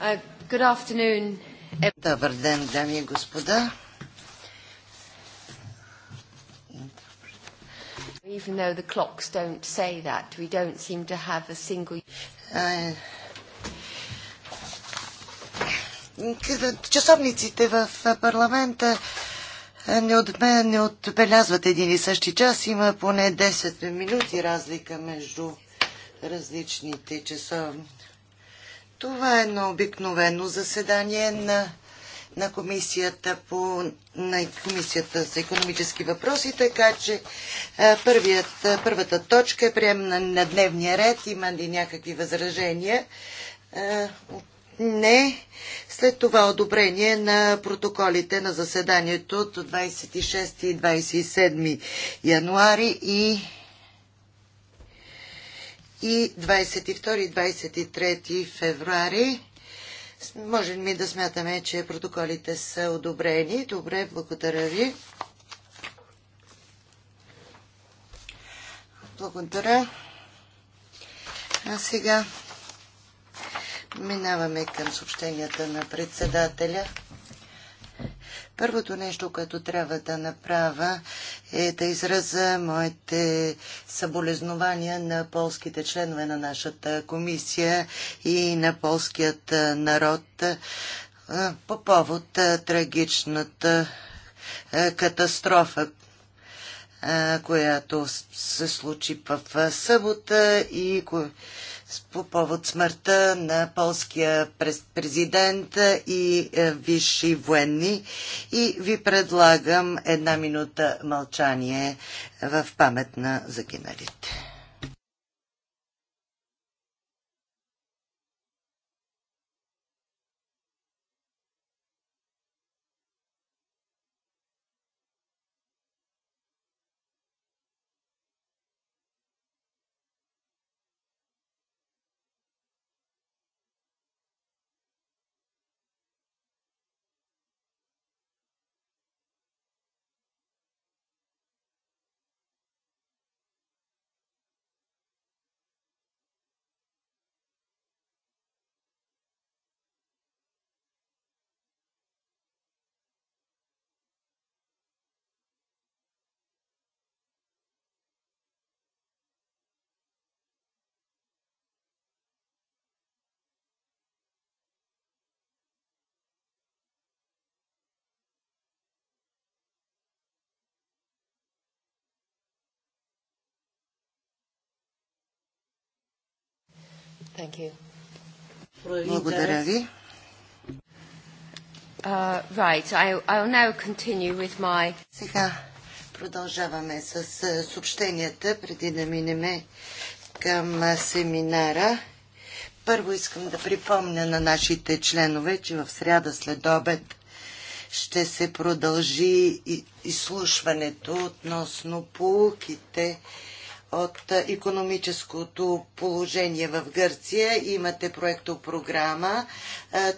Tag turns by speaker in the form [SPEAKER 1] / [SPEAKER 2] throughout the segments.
[SPEAKER 1] Uh,
[SPEAKER 2] Добър ден, дами и господа. Even though the clocks don't say that, we don't seem to have a single... часовниците в парламента не, не отбелязват един и същи час. Има поне 10 минути разлика между различните часовници. Това е едно обикновено заседание на, на, комисията, по, на комисията за економически въпроси, така че първият, първата точка е прием на, на дневния ред. Има ли някакви възражения? Не. След това одобрение на протоколите на заседанието от 26 и 27 януари и и 22 и 23 февруари. Можем ли да смятаме, че протоколите са одобрени? Добре, благодаря ви. Благодаря. А сега минаваме към съобщенията на председателя. Първото нещо, което трябва да направя е да израза моите съболезнования на полските членове на нашата комисия и на полският народ по повод трагичната катастрофа, която се случи в събота и по повод смъртта на полския президент и е, висши военни и ви предлагам една минута мълчание в памет на загиналите.
[SPEAKER 1] Благодаря ви.
[SPEAKER 2] Uh, right, I, I'll now continue with my... Сега продължаваме с съобщенията, преди да минеме към семинара. Първо искам да припомня на нашите членове, че в сряда след обед ще се продължи изслушването относно полуките от економическото положение в Гърция. Имате проектопрограма.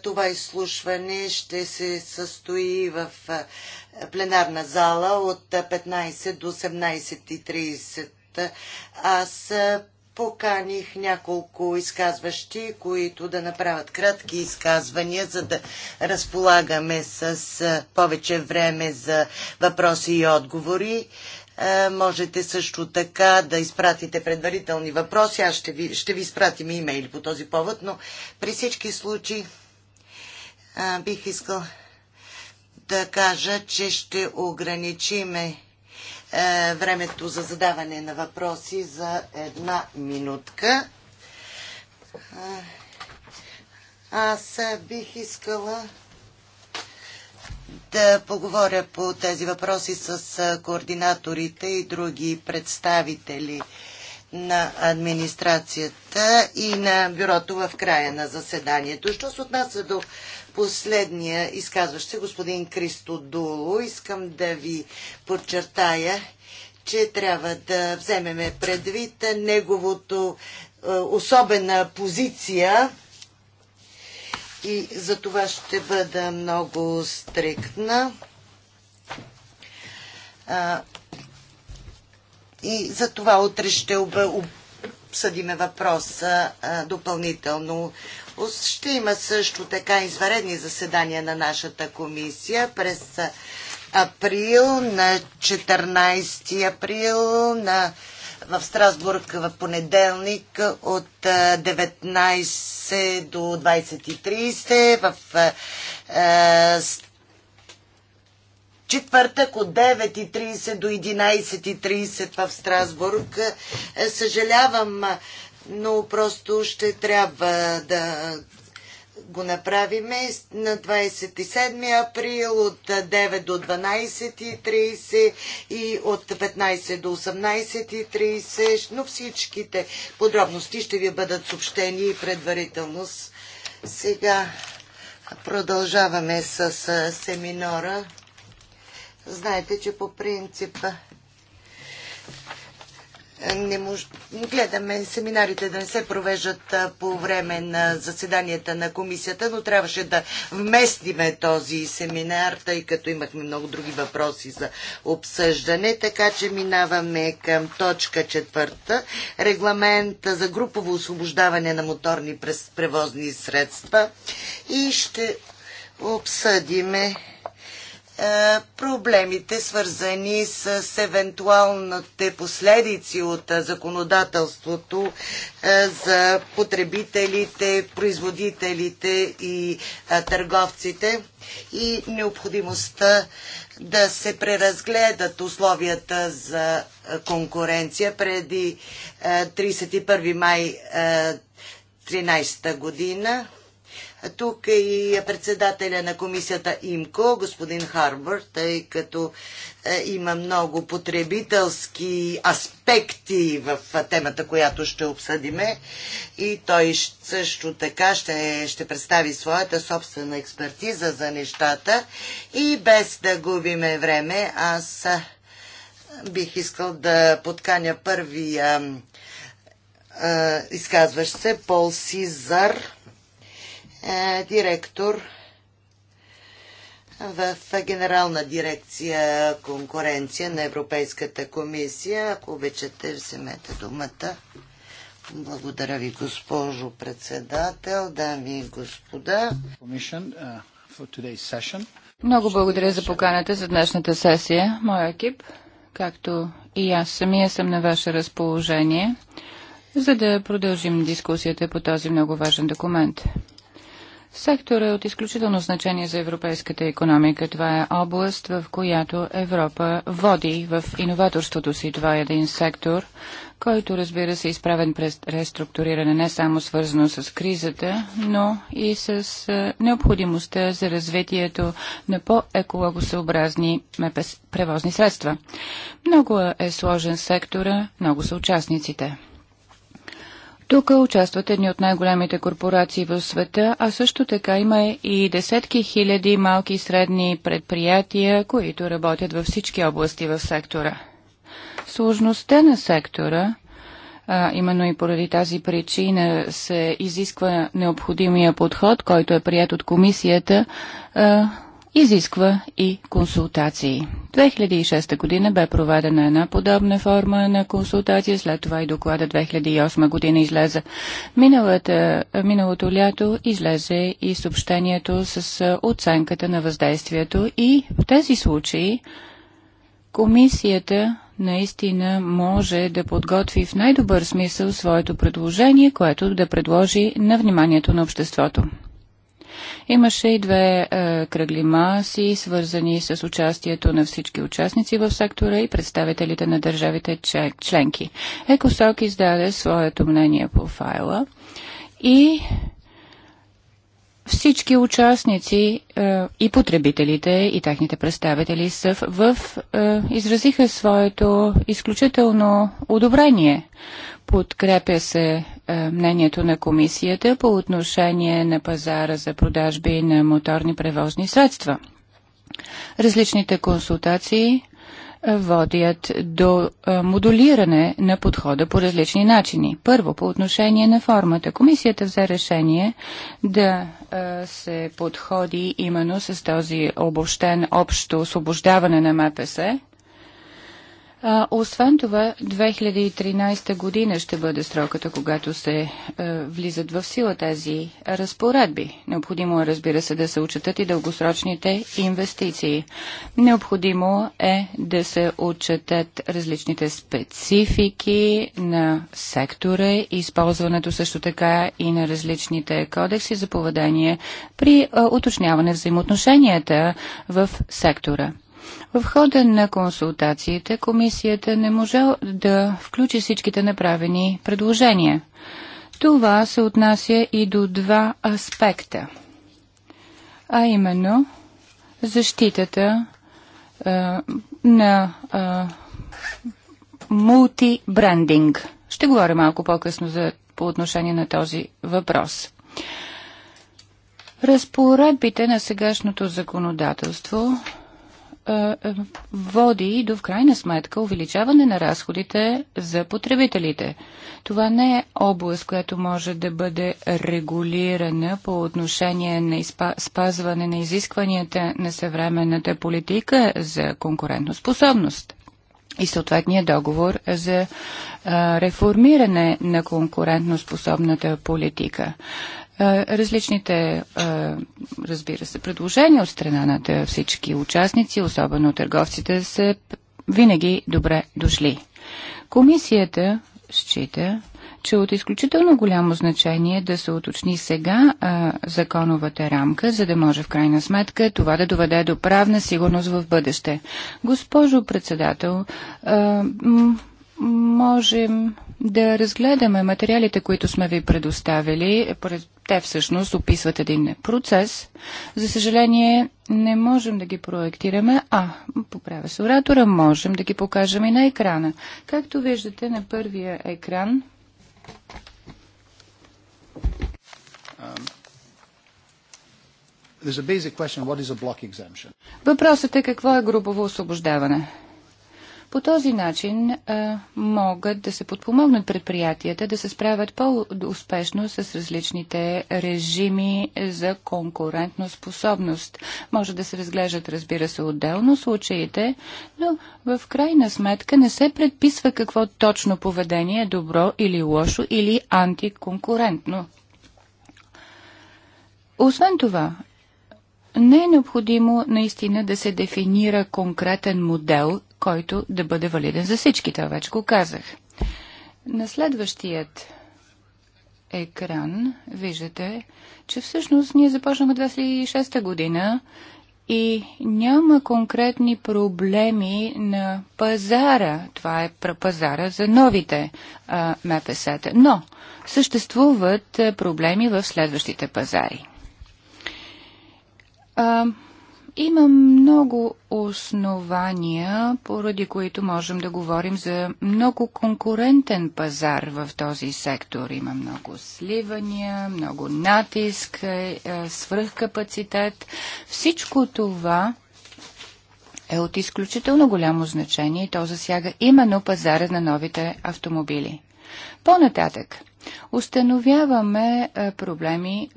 [SPEAKER 2] Това изслушване ще се състои в пленарна зала от 15 до 18.30. Аз поканих няколко изказващи, които да направят кратки изказвания, за да разполагаме с повече време за въпроси и отговори. Е, можете също така да изпратите предварителни въпроси. Аз ще ви, ще ви изпратим имейли по този повод, но при всички случаи а, е, бих искал да кажа, че ще ограничиме е, времето за задаване на въпроси за една минутка. Аз бих искала да поговоря по тези въпроси с координаторите и други представители на администрацията и на бюрото в края на заседанието. Що се отнася до последния изказващ се, господин Кристо Дуло, искам да ви подчертая, че трябва да вземеме предвид неговото особена позиция и за това ще бъда много стриктна. И за това утре ще обсъдиме въпроса допълнително. Ще има също така изваредни заседания на нашата комисия през април, на 14 април, на в Страсбург в понеделник от 19 до 20.30, в четвъртък от 9.30 до 11.30 в Страсбург. Е, съжалявам, но просто ще трябва да го направим на 27 април от 9 до 12.30 и от 15 до 18.30, но всичките подробности ще ви бъдат съобщени и предварително. Сега продължаваме с семинора. Знаете, че по принцип не мож... гледаме семинарите да не се провеждат по време на заседанията на комисията, но трябваше да вместиме този семинар, тъй като имахме много други въпроси за обсъждане. Така че минаваме към точка четвърта. Регламент за групово освобождаване на моторни превозни средства. И ще обсъдиме е, проблемите, свързани с евентуалните последици от е, законодателството е, за потребителите, производителите и търговците и необходимостта да се преразгледат условията за конкуренция преди 31 май 2013 година тук е и председателя на комисията ИМКО, господин Харбър, тъй като е, има много потребителски аспекти в е, темата, която ще обсъдиме. И той също така ще, ще представи своята собствена експертиза за нещата. И без да губиме време, аз е, бих искал да подканя първия изказващ се Пол Сизар е, директор в Генерална дирекция конкуренция на Европейската комисия. Ако обичате, вземете думата. Благодаря ви, госпожо председател, дами и господа. Uh, много
[SPEAKER 3] благодаря за поканата за днешната сесия. Моя екип, както и аз самия съм на ваше разположение, за да продължим дискусията по този много важен документ. Секторът е от изключително значение за европейската економика. Това е област, в която Европа води в иноваторството си. Това е един сектор, който разбира се е изправен през реструктуриране не само свързано с кризата, но и с е, необходимостта за развитието на по-екологосъобразни превозни средства. Много е сложен сектора, много са участниците. Тук участват едни от най-големите корпорации в света, а също така има и десетки хиляди малки и средни предприятия, които работят във всички области в сектора. Сложността на сектора, а, именно и поради тази причина се изисква необходимия подход, който е прият от комисията, а, изисква и консултации. 2006 година бе проведена една подобна форма на консултация, след това и доклада 2008 година излезе. Миналата, миналото лято излезе и съобщението с оценката на въздействието и в тези случаи комисията наистина може да подготви в най-добър смисъл своето предложение, което да предложи на вниманието на обществото. Имаше и две е, кръгли маси, свързани с участието на всички участници в сектора и представителите на държавите членки. Екосок издаде своето мнение по файла и всички участници е, и потребителите и техните представители са в, е, изразиха своето изключително одобрение. Подкрепя се е, мнението на комисията по отношение на пазара за продажби на моторни превозни средства. Различните консултации е, водят до е, модулиране на подхода по различни начини. Първо, по отношение на формата. Комисията взе решение да се подходи именно с този обобщен общо освобождаване на МПС, а, освен това, 2013 година ще бъде сроката, когато се влизат в сила тези разпоредби. Необходимо е, разбира се, да се учетат и дългосрочните инвестиции. Необходимо е да се учетат различните специфики на сектора, използването също така и на различните кодекси за поведение при уточняване взаимоотношенията в сектора. В хода на консултациите комисията не може да включи всичките направени предложения. Това се отнася и до два аспекта, а именно защитата е, на е, мултибрендинг. Ще говоря малко по-късно за, по отношение на този въпрос. Разпоредбите на сегашното законодателство е, е, води до в крайна сметка увеличаване на разходите за потребителите. Това не е област, която може да бъде регулирана по отношение на спазване на изискванията на съвременната политика за конкурентоспособност и съответния договор за е, реформиране на конкурентоспособната политика. Е, различните, е, разбира се, предложения от страна на всички участници, особено търговците, са винаги добре дошли. Комисията счита, че е от изключително голямо значение да се уточни сега а, законовата рамка, за да може в крайна сметка това да доведе до правна сигурност в бъдеще. Госпожо председател, а, можем да разгледаме материалите, които сме ви предоставили. Те всъщност описват един процес. За съжаление, не можем да ги проектираме, а, поправя се оратора, можем да ги покажем и на екрана. Както виждате на първия екран, Въпросът е какво е групово освобождаване. По този начин а, могат да се подпомогнат предприятията да се справят по-успешно с различните режими за конкурентно способност. Може да се разглеждат, разбира се, отделно случаите, но в крайна сметка не се предписва какво точно поведение е добро или лошо или антиконкурентно. Освен това, не е необходимо наистина да се дефинира конкретен модел който да бъде валиден за всички. Това вече го казах. На следващият екран виждате, че всъщност ние започнахме 2006 година и няма конкретни проблеми на пазара. Това е пазара за новите МПС-та. Но съществуват проблеми в следващите пазари. А, има много основания, поради които можем да говорим за много конкурентен пазар в този сектор. Има много сливания, много натиск, е, е, свръхкапацитет. Всичко това е от изключително голямо значение и то засяга именно пазара на новите автомобили. По-нататък, установяваме е, проблеми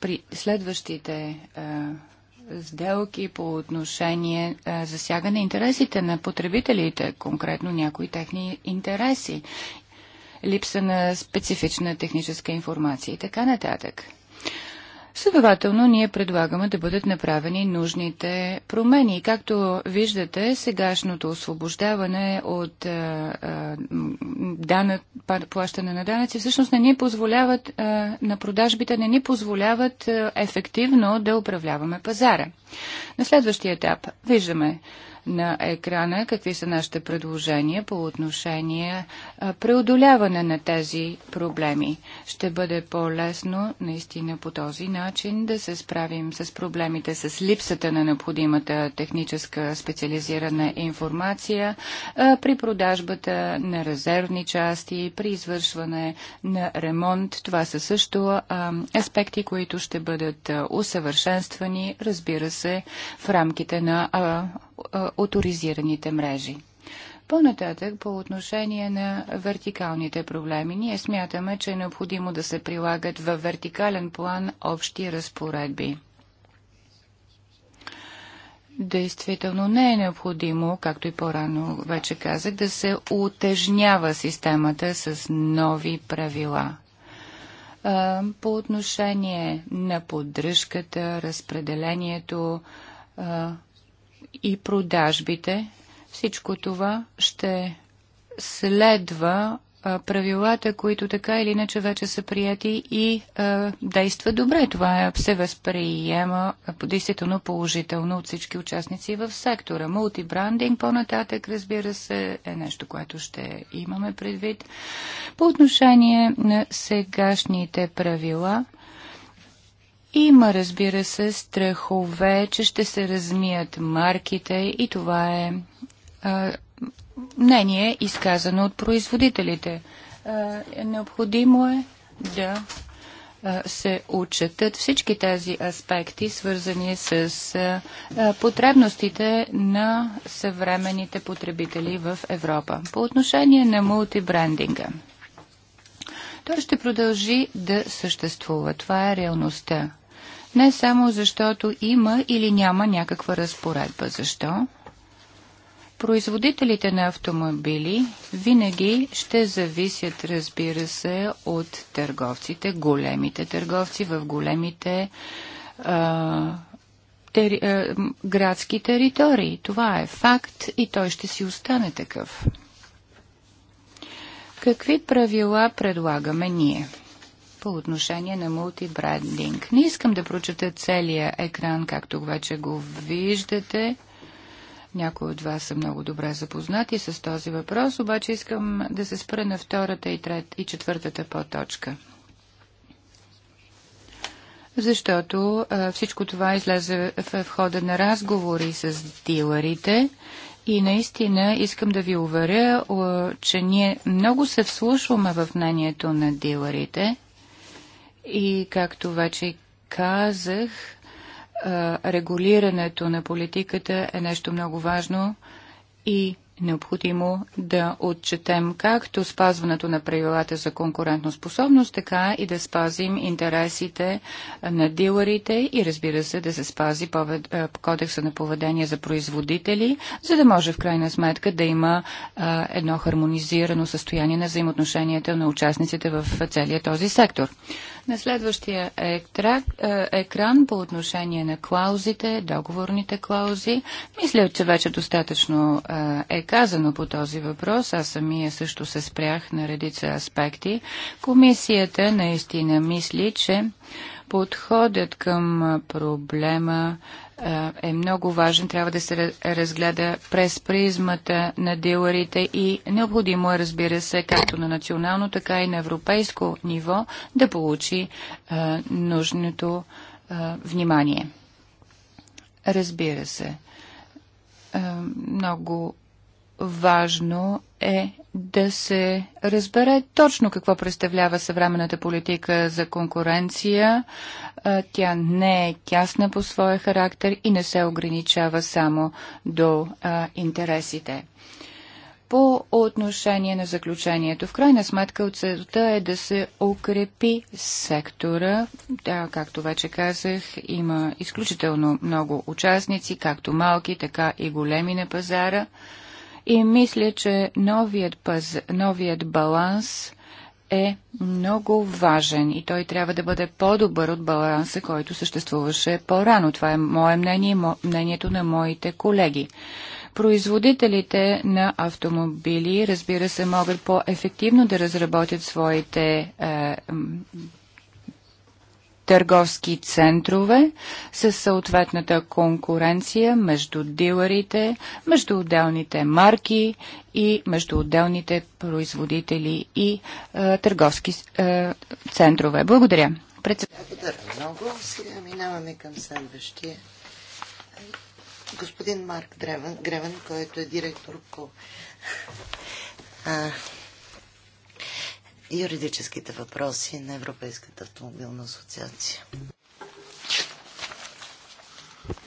[SPEAKER 3] при следващите сделки по отношение а, засягане интересите на потребителите, конкретно някои техни интереси, липса на специфична техническа информация и така нататък. Следователно, ние предлагаме да бъдат направени нужните промени. Както виждате, сегашното освобождаване от а, а, данък, плащане на данъци всъщност не ни позволяват, а, на продажбите не ни позволяват а, ефективно да управляваме пазара. На следващия етап виждаме на екрана какви са нашите предложения по отношение преодоляване на тези проблеми. Ще бъде по-лесно наистина по този начин да се справим с проблемите с липсата на необходимата техническа специализирана информация при продажбата на резервни части, при извършване на ремонт. Това са също аспекти, които ще бъдат усъвършенствани, разбира се, в рамките на авторизираните мрежи. По-нататък, по отношение на вертикалните проблеми, ние смятаме, че е необходимо да се прилагат във вертикален план общи разпоредби. Действително не е необходимо, както и по-рано вече казах, да се утежнява системата с нови правила. По отношение на поддръжката, разпределението, и продажбите. Всичко това ще следва правилата, които така или иначе вече са прияти и е, действа добре. Това се възприема действително положително от всички участници в сектора. Мултибрандинг по-нататък, разбира се, е нещо, което ще имаме предвид. По отношение на сегашните правила – има, разбира се, страхове, че ще се размият марките и това е а, мнение изказано от производителите. А, необходимо е да се отчетат всички тези аспекти, свързани с потребностите на съвременните потребители в Европа. По отношение на мултибрендинга. Той ще продължи да съществува. Това е реалността. Не само защото има или няма някаква разпоредба. Защо? Производителите на автомобили винаги ще зависят, разбира се, от търговците, големите търговци в големите а, тери, а, градски територии. Това е факт и той ще си остане такъв. Какви правила предлагаме ние? по отношение на мултибрендинг. Не искам да прочета целия екран, както вече го виждате. Някои от вас са много добре запознати с този въпрос, обаче искам да се спра на втората и, трет, и четвъртата подточка. Защото а, всичко това излезе в, в хода на разговори с дилърите и наистина искам да ви уверя, че ние много се вслушваме в мнението на дилърите и както вече казах, регулирането на политиката е нещо много важно и необходимо да отчетем както спазването на правилата за конкурентоспособност, така и да спазим интересите на дилерите и разбира се да се спази повед... кодекса на поведение за производители, за да може в крайна сметка да има а, едно хармонизирано състояние на взаимоотношенията на участниците в целия този сектор. На следващия екран, е, екран по отношение на клаузите, договорните клаузи, мисля, че вече достатъчно е, е казано по този въпрос. Аз самия също се спрях на редица аспекти. Комисията наистина мисли, че подходят към проблема е, е много важен, трябва да се разгледа през призмата на дилерите и необходимо е, разбира се, както на национално, така и на европейско ниво да получи е, нужното е, внимание. Разбира се, е, много важно е да се разбере точно какво представлява съвременната политика за конкуренция, тя не е тясна по своя характер и не се ограничава само до а, интересите. По отношение на заключението, в крайна сметка целта е да се укрепи сектора. Да, както вече казах, има изключително много участници, както малки, така и големи на пазара. И мисля, че новият, паз... новият баланс е много важен и той трябва да бъде по-добър от баланса, който съществуваше по-рано. Това е мое мнение и мнението на моите колеги. Производителите на автомобили, разбира се, могат по-ефективно да разработят своите е, търговски центрове с съответната конкуренция между дилерите, между отделните марки и между отделните производители и е, търговски е, центрове. Благодаря.
[SPEAKER 2] Благодаря много. Сега минаваме към следващия. Господин Марк Древен, Гревен, който е директор по юридическите въпроси на Европейската автомобилна асоциация.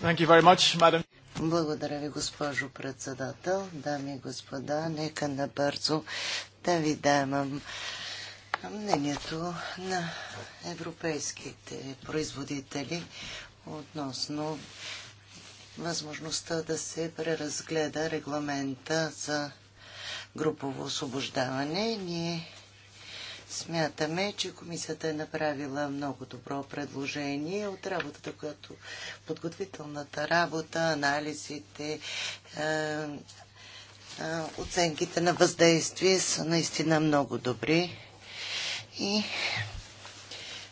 [SPEAKER 2] Thank you very much, madam. Благодаря ви, госпожо председател. Дами и господа, нека набързо да ви дам мнението на европейските производители относно възможността да се преразгледа регламента за групово освобождаване. Ние Смятаме, че комисията е направила много добро предложение от работата, която подготвителната работа, анализите, е, е, оценките на въздействие са наистина много добри. И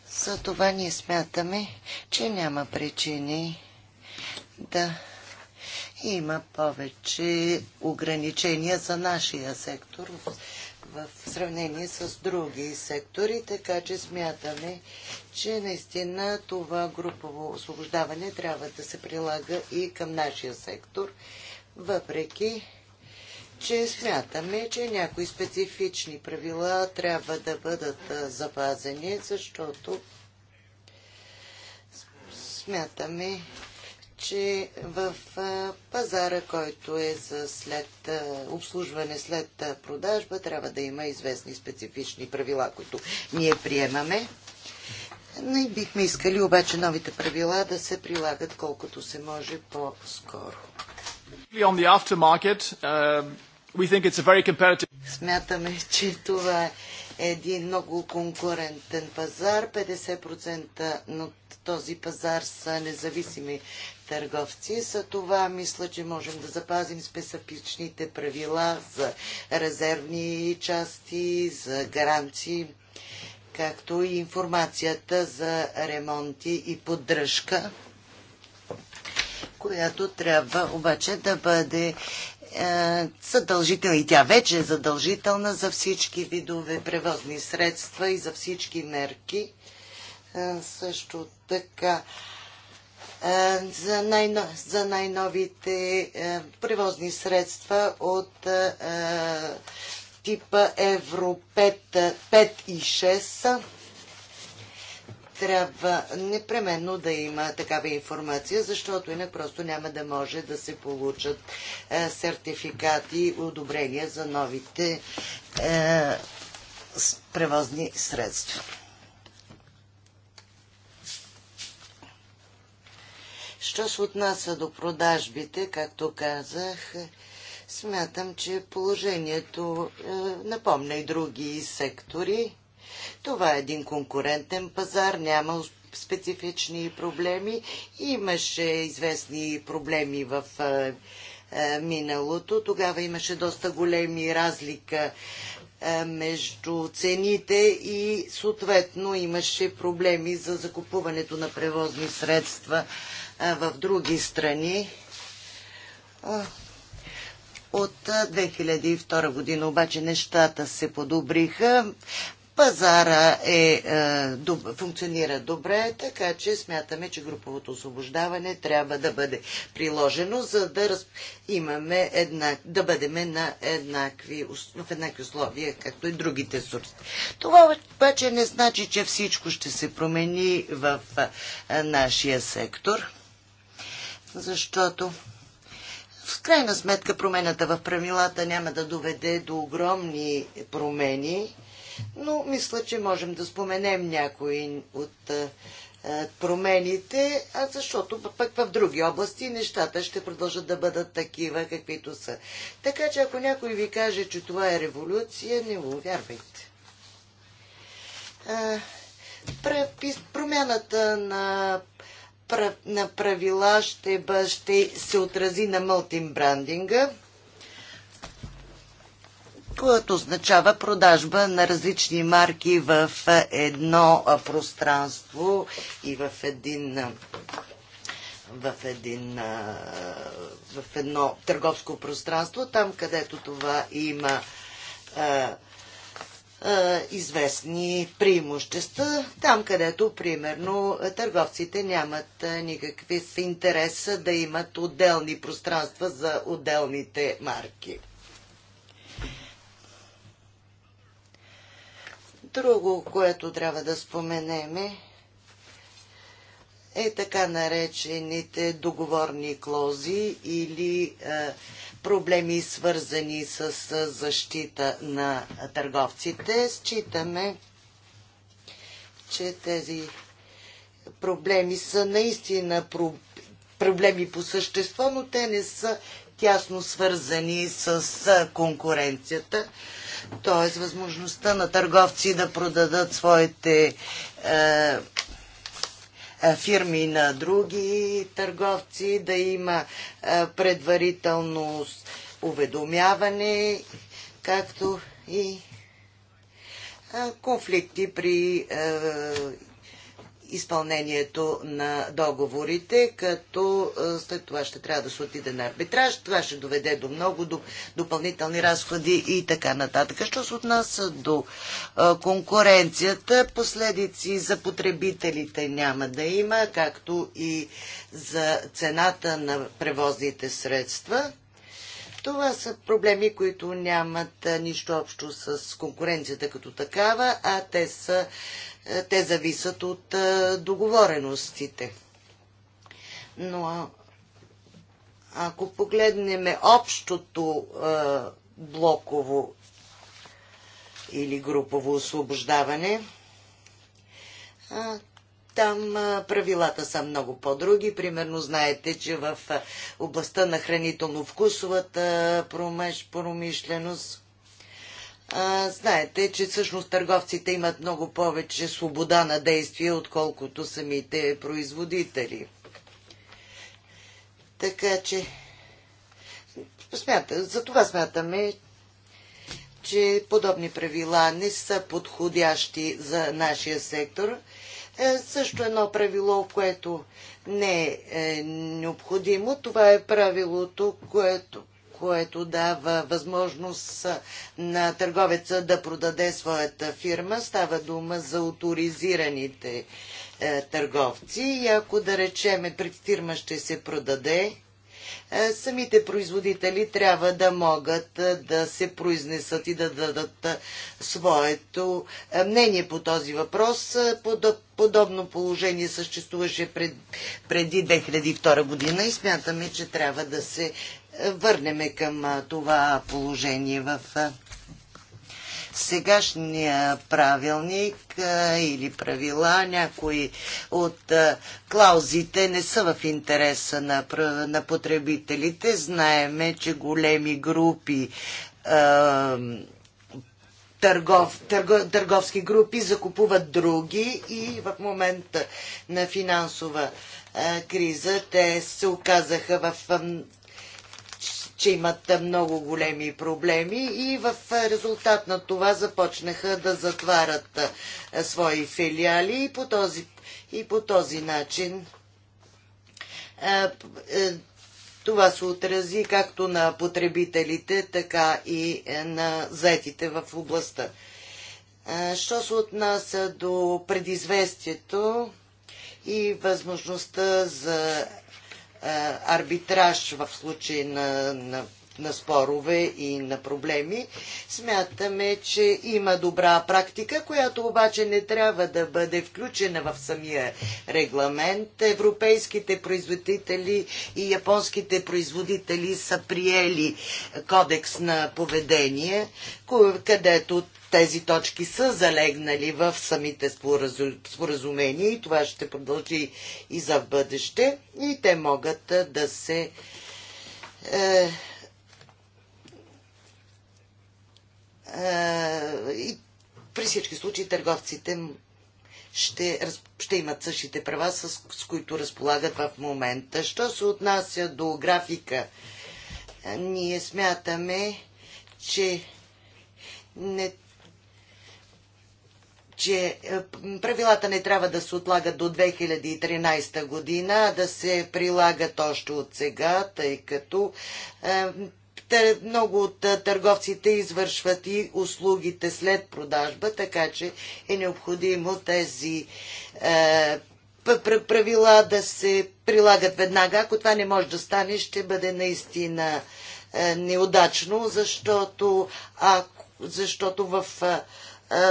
[SPEAKER 2] за това ние смятаме, че няма причини да има повече ограничения за нашия сектор в сравнение с други сектори, така че смятаме, че наистина това групово освобождаване трябва да се прилага и към нашия сектор, въпреки че смятаме, че някои специфични правила трябва да бъдат запазени, защото смятаме, че в пазара, който е за след обслужване след продажба, трябва да има известни специфични правила, които ние приемаме. Не бихме искали обаче новите правила да се прилагат колкото се може по-скоро.
[SPEAKER 1] Um,
[SPEAKER 2] Смятаме, че това е един много конкурентен пазар. 50% от този пазар са независими търговци. За това мисля, че можем да запазим специфичните правила за резервни части, за гаранции, както и информацията за ремонти и поддръжка, която трябва обаче да бъде е, задължителна и тя вече е задължителна за всички видове превозни средства и за всички мерки. Е, също така е, за, най- за най-новите е, превозни средства от е, типа Евро 5, 5 и 6 трябва непременно да има такава информация, защото инак просто няма да може да се получат е, сертификати, одобрения за новите е, превозни средства. Що се отнася до продажбите, както казах, смятам, че положението е, напомня и други сектори. Това е един конкурентен пазар, няма специфични проблеми. Имаше известни проблеми в е, е, миналото. Тогава имаше доста големи разлика е, между цените и съответно имаше проблеми за закупуването на превозни средства в други страни. От 2002 година обаче нещата се подобриха. Пазара е, е, доб, функционира добре, така че смятаме, че груповото освобождаване трябва да бъде приложено, за да раз, имаме една, да бъдем на еднакви, в еднакви условия, както и другите сурси. Това обаче не значи, че всичко ще се промени в е, нашия сектор защото в крайна сметка промената в правилата няма да доведе до огромни промени, но мисля, че можем да споменем някои от промените, а защото пък в други области нещата ще продължат да бъдат такива, каквито са. Така че ако някой ви каже, че това е революция, не го вярвайте. А, промяната на на правила ще, ще се отрази на брандинга, което означава продажба на различни марки в едно пространство и в един в, един, в едно търговско пространство, там където това има а, известни преимущества, там където, примерно, търговците нямат никакви интерес да имат отделни пространства за отделните марки. Друго, което трябва да споменеме, е така наречените договорни клози или проблеми, свързани с защита на търговците. Считаме, че тези проблеми са наистина проблеми по същество, но те не са тясно свързани с конкуренцията, т.е. възможността на търговци да продадат своите е, фирми на други търговци, да има предварително уведомяване, както и конфликти при изпълнението на договорите, като е, след това ще трябва да се отиде на арбитраж. Това ще доведе до много допълнителни разходи и така нататък. Що се отнася до е, конкуренцията, последици за потребителите няма да има, както и за цената на превозните средства. Това са проблеми, които нямат е, нищо общо с конкуренцията като такава, а те са е, те зависят от е, договореностите. Но ако погледнем общото е, блоково или групово освобождаване, там правилата са много по-други. Примерно знаете, че в областта на хранително-вкусовата промишленост а, знаете, че всъщност търговците имат много повече свобода на действие, отколкото самите производители. Така че, смята, за това смятаме, че подобни правила не са подходящи за нашия сектор. Е, също едно правило, което не е, е необходимо, това е правилото, което което дава възможност на търговеца да продаде своята фирма. Става дума за авторизираните е, търговци. И ако да речеме пред фирма ще се продаде, е, самите производители трябва да могат е, да се произнесат и да дадат е, своето е, мнение по този въпрос. подобно положение съществуваше пред, преди 2002 година и смятаме, че трябва да се върнем към това положение в сегашния правилник или правила, някои от клаузите не са в интереса на, потребителите. Знаеме, че големи групи търгов, търго, търговски групи закупуват други и в момента на финансова криза те се оказаха в че имат много големи проблеми и в резултат на това започнаха да затварят е, свои филиали и по този, и по този начин е, е, това се отрази както на потребителите, така и на заетите в областта. Що се отнася до предизвестието и възможността за е, арбитраж в случай на, на на спорове и на проблеми. Смятаме, че има добра практика, която обаче не трябва да бъде включена в самия регламент. Европейските производители и японските производители са приели кодекс на поведение, където тези точки са залегнали в самите споразумения и това ще продължи и за бъдеще и те могат да се е, Е, и при всички случаи търговците ще, ще имат същите права, с, с които разполагат в момента. Що се отнася до графика, е, ние смятаме, че не че е, правилата не трябва да се отлагат до 2013 година, а да се прилагат още от сега, тъй като много от търговците извършват и услугите след продажба, така че е необходимо тези е, правила да се прилагат веднага. Ако това не може да стане, ще бъде наистина е, неудачно, защото, а, защото в е,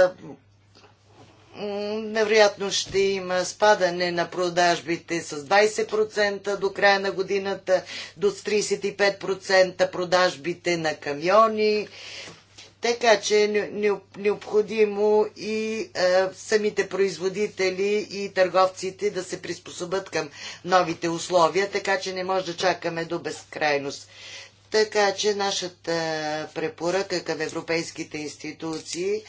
[SPEAKER 2] Невероятно ще има спадане на продажбите с 20% до края на годината, до 35% продажбите на камиони. Така че е необходимо и е, самите производители и търговците да се приспособят към новите условия, така че не може да чакаме до безкрайност. Така че нашата препоръка към европейските институции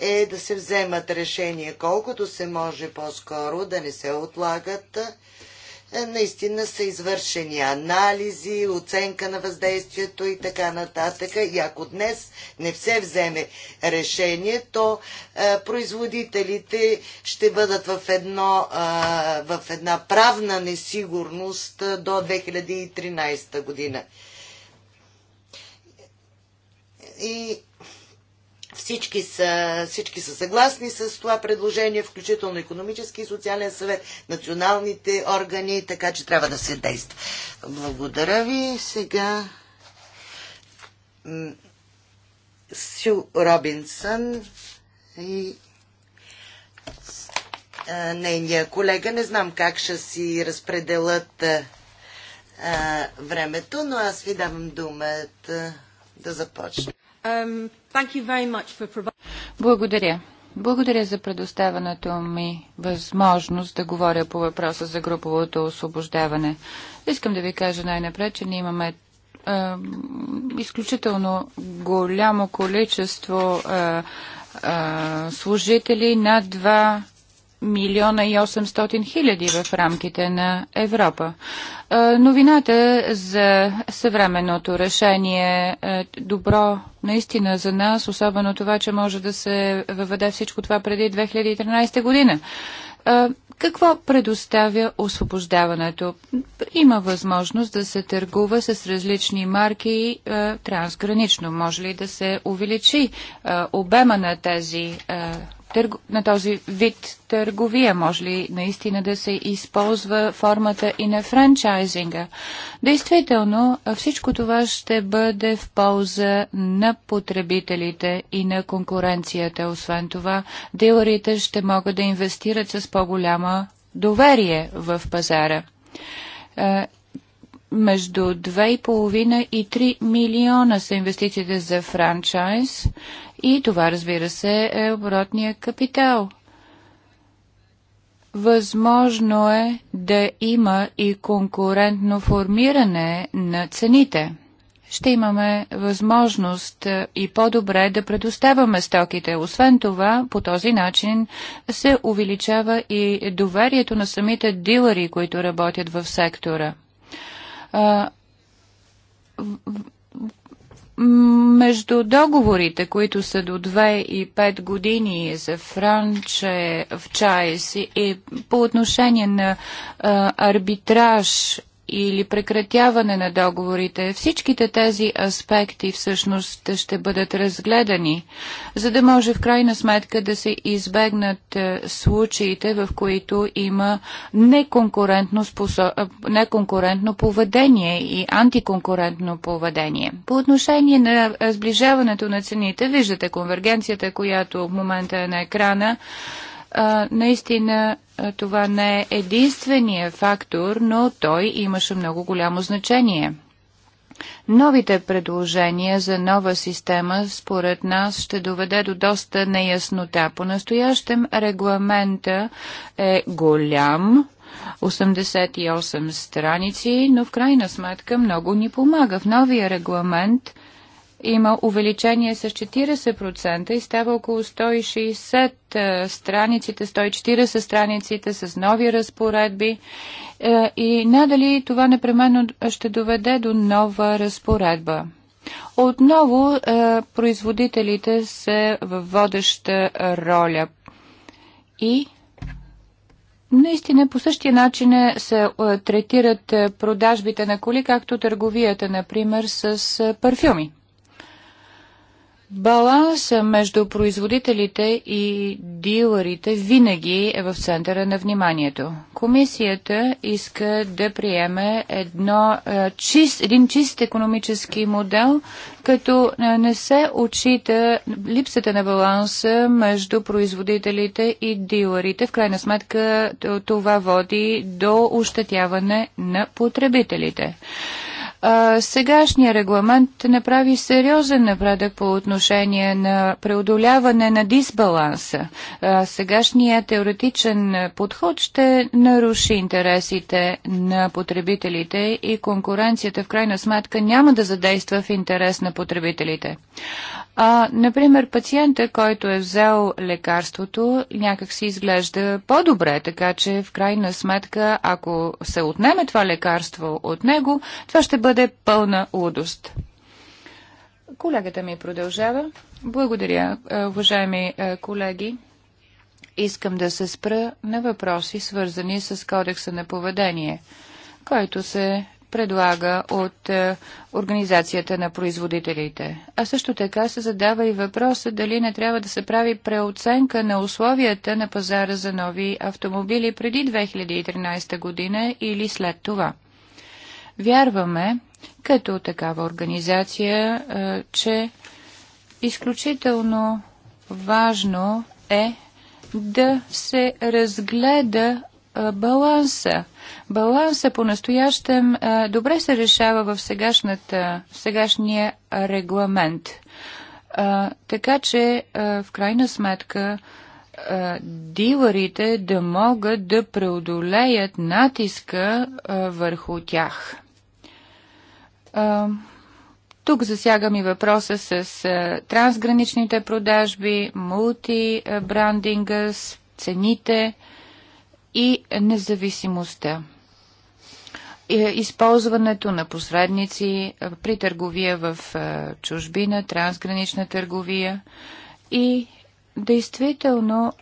[SPEAKER 2] е да се вземат решения колкото се може по-скоро, да не се отлагат. Е, наистина са извършени анализи, оценка на въздействието и така нататък. И ако днес не се вземе решение, то а, е, производителите ще бъдат в, едно, а, е, в една правна несигурност до 2013 година. И всички са, всички са съгласни с това предложение, включително економически и социален съвет, националните органи, така че трябва да се действа. Благодаря ви. Сега Сю Робинсън и нейния колега. Не знам как ще си разпределят времето, но аз ви давам думата да започна. Um,
[SPEAKER 3] Благодаря. Благодаря за предоставената ми възможност да говоря по въпроса за груповото освобождаване. Искам да ви кажа най-напред, че ние имаме е, изключително голямо количество е, е, служители на два милиона и 800 хиляди в рамките на Европа. Е, новината за съвременното решение е добро наистина за нас, особено това, че може да се въведе всичко това преди 2013 година. Е, какво предоставя освобождаването? Има възможност да се търгува с различни марки е, трансгранично. Може ли да се увеличи е, обема на тези е, търг... на този вид търговия? Може ли наистина да се използва формата и на франчайзинга? Действително, всичко това ще бъде в полза на потребителите и на конкуренцията. Освен това, дилерите ще могат да инвестират с по-голяма доверие в пазара е, между 2,5 и 3 милиона са инвестициите за франчайз и това, разбира се, е оборотния капитал. Възможно е да има и конкурентно формиране на цените. Ще имаме възможност е, и по-добре да предоставяме стоките. Освен това, по този начин се увеличава и доверието на самите дилъри, които работят в сектора между договорите, които са до 2 и 5 години за франче в чайс и е по отношение на а, арбитраж или прекратяване на договорите. Всичките тези аспекти всъщност ще бъдат разгледани, за да може в крайна сметка да се избегнат е, случаите, в които има неконкурентно, способ... Е, неконкурентно поведение и антиконкурентно поведение. По отношение на сближаването на цените, виждате конвергенцията, която в момента е на екрана наистина това не е единствения фактор, но той имаше много голямо значение. Новите предложения за нова система според нас ще доведе до доста неяснота. По-настоящем регламента е голям, 88 страници, но в крайна сметка много ни помага. В новия регламент има увеличение с 40% и става около 160 е, страниците, 140 страниците с нови разпоредби. Е, и надали това непременно ще доведе до нова разпоредба. Отново е, производителите са в водеща роля. И Наистина по същия начин се третират продажбите на коли, както търговията, например, с парфюми. Баланса между производителите и дилърите винаги е в центъра на вниманието. Комисията иска да приеме едно, е, чист, един чист економически модел, като е, не се отчита липсата на баланса между производителите и дилърите. В крайна сметка това води до ощетяване на потребителите сегашния регламент направи сериозен напредък по отношение на преодоляване на дисбаланса. Сегашният теоретичен подход ще наруши интересите на потребителите и конкуренцията в крайна сметка няма да задейства в интерес на потребителите. А, например, пациента, който е взел лекарството, някак си изглежда по-добре, така че в крайна сметка, ако се отнеме това лекарство от него, това ще бъде пълна лудост. Колегата ми продължава. Благодаря, уважаеми колеги. Искам да се спра на въпроси, свързани с кодекса на поведение, който се предлага от е, Организацията на производителите. А също така се задава и въпроса дали не трябва да се прави преоценка на условията на пазара за нови автомобили преди 2013 година или след това. Вярваме, като такава организация, е, че изключително важно е да се разгледа баланса. Баланса по-настоящем добре се решава в, сегашната, сегашния регламент. така че, в крайна сметка, диларите да могат да преодолеят натиска върху тях. тук засягам и въпроса с а, трансграничните продажби, мултибрандинга, цените. А, и независимостта е, използването на посредници е, при търговия в е, чужбина, трансгранична търговия и действително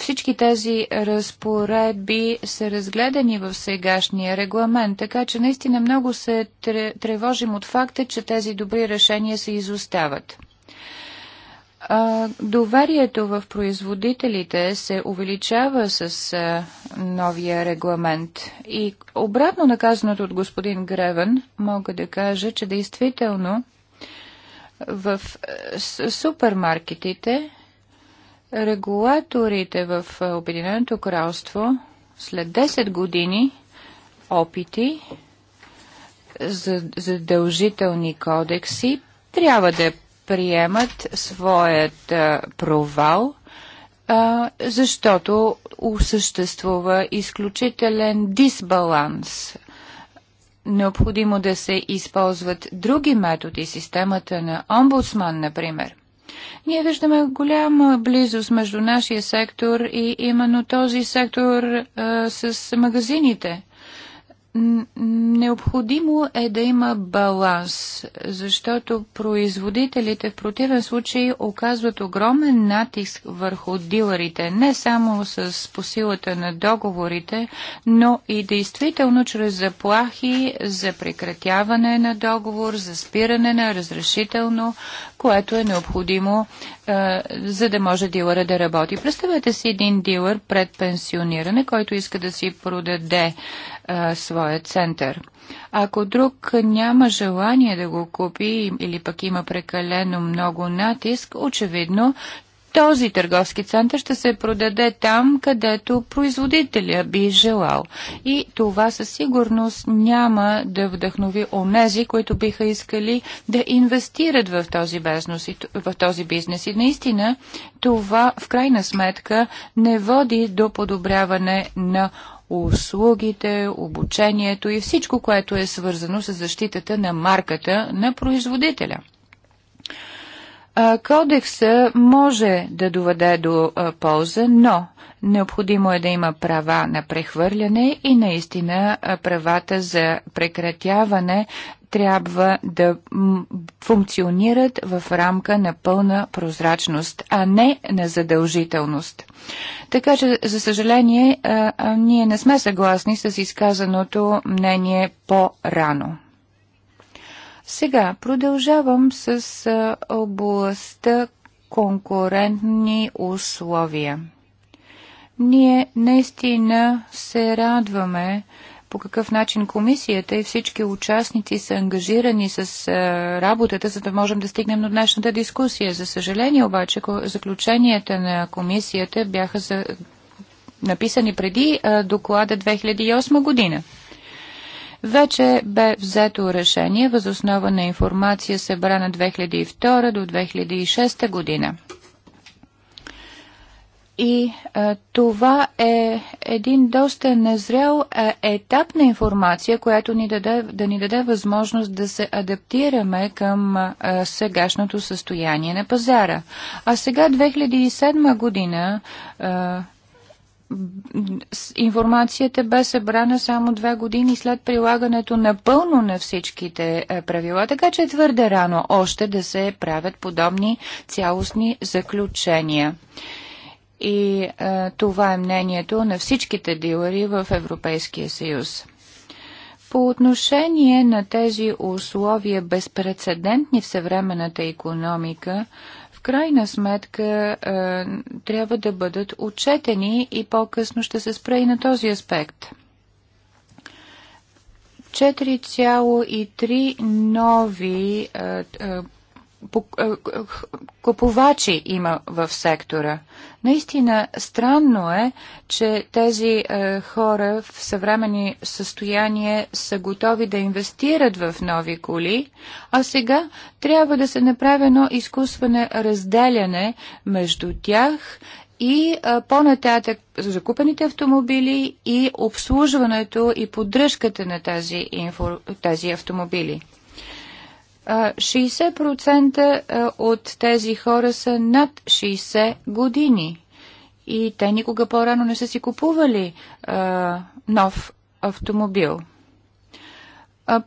[SPEAKER 3] всички тези разпоредби са разгледани в сегашния регламент, така че наистина много се тревожим от факта, че тези добри решения се изостават. Доверието в производителите се увеличава с новия регламент. И обратно наказаното от господин Гревен, мога да кажа, че действително в супермаркетите регулаторите в Обединеното кралство след 10 години опити задължителни кодекси трябва да приемат своят провал, защото съществува изключителен дисбаланс. Необходимо да се използват други методи, системата на омбудсман, например – ние виждаме голяма близост между нашия сектор и именно този сектор а, с магазините. Необходимо е да има баланс, защото производителите в противен случай оказват огромен натиск върху дилерите, не само с посилата на договорите, но и действително чрез заплахи за прекратяване на договор, за спиране на разрешително което е необходимо, е, за да може дилъра да работи. Представете си един дилър пред пенсиониране, който иска да си продаде е, своя център. Ако друг няма желание да го купи или пък има прекалено много натиск, очевидно този търговски център ще се продаде там, където производителя би желал. И това със сигурност няма да вдъхнови онези, които биха искали да инвестират в този, бизнес, в този бизнес. И наистина това в крайна сметка не води до подобряване на услугите, обучението и всичко, което е свързано с защитата на марката на производителя. Кодекса може да доведе до полза, но необходимо е да има права на прехвърляне и наистина правата за прекратяване трябва да функционират в рамка на пълна прозрачност, а не на задължителност. Така че, за съжаление, ние не сме съгласни с изказаното мнение по-рано. Сега продължавам с областта конкурентни условия. Ние наистина се радваме по какъв начин комисията и всички участници са ангажирани с работата, за да можем да стигнем до днешната дискусия. За съжаление обаче, заключенията на комисията бяха за... написани преди доклада 2008 година вече бе взето решение възоснова на информация събрана 2002 до 2006 година. И а, това е един доста незрял а, етап на информация, която ни даде, да ни даде възможност да се адаптираме към а, сегашното състояние на пазара. А сега 2007 година а, информацията бе събрана само две години след прилагането напълно на всичките е, правила, така че е твърде рано още да се правят подобни цялостни заключения. И е, това е мнението на всичките дилери в Европейския съюз. По отношение на тези условия, безпредседентни в съвременната економика, крайна сметка е, трябва да бъдат отчетени и по-късно ще се спре и на този аспект. 4,3 нови е, е, е, е, купувачи има в сектора. Наистина странно е, че тези е, хора в съвремени състояние са готови да инвестират в нови коли, а сега трябва да се направи едно изкуствено разделяне между тях и е, по-нататък закупените автомобили и обслужването и поддръжката на тези, инфо, тези автомобили. 60% от тези хора са над 60 години и те никога по-рано не са си купували а, нов автомобил.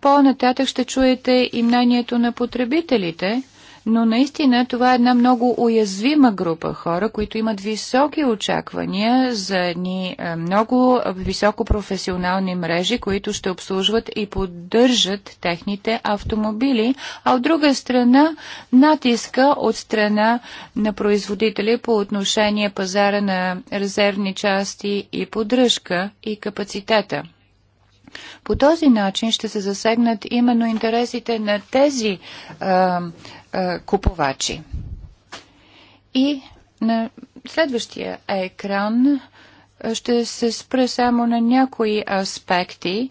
[SPEAKER 3] По-нататък ще чуете и мнението на потребителите – но наистина това е една много уязвима група хора, които имат високи очаквания за едни е, много високопрофесионални мрежи, които ще обслужват и поддържат техните автомобили, а от друга страна натиска от страна на производители по отношение пазара на резервни части и поддръжка и капацитета. По този начин ще се засегнат именно интересите на тези а, а, купувачи. И на следващия екран ще се спра само на някои аспекти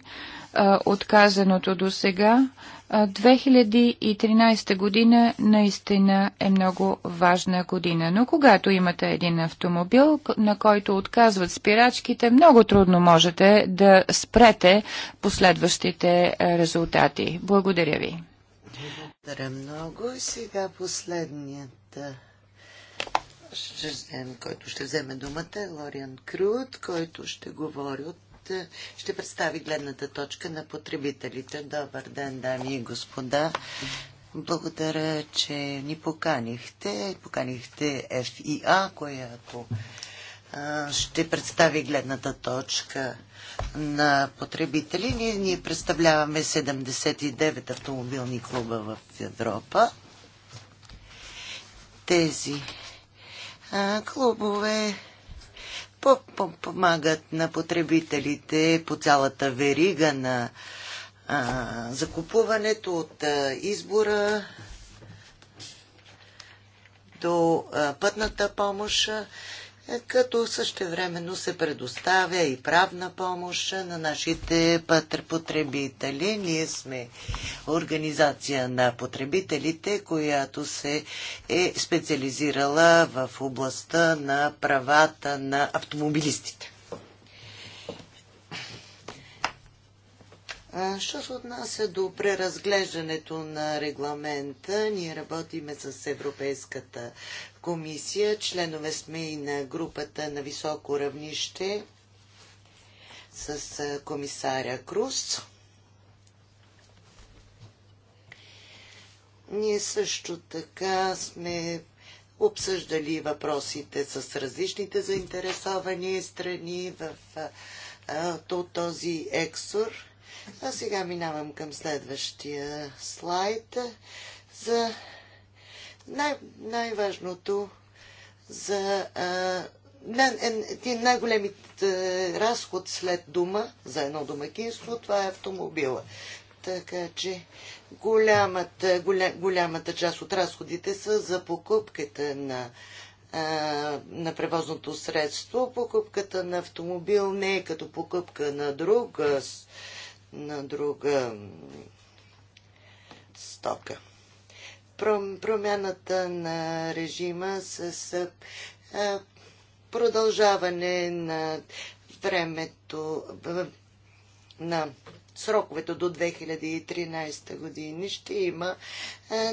[SPEAKER 3] а, от казаното до сега 2013 година наистина е много важна година, но когато имате един автомобил, на който отказват спирачките, много трудно можете да спрете последващите резултати. Благодаря ви.
[SPEAKER 2] Благодаря много. И сега последният ще който ще вземе думата е Лориан Крут, който ще говори от ще представи гледната точка на потребителите. Добър ден, дами и господа. Благодаря, че ни поканихте. Поканихте FIA, която ще представи гледната точка на потребители. Ние, ние представляваме 79 автомобилни клуба в Европа. Тези клубове помагат на потребителите по цялата верига на а, закупуването от а, избора до а, пътната помощ като същевременно се предоставя и правна помощ на нашите потребители. Ние сме организация на потребителите, която се е специализирала в областта на правата на автомобилистите. Що се отнася до преразглеждането на регламента, ние работиме с Европейската комисия, членове сме и на групата на високо равнище с комисаря Круз. Ние също така сме обсъждали въпросите с различните заинтересовани страни в, в този ексор а сега минавам към следващия слайд за най- най-важното за а, е, един най-големият е, разход след дума за едно домакинство, това е автомобила. Така че голямата, голя, голямата част от разходите са за покупката на, а, на превозното средство. Покупката на автомобил не е като покупка на друга на друга стока. Промяната на режима с продължаване на времето на сроковете до 2013 години ще има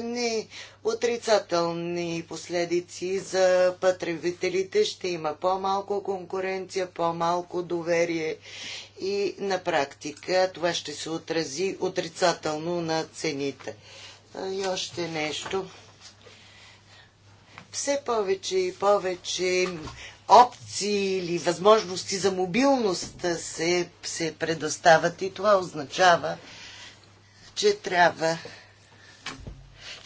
[SPEAKER 2] не отрицателни последици за потребителите, ще има по-малко конкуренция, по-малко доверие и на практика това ще се отрази отрицателно на цените. И още нещо. Все повече и повече опции или възможности за мобилност се, се предоставят и това означава, че трябва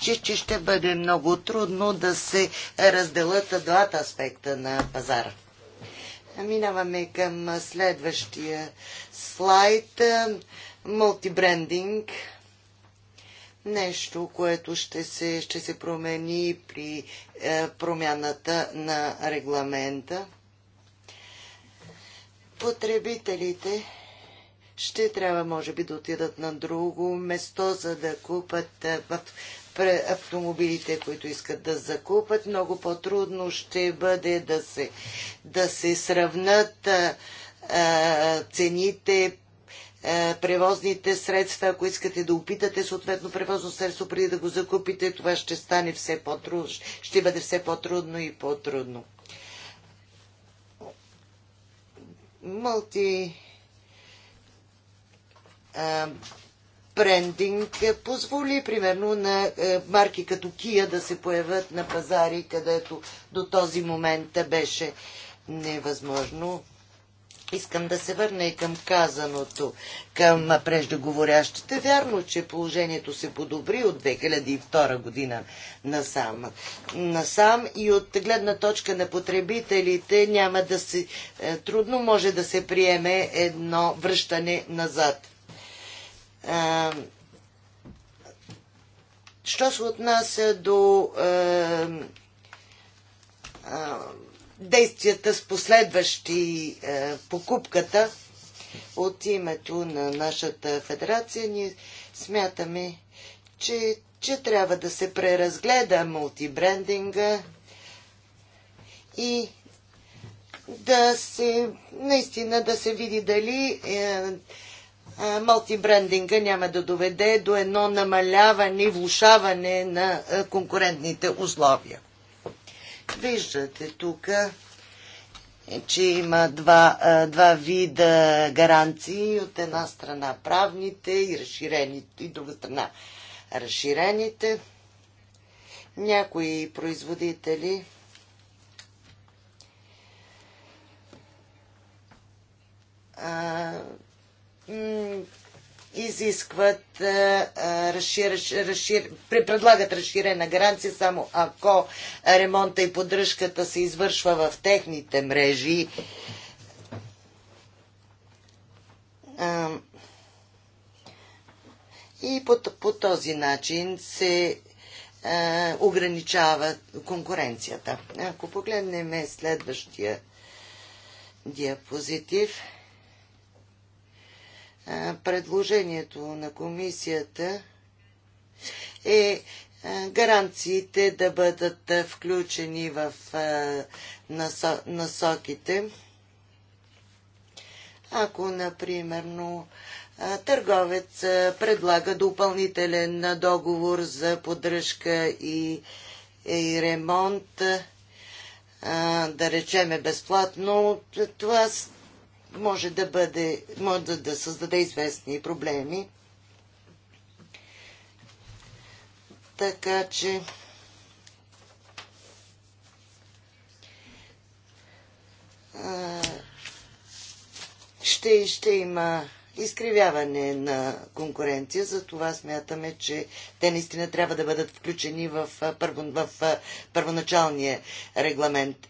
[SPEAKER 2] че, че ще бъде много трудно да се разделят двата аспекта на пазара. Минаваме към следващия слайд. Мултибрендинг нещо, което ще се, ще се промени при е, промяната на регламента. Потребителите ще трябва, може би, да отидат на друго место, за да купат е, в автомобилите, които искат да закупат. Много по-трудно ще бъде да се, да се сравнат а, е, е, цените е, превозните средства, ако искате да опитате съответно превозно средство преди да го закупите, това ще стане все по-трудно, ще бъде все по-трудно и по-трудно. Мулти е, брендинг позволи примерно на е, марки като Кия да се появят на пазари, където до този момент беше невъзможно. Искам да се върна и към казаното, към преждеговорящите. Вярно, че положението се подобри от 2002 година насам. Насам и от гледна точка на потребителите няма да се... Е, трудно може да се приеме едно връщане назад. Е, що се отнася до е, действията с последващи е, покупката от името на нашата федерация. Ние смятаме, че, че трябва да се преразгледа мултибрендинга и да се, наистина да се види дали е, е мултибрендинга няма да доведе до едно намаляване и влушаване на е, конкурентните условия. Виждате тук, е, че има два, е, два вида гаранции. От една страна правните и разширените, и друга страна разширените. Някои производители изискват, разшир, разшир, предлагат разширена гаранция само ако ремонта и поддръжката се извършва в техните мрежи. И по, по този начин се е, ограничава конкуренцията. Ако погледнем следващия диапозитив предложението на комисията е гаранциите да бъдат включени в насоките. Ако, например, търговец предлага допълнителен договор за поддръжка и, ремонт, да речеме безплатно, това може да бъде, може да, да създаде известни проблеми. Така че а, ще, ще има изкривяване на конкуренция. За това смятаме, че те наистина трябва да бъдат включени в, първо, в първоначалния регламент.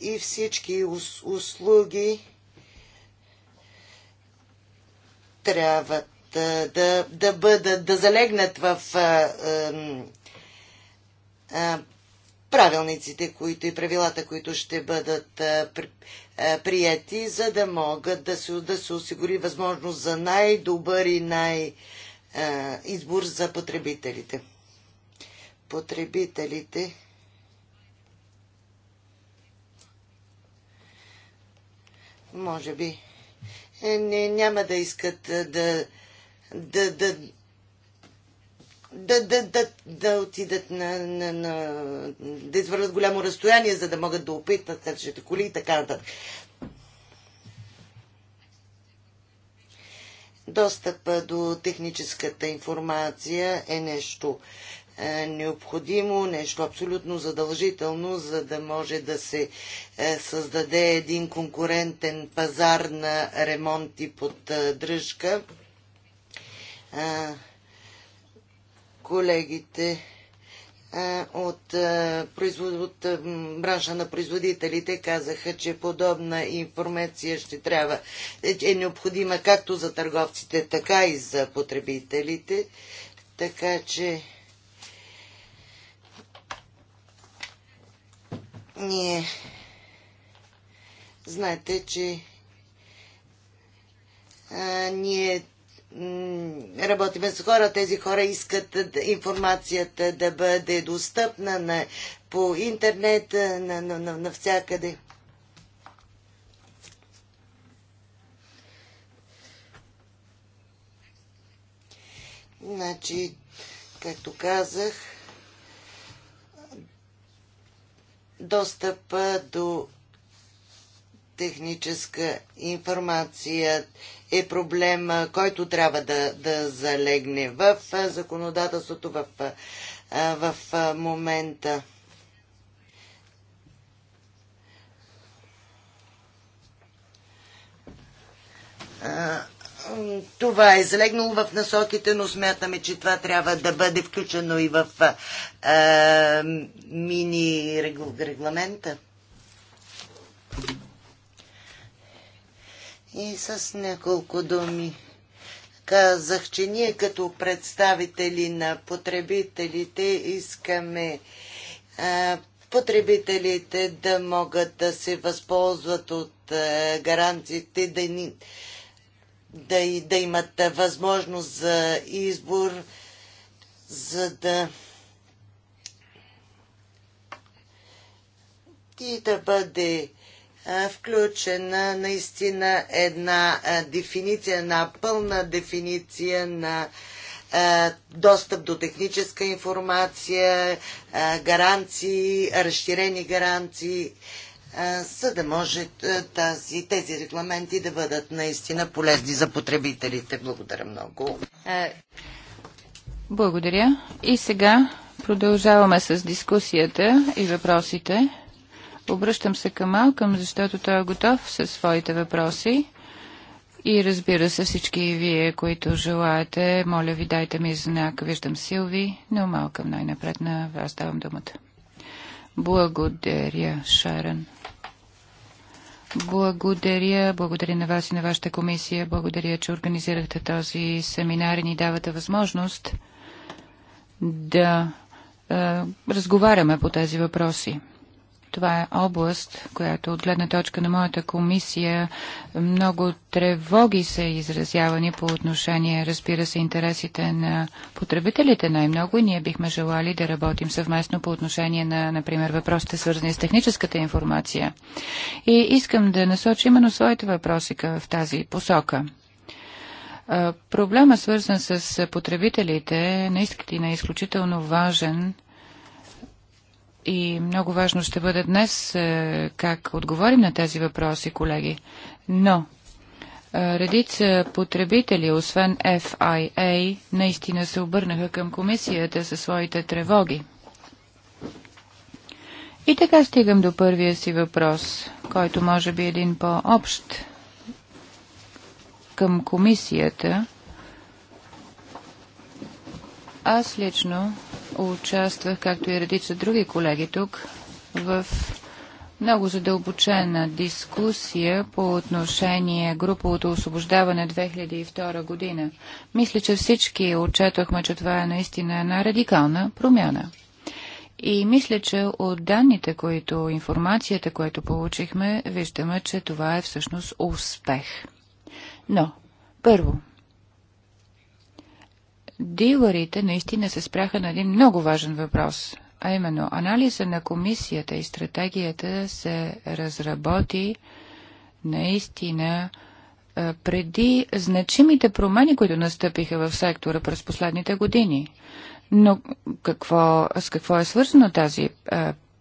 [SPEAKER 2] И всички услуги трябва да, да, да, бъдат, да залегнат в а, а, правилниците, които и правилата, които ще бъдат а, при, а, прияти, за да могат да се, да се осигури възможност за най-добър и най- избор за потребителите. Потребителите може би е, не, няма да искат да, да, да, да, да, да, да отидат на, на, на... да извърват голямо разстояние, за да могат да опитат сърчите коли и така нататък. Достъп до техническата информация е нещо е, необходимо, нещо абсолютно задължително, за да може да се е, създаде един конкурентен пазар на ремонт и поддръжка. Е, колегите от, бранша на производителите казаха, че подобна информация ще трябва, е необходима както за търговците, така и за потребителите. Така че Ние знаете, че а, ние работиме с хора. Тези хора искат информацията да бъде достъпна на, по интернет, на, на, на, навсякъде. Значи, както казах, достъп до техническа информация е проблем, който трябва да, да залегне в законодателството в, в момента. А, това е залегнало в насоките, но смятаме, че това трябва да бъде включено и в а, мини регламента. И с няколко думи казах, че ние като представители на потребителите искаме а, потребителите да могат да се възползват от а, гаранциите, да ни да, и да имат възможност за избор, за да и да бъде включена наистина една дефиниция, една пълна дефиниция на достъп до техническа информация, гаранции, разширени гаранции за да може тази, тези регламенти да бъдат наистина полезни за потребителите. Благодаря много. Е.
[SPEAKER 3] Благодаря. И сега продължаваме с дискусията и въпросите. Обръщам се към Малкъм, защото той е готов със своите въпроси. И разбира се, всички вие, които желаете, моля ви, дайте ми знак. Виждам Силви, но Малкъм най-напред на вас давам думата. Благодаря, Шарен. Благодаря. Благодаря на вас и на вашата комисия. Благодаря, че организирахте този семинар и ни давате възможност да разговаряме по тези въпроси. Това е област, която от гледна точка на моята комисия много тревоги са изразявани по отношение, разбира се, интересите на потребителите най-много и ние бихме желали да работим съвместно по отношение на, например, въпросите свързани с техническата информация. И искам да насоча именно своите въпроси в тази посока. Проблема, свързан с потребителите, наистина е изключително важен – и много важно ще бъде днес е, как отговорим на тези въпроси, колеги. Но е, редица потребители, освен FIA, наистина се обърнаха към комисията със своите тревоги. И така стигам до първия си въпрос, който може би е един по-общ към комисията. Аз лично участвах, както и редица други колеги тук, в много задълбочена дискусия по отношение груповото освобождаване 2002 година. Мисля, че всички отчетохме, че това е наистина една радикална промяна. И мисля, че от данните, които, информацията, която получихме, виждаме, че това е всъщност успех. Но, първо, дилърите наистина се спряха на един много важен въпрос, а именно анализа на комисията и стратегията се разработи наистина преди значимите промени, които настъпиха в сектора през последните години. Но какво, с какво е свързано тази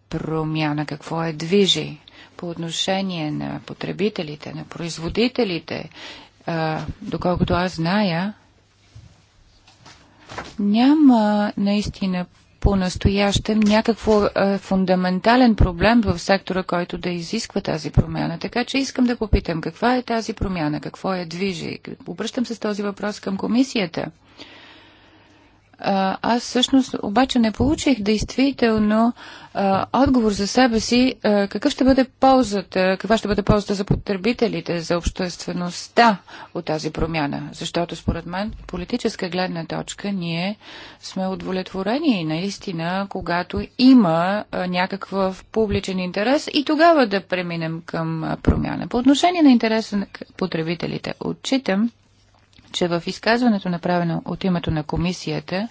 [SPEAKER 3] промяна? Какво е движи по отношение на потребителите, на производителите? доколкото аз зная, няма наистина по-настоящем някакво е, фундаментален проблем в сектора, който да изисква тази промяна. Така че искам да попитам, каква е тази промяна, какво я движи? Обръщам се с този въпрос към комисията аз всъщност обаче не получих действително а, отговор за себе си а, какъв ще бъде ползата, каква ще бъде ползата за потребителите, за обществеността от тази промяна. Защото според мен политическа гледна точка ние сме удовлетворени наистина, когато има а, някакъв публичен интерес и тогава да преминем към промяна. По отношение на интереса на потребителите, отчитам, че в изказването, направено от името на комисията,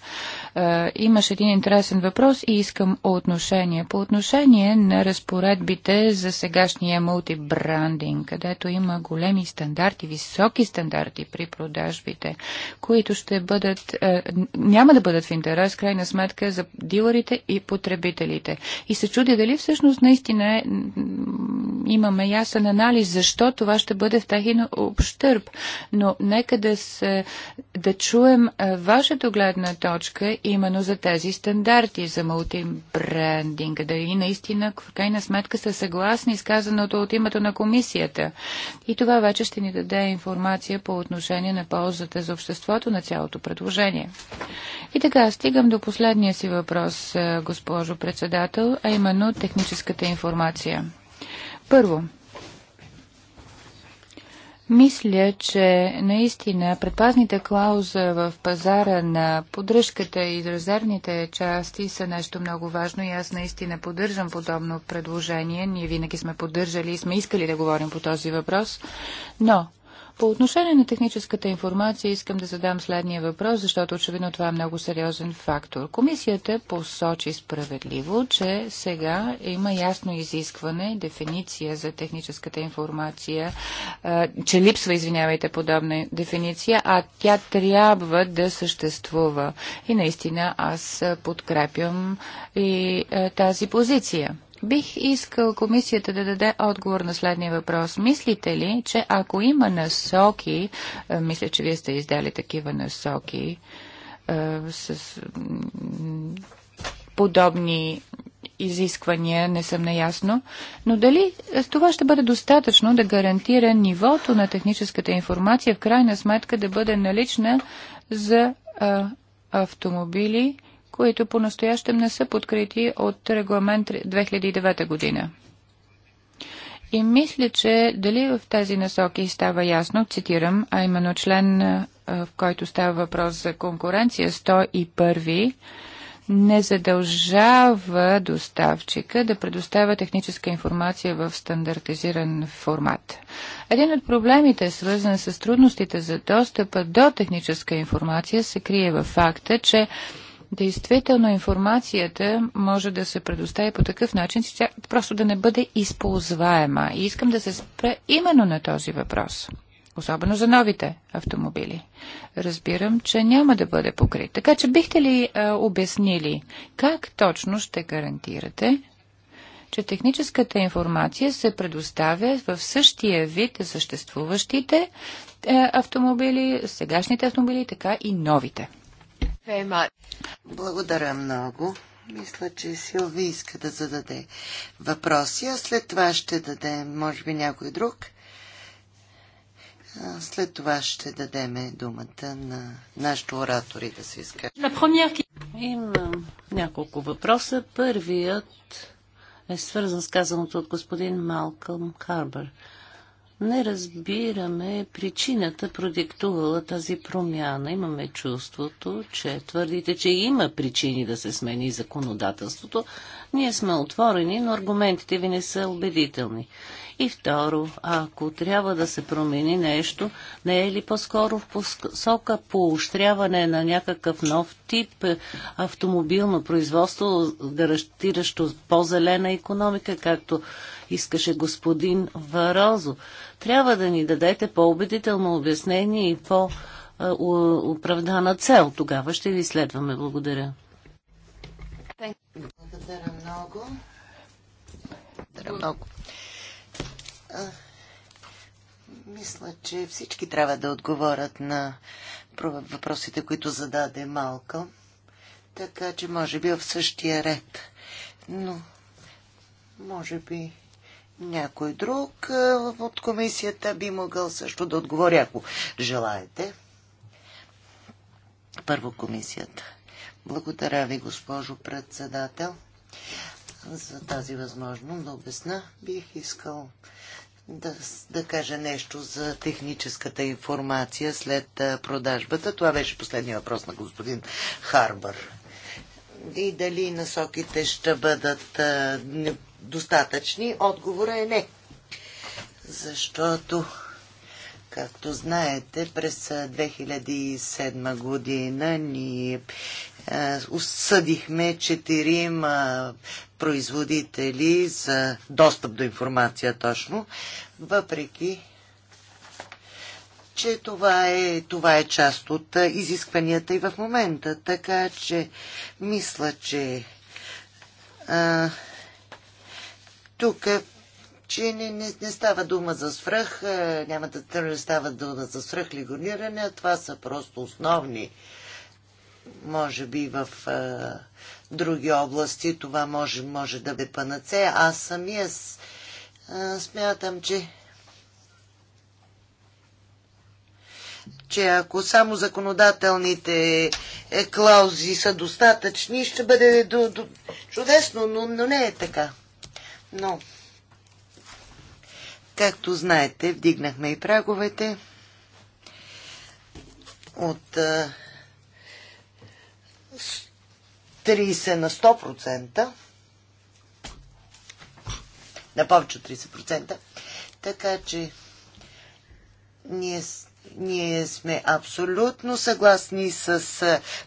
[SPEAKER 3] е, имаш един интересен въпрос и искам отношение. По отношение на разпоредбите за сегашния мултибрандинг, където има големи стандарти, високи стандарти при продажбите, които ще бъдат, е, няма да бъдат в интерес, крайна сметка, за дилерите и потребителите. И се чудя дали всъщност наистина е, имаме ясен анализ, защо това ще бъде в техен общърп. Но нека да, се, да чуем е, вашето гледна точка именно за тези стандарти за Да и наистина, в крайна сметка, са съгласни с казаното от името на комисията. И това вече ще ни даде информация по отношение на ползата за обществото на цялото предложение. И така, стигам до последния си въпрос, госпожо председател, а именно техническата информация. Първо, мисля, че наистина предпазните клауза в пазара на поддръжката и резервните части са нещо много важно и аз наистина поддържам подобно предложение. Ние винаги сме поддържали и сме искали да говорим по този въпрос, но по отношение на техническата информация искам да задам следния въпрос, защото очевидно това е много сериозен фактор. Комисията посочи справедливо, че сега има ясно изискване, дефиниция за техническата информация, че липсва, извинявайте, подобна дефиниция, а тя трябва да съществува. И наистина аз подкрепям и тази позиция. Бих искал комисията да даде отговор на следния въпрос. Мислите ли, че ако има насоки, е, мисля, че вие сте издали такива насоки е, с подобни изисквания, не съм наясно, но дали това ще бъде достатъчно да гарантира нивото на техническата информация в крайна сметка да бъде налична за автомобили, които по-настоящем не са подкрити от регламент 2009 година. И мисля, че дали в тези насоки става ясно, цитирам, а именно член, в който става въпрос за конкуренция 101, не задължава доставчика да предоставя техническа информация в стандартизиран формат. Един от проблемите, свързан с трудностите за достъпа до техническа информация, се крие във факта, че Действително информацията може да се предостави по такъв начин, че тя просто да не бъде използваема. И искам да се спре именно на този въпрос. Особено за новите автомобили. Разбирам, че няма да бъде покрит. Така че бихте ли а, обяснили как точно ще гарантирате, че техническата информация се предоставя в същия вид съществуващите е, автомобили, сегашните автомобили, така и новите?
[SPEAKER 2] Благодаря много. Мисля, че Силви иска да зададе въпроси, а след това ще даде, може би, някой друг. А след това ще дадеме думата на нашите оратори да се изкажат.
[SPEAKER 3] Имам
[SPEAKER 2] няколко въпроса. Първият е свързан с
[SPEAKER 4] казаното от господин Малкъм Харбър не разбираме причината, продиктувала тази промяна. Имаме чувството, че твърдите, че има причини да се смени законодателството. Ние сме отворени, но аргументите ви не са убедителни. И второ, ако трябва да се промени нещо, не е ли по-скоро в посока поощряване на някакъв нов тип автомобилно производство, гарантиращо по-зелена економика, както искаше господин Варозо. Трябва да ни дадете по-убедително обяснение и по-оправдана цел. Тогава ще ви следваме. Благодаря.
[SPEAKER 2] Благодаря много. Благодаря много. Мисля, че всички трябва да отговорят на въпросите, които зададе Малко. Така че може би в същия ред. Но може би някой друг е, от комисията би могъл също да отговори, ако желаете. Първо комисията. Благодаря ви, госпожо председател, за тази възможност да обясна. Бих искал да, да кажа нещо за техническата информация след е, продажбата. Това беше последния въпрос на господин Харбър. И дали насоките ще бъдат е, достатъчни? Отговора е не. Защото, както знаете, през 2007 година ни осъдихме четирима производители за достъп до информация точно, въпреки че това е, това е част от изискванията и в момента. Така че мисля, че а, тук, че не, не, не става дума за свръх, няма да става дума за свръх лигониране, а това са просто основни. Може би в а, други области това може, може да бе панаце. Аз самия с, а, смятам, че че ако само законодателните е, клаузи са достатъчни, ще бъде до, до, чудесно, но, но не е така. Но, както знаете, вдигнахме и праговете от 30 на 100%, на повече от 30%, така че ние ние сме абсолютно съгласни с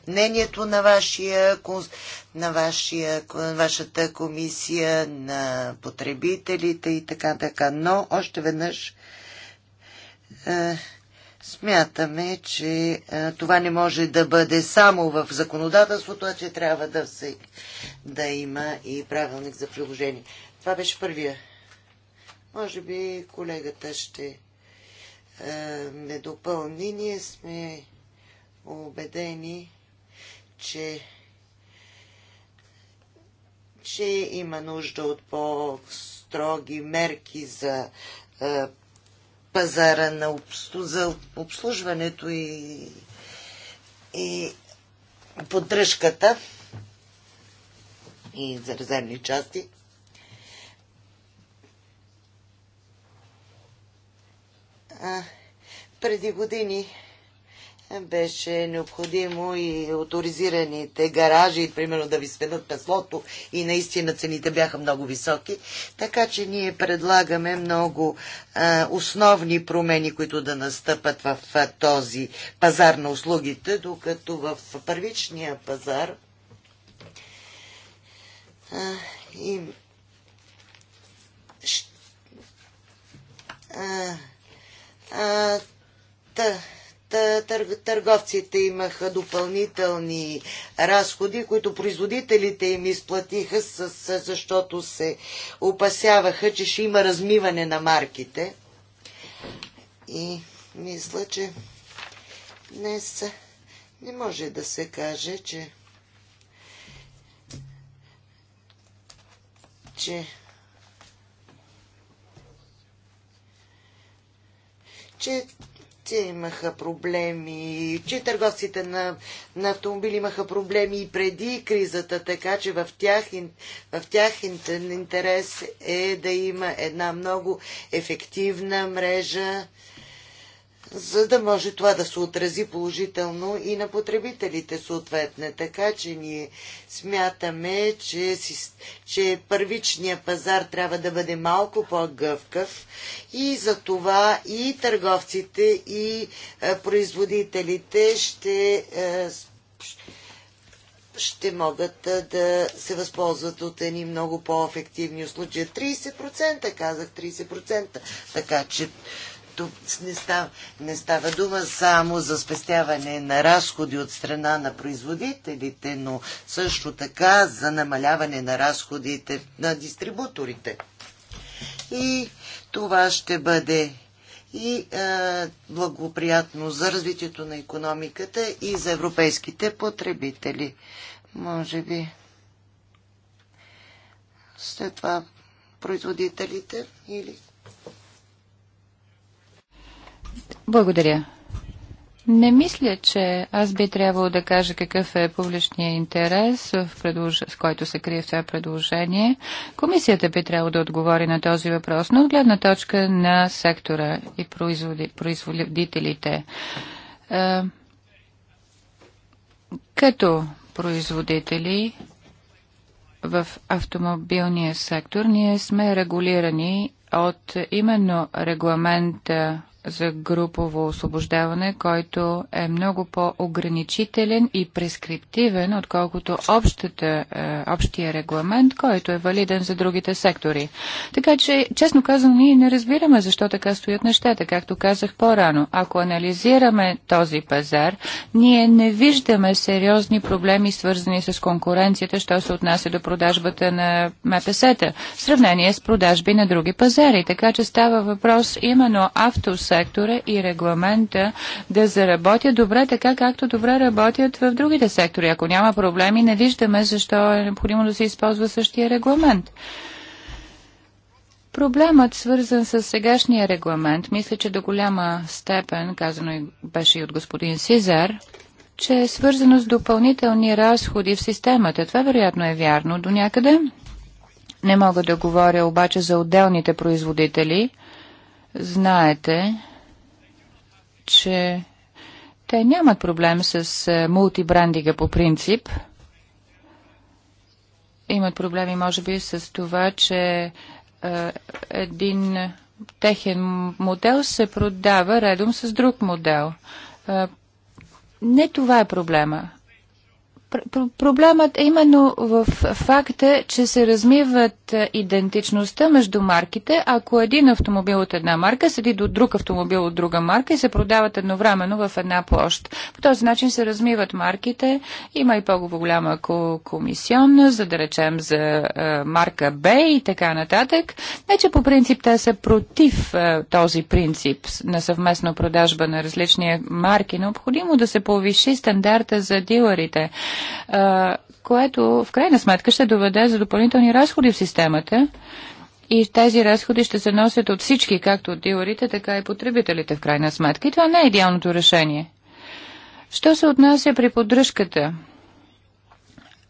[SPEAKER 2] мнението на, вашия, на, вашия, на вашата комисия, на потребителите и така, така. Но още веднъж е, смятаме, че е, това не може да бъде само в законодателството, а че трябва да, се, да има и правилник за приложение. Това беше първия. Може би колегата ще е, ме допълни. Ние сме убедени, че че има нужда от по-строги мерки за а, е, пазара на обслу... за обслужването и, и поддръжката и за резервни части. а, преди години беше необходимо и авторизираните гаражи, примерно да ви сведат песлото и наистина цените бяха много високи. Така че ние предлагаме много а, основни промени, които да настъпат в а, този пазар на услугите, докато в първичния пазар а, и а, а, та, търговците имаха допълнителни разходи, които производителите им изплатиха, с, защото се опасяваха, че ще има размиване на марките. И мисля, че днес не може да се каже, че че че те имаха проблеми, че търговците на, на автомобили имаха проблеми и преди кризата, така че в тях, в тях интерес е да има една много ефективна мрежа за да може това да се отрази положително и на потребителите съответно. Така че ние смятаме, че, че първичният пазар трябва да бъде малко по-гъвкав и за това и търговците, и е, производителите ще, е, ще могат е, да се възползват от едни много по-ефективни услуги. 30% казах, 30%. Така че не става, не става дума само за спестяване на разходи от страна на производителите, но също така за намаляване на разходите на дистрибуторите. И това ще бъде и е, благоприятно за развитието на економиката и за европейските потребители. Може би след това производителите или благодаря.
[SPEAKER 3] Не мисля, че аз би трябвало да кажа какъв е публичният интерес, в предлож... с който се крие в това предложение. Комисията би трябвало да отговори на този въпрос, но от гледна точка на сектора и производи... производителите. А, като производители в автомобилния сектор ние сме регулирани от именно регламента за групово освобождаване, който е много по-ограничителен и прескриптивен, отколкото общата, е, общия регламент, който е валиден за другите сектори. Така че, честно казвам, ние не разбираме защо така стоят нещата, както казах по-рано. Ако анализираме този пазар, ние не виждаме сериозни проблеми, свързани с конкуренцията, що се отнася до продажбата на МПС-та, в сравнение с продажби на други пазари. Така че става въпрос именно автос сектора и регламента да заработят добре, така както добре работят в другите сектори. Ако няма проблеми, не виждаме защо е необходимо да се използва същия регламент. Проблемът, свързан с сегашния регламент, мисля, че до голяма степен, казано беше и от господин Сизар, че е свързано с допълнителни разходи в системата. Това вероятно е вярно до някъде. Не мога да говоря обаче за отделните производители, знаете, че те нямат проблем с е, мултибрандига по принцип. Имат проблеми, може би, с това, че е, един техен модел се продава редом с друг модел. Е, не това е проблема. Проблемът е именно в факта, че се размиват е, идентичността между марките. Ако един автомобил от една марка седи до друг автомобил от друга марка и се продават едновременно в една площ. По този начин се размиват марките. Има и по-голяма комисионна, за да речем за е, марка Б и така нататък. Не, че по принцип те са против е, този принцип на съвместно продажба на различни марки. Необходимо да се повиши стандарта за дилерите което в крайна сметка ще доведе за допълнителни разходи в системата и тези разходи ще се носят от всички, както от дилерите, така и потребителите в крайна сметка. И това не е идеалното решение. Що се отнася при поддръжката?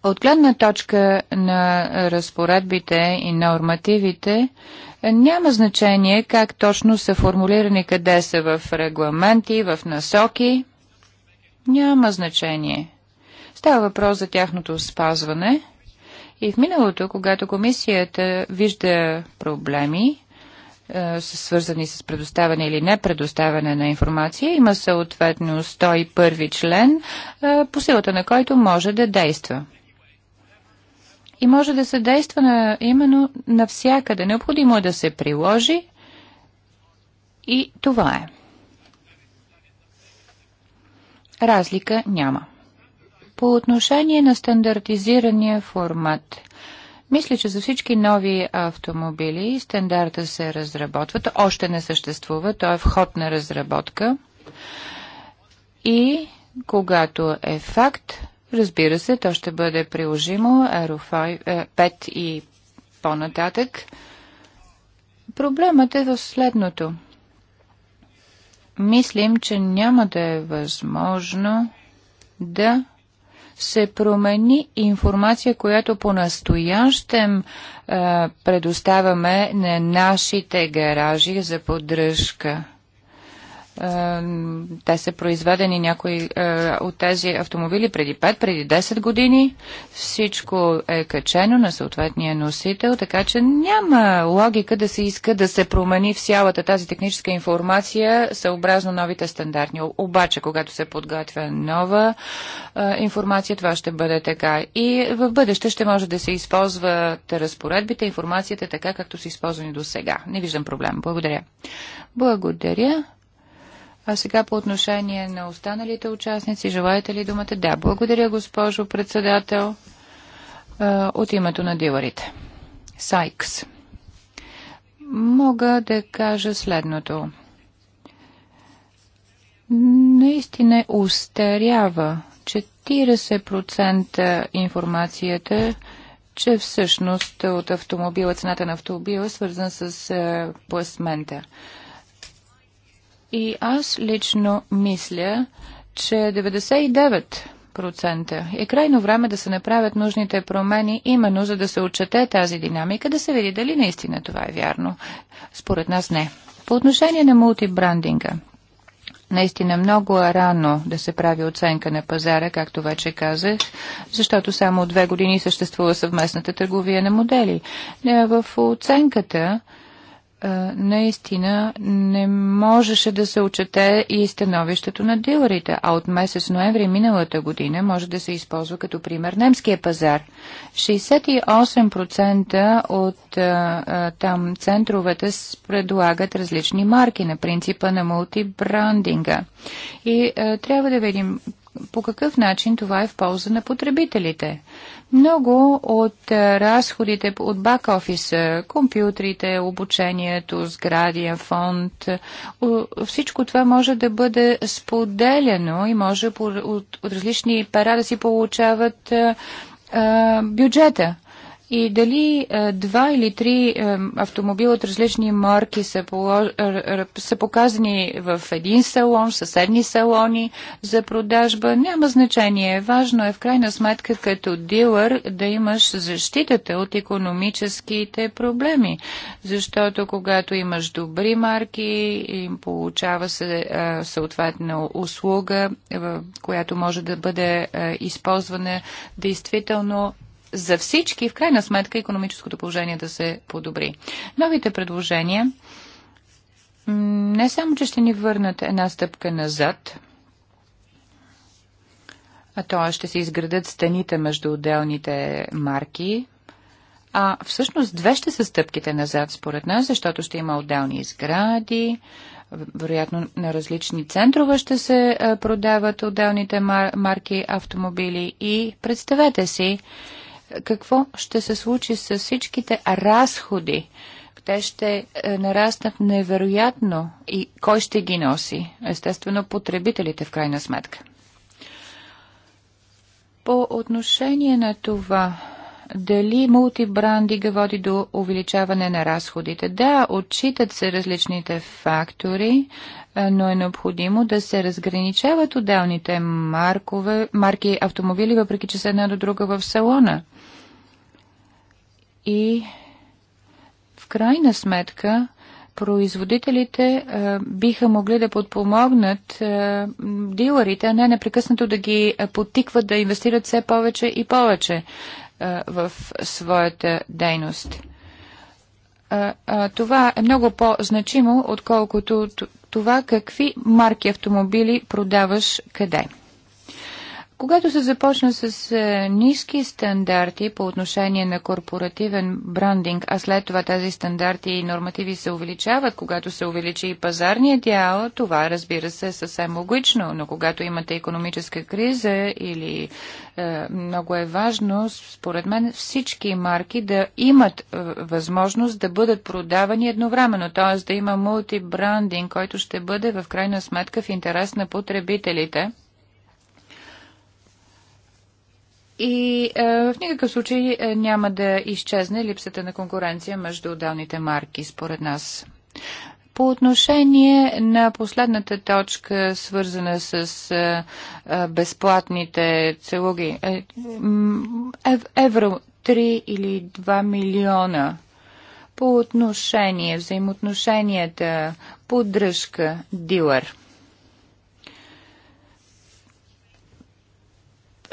[SPEAKER 3] От гледна точка на разпоредбите и нормативите, няма значение как точно са формулирани, къде са в регламенти, в насоки. Няма значение. Става въпрос за тяхното спазване. И в миналото, когато комисията вижда проблеми, е, свързани с предоставяне или не предоставяне на информация, има съответно 101 член, е, по силата на който може да действа. И може да се действа на, именно навсякъде. Необходимо е да се приложи и това е. Разлика няма. По отношение на стандартизирания формат, мисля, че за всички нови автомобили стандарта се разработват. Още не съществува. Той е вход на разработка. И когато е факт, разбира се, то ще бъде приложимо Aero 5 е, и по-нататък. Проблемът е в следното. Мислим, че няма да е възможно да се промени информация, която по-настоящем е, предоставяме на нашите гаражи за поддръжка. Е, те са произведени някои е, от тези автомобили преди 5, преди 10 години. Всичко е качено на съответния носител, така че няма логика да се иска да се промени в цялата тази техническа информация съобразно новите стандарти. Обаче, когато се подготвя нова е, информация, това ще бъде така. И в бъдеще ще може да се използват разпоредбите, информацията така, както са използвани до сега. Не виждам проблем. Благодаря. Благодаря. А сега по отношение на останалите участници, желаете ли думата? Да, благодаря, госпожо председател, от името на диларите. Сайкс. Мога да кажа следното. Наистина устарява 40% информацията, че всъщност от автомобила, цената на автомобила е свързана с пластмента. И аз лично мисля, че 99% е крайно време да се направят нужните промени, именно за да се отчете тази динамика, да се види дали наистина това е вярно. Според нас не. По отношение на мултибрандинга, наистина много е рано да се прави оценка на пазара, както вече казах, защото само две години съществува съвместната търговия на модели. Е, в оценката наистина не можеше да се очете и становището на дилерите, а от месец ноември миналата година може да се използва като пример немския пазар. 68% от а, а, там центровете предлагат различни марки на принципа на мултибрандинга. И а, трябва да видим по какъв начин това е в полза на потребителите. Много от разходите от бак офиса, компютрите, обучението, сградия, фонд, всичко това може да бъде споделено и може от, от различни пера да си получават бюджета и дали е, два или три е, автомобила от различни марки са, полож... Е, са показани в един салон, в съседни салони за продажба, няма значение. Важно е в крайна сметка като дилър да имаш защитата от економическите проблеми, защото когато имаш добри марки, им получава се съответна услуга, която може да бъде използвана действително за всички, в крайна сметка, економическото положение да се подобри. Новите предложения не само, че ще ни върнат една стъпка назад, а то е, ще се изградат стените между отделните марки, а всъщност две ще са стъпките назад, според нас, защото ще има отделни сгради, вероятно на различни центрове ще се продават отделните марки автомобили и представете си, какво ще се случи с всичките разходи? Те ще е, нараснат невероятно и кой ще ги носи? Естествено, потребителите в крайна сметка. По отношение на това, дали мултибрандига води до увеличаване на разходите. Да, отчитат се различните фактори, е, но е необходимо да се разграничават отделните маркове, марки автомобили, въпреки че са една до друга в салона и в крайна сметка производителите а, е, биха могли да подпомогнат а, е, дилърите, а не непрекъснато да ги е, потикват да инвестират все повече и повече а, в своята дейност. А, а, това е много по-значимо, отколкото това какви марки автомобили продаваш къде. Когато се започна с е, ниски стандарти по отношение на корпоративен брандинг, а след това тези стандарти и нормативи се увеличават, когато се увеличи и пазарния дял, това разбира се е съвсем логично, но когато имате економическа криза или е, много е важно, според мен, всички марки да имат е, възможност да бъдат продавани едновременно, т.е. да има мултибрандинг, който ще бъде в крайна сметка в интерес на потребителите И е, в никакъв случай е, няма да изчезне липсата на конкуренция между отделните марки, според нас. По отношение на последната точка, свързана с а, е, а, безплатните целуги, е, е, евро 3 или 2 милиона по отношение, взаимоотношенията, поддръжка, дилър –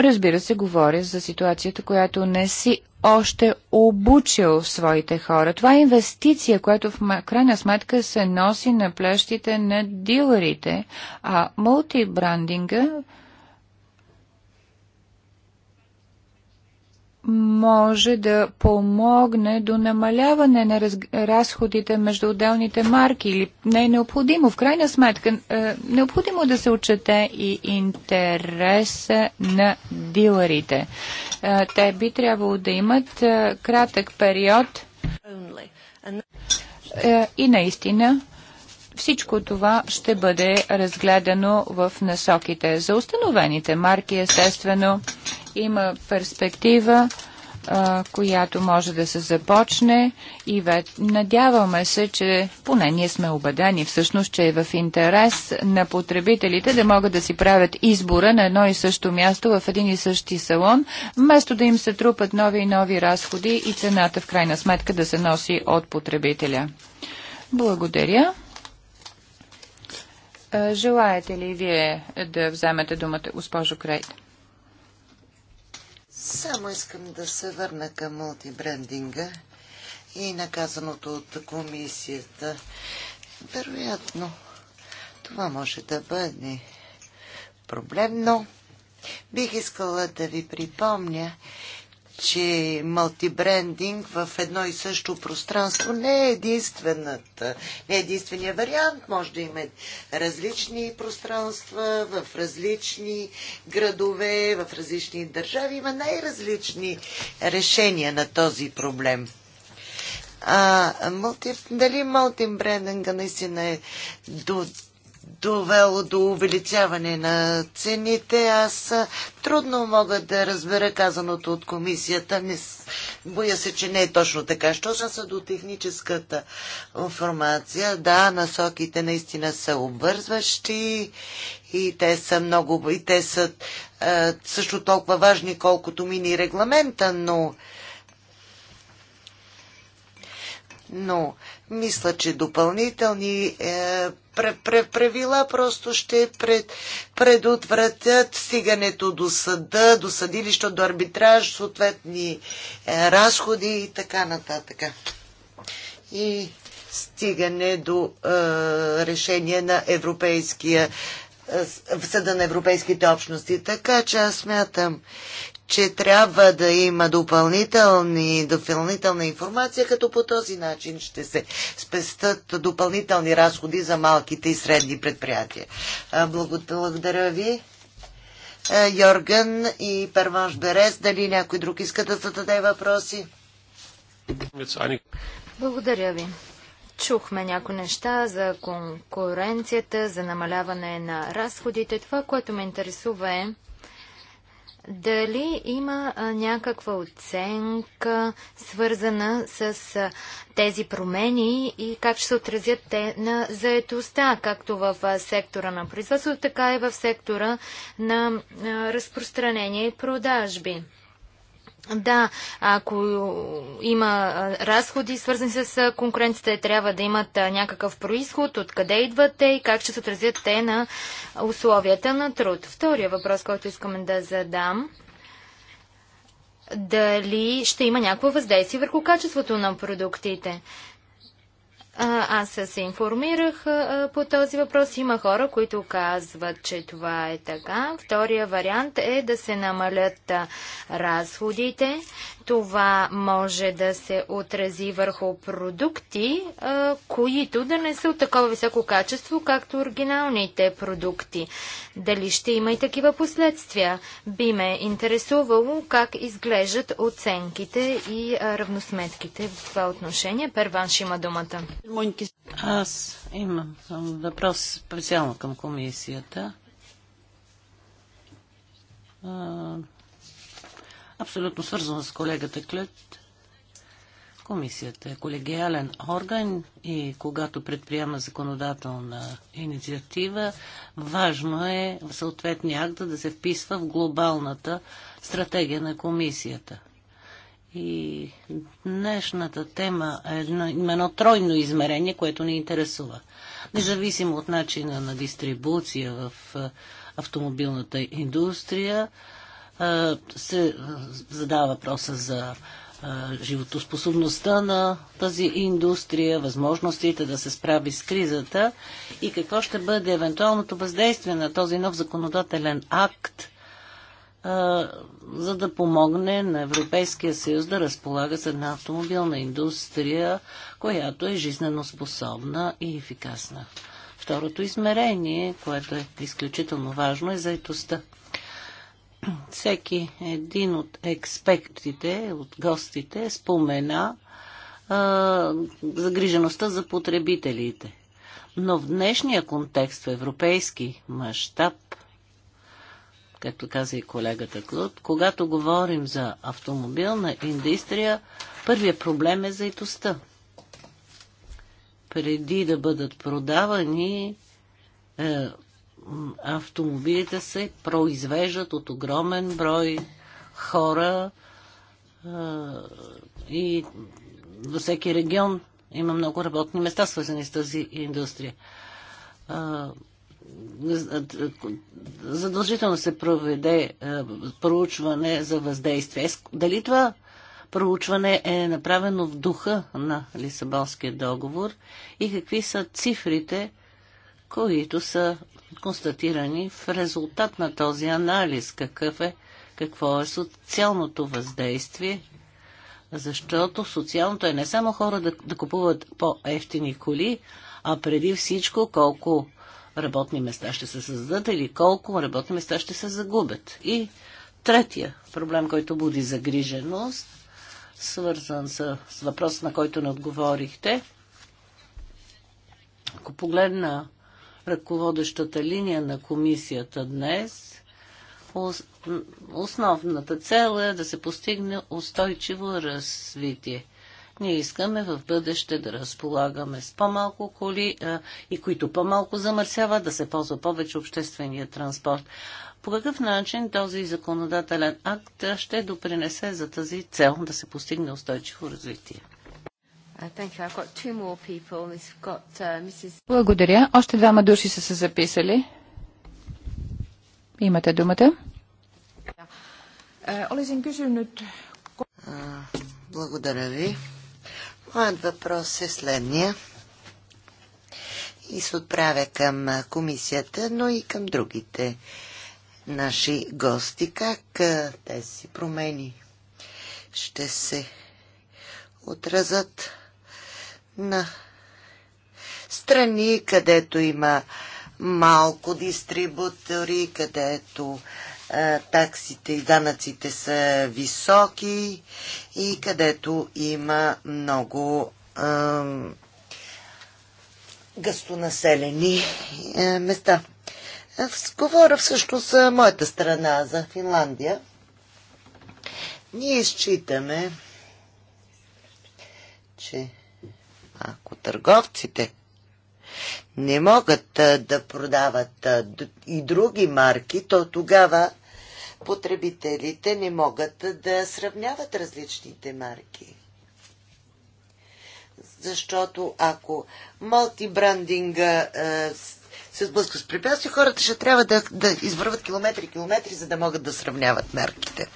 [SPEAKER 3] Разбира се, говоря за ситуацията, която не си още обучил своите хора. Това е инвестиция, която в крайна сметка се носи на плещите на дилерите, а мултибрандинга може да помогне до намаляване на разходите между отделните марки или не е необходимо. В крайна сметка е необходимо е да се отчете и интереса на дилерите. Е, те би трябвало да имат е, кратък период е, и наистина всичко това ще бъде разгледано в насоките за установените марки, естествено. Има перспектива, а, която може да се започне и вед... надяваме се, че поне ние сме убедени всъщност, че е в интерес на потребителите да могат да си правят избора на едно и също място в един и същи салон, вместо да им се трупат нови и нови разходи и цената в крайна сметка да се носи от потребителя. Благодаря. Желаете ли вие да вземете думата, госпожо Крейт?
[SPEAKER 2] Само искам да се върна към мултибрендинга и наказаното от комисията. Вероятно, това може да бъде проблемно. Бих искала да ви припомня, че мултибрендинг в едно и също пространство не е единствената, не е единствения вариант. Може да има различни пространства, в различни градове, в различни държави. Има най-различни решения на този проблем. А, мулти, дали мултибрендинга наистина е до довело до увеличаване на цените. Аз трудно мога да разбера казаното от комисията. Не, боя се, че не е точно така. Що ще са до техническата информация? Да, насоките наистина са обвързващи и те са много, и те са е, също толкова важни, колкото мини регламента, но е, но мисля, че допълнителни е, правила просто ще пред, предотвратят стигането до съда, до съдилище, до арбитраж, съответни е, разходи и така нататък. И стигане до е, решение на Европейския в е, съда на европейските общности. Така че аз смятам, че трябва да има допълнителни, допълнителна информация, като по този начин ще се спестат допълнителни разходи за малките и средни предприятия. Благодаря ви. Йорган и Перванш Берес, дали някой друг иска да зададе въпроси?
[SPEAKER 1] Благодаря ви. Чухме някои неща за конкуренцията, за намаляване на разходите. Това, което ме интересува е дали има някаква оценка, свързана с тези промени и как ще се отразят те на заетостта, както в сектора на производство, така и в сектора на разпространение и продажби? Да, ако има разходи, свързани с конкуренцията, трябва да имат някакъв происход, откъде идват те и как ще се отразят те на условията на труд. Втория въпрос, който искам да задам. Дали ще има някакво въздействие върху качеството на продуктите? Аз се информирах а, по този въпрос. Има хора, които казват, че това е така. Втория вариант е да се намалят а, разходите, това може да се отрази върху продукти, които да не са от такова високо качество, както оригиналните продукти. Дали ще има и такива последствия? Би ме интересувало как изглеждат оценките и равносметките в това отношение. Перванш има думата.
[SPEAKER 4] Аз имам въпрос специално към комисията абсолютно свързано с колегата Клет. Комисията е колегиален орган и когато предприема законодателна инициатива, важно е съответния акт да се вписва в глобалната стратегия на комисията. И днешната тема е едно, има едно тройно измерение, което ни интересува. Независимо от начина на дистрибуция в автомобилната индустрия, се задава въпроса за животоспособността на тази индустрия, възможностите да се справи с кризата и какво ще бъде евентуалното въздействие на този нов законодателен акт, за да помогне на Европейския съюз да разполага с една автомобилна индустрия, която е жизнено способна и ефикасна. Второто измерение, което е изключително важно, е заетостта. Всеки един от експертите, от гостите спомена а, загрижеността за потребителите. Но в днешния контекст в европейски мащаб, както каза и колегата Клод, когато говорим за автомобилна индустрия, първият проблем е заетостта. Преди да бъдат продавани е, автомобилите се произвеждат от огромен брой хора и във всеки регион има много работни места, свързани с тази индустрия. Задължително се проведе проучване за въздействие. Е, дали това проучване е направено в духа на Лисабонския договор и какви са цифрите, които са констатирани в резултат на този анализ. Какъв е, какво е социалното въздействие? Защото социалното е не само хора да, да купуват по-ефтини коли, а преди всичко колко работни места ще се създадат или колко работни места ще се загубят. И третия проблем, който буди загриженост, свързан с, с въпрос, на който не отговорихте. Ако погледна ръководещата линия на комисията днес. Основната цел е да се постигне устойчиво развитие. Ние искаме в бъдеще да разполагаме с по-малко коли а, и които по-малко замърсяват, да се ползва повече обществения транспорт. По какъв начин този законодателен акт ще допринесе за тази цел да се постигне устойчиво развитие?
[SPEAKER 1] Uh, uh,
[SPEAKER 3] благодаря. Още двама души са се записали. Имате думата.
[SPEAKER 2] Е, благодаря ви. Моят въпрос е следния и се отправя към комисията, но и към другите наши гости. Как тези промени ще се отразят на страни, където има малко дистрибутори, където е, таксите и данъците са високи и където има много е, гъстонаселени е, места. Говоря всъщност за моята страна, за Финландия. Ние считаме, че ако търговците не могат да продават и други марки, то тогава потребителите не могат да сравняват различните марки. Защото ако мултибрандинга се сблъска с препятствия, хората ще трябва да, да извърват километри и километри, за да могат да сравняват мерките.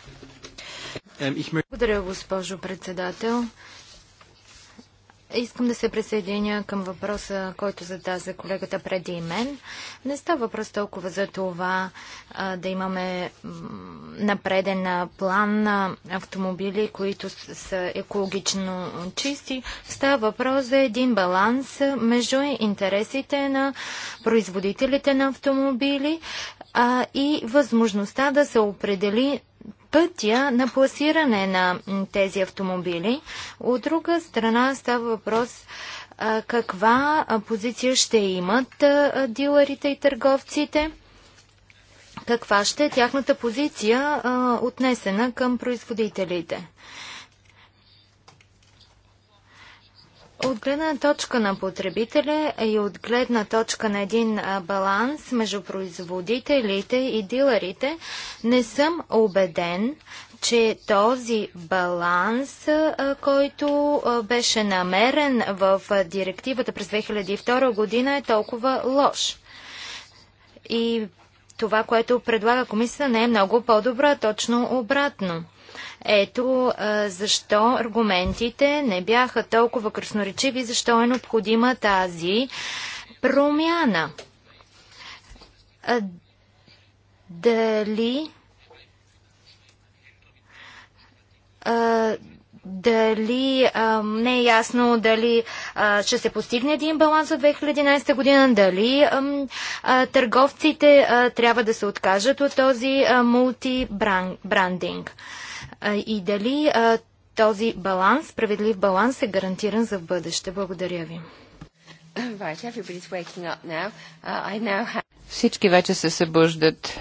[SPEAKER 1] Благодаря, госпожо председател. Искам да се присъединя към въпроса, който зададе колегата преди мен. Не става въпрос толкова за това а, да имаме напреден план на автомобили, които са екологично чисти. Става въпрос за един баланс между интересите на производителите на автомобили а, и възможността да се определи пътя на пласиране на тези автомобили. От друга страна става въпрос каква позиция ще имат дилерите и търговците, каква ще е тяхната позиция отнесена към производителите. От гледна точка на потребителя и от гледна точка на един баланс между производителите и дилерите, не съм убеден, че този баланс, който беше намерен в директивата през 2002 година е толкова лош. И това, което предлага комисията, не е много по-добра, точно обратно. Ето защо аргументите не бяха толкова красноречиви, защо е необходима тази промяна. Дали дали а, не е ясно дали а, ще се постигне един баланс за 2011 година, дали а, а, търговците а, трябва да се откажат от този мултибрандинг. Бран, и дали този баланс, справедлив баланс е гарантиран за бъдеще. Благодаря ви.
[SPEAKER 3] Uh, Всички вече се събуждат.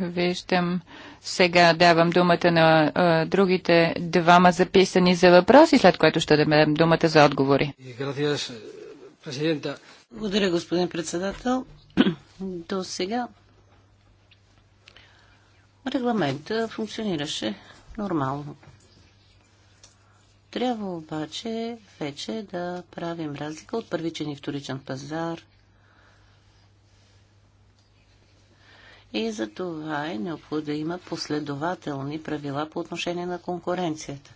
[SPEAKER 3] Виждам. Сега давам думата на а, другите двама записани за въпроси, след което ще дадем думата за отговори.
[SPEAKER 4] Благодаря, господин председател. До сега регламента функционираше нормално. Трябва обаче вече да правим разлика от първичен и вторичен пазар. И за това е необходимо да има последователни правила по отношение на конкуренцията.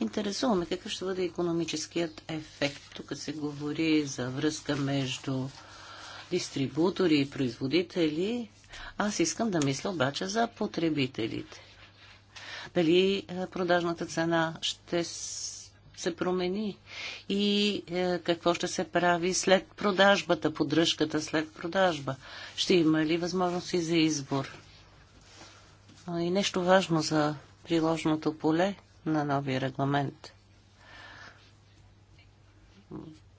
[SPEAKER 4] Интересуваме какъв ще бъде економическият ефект. Тук се говори за връзка между дистрибутори и производители. Аз искам да мисля обаче за потребителите дали е, продажната цена ще се промени и е, какво ще се прави след продажбата, поддръжката след продажба. Ще има ли възможности за избор? И нещо важно за приложното поле на новия регламент.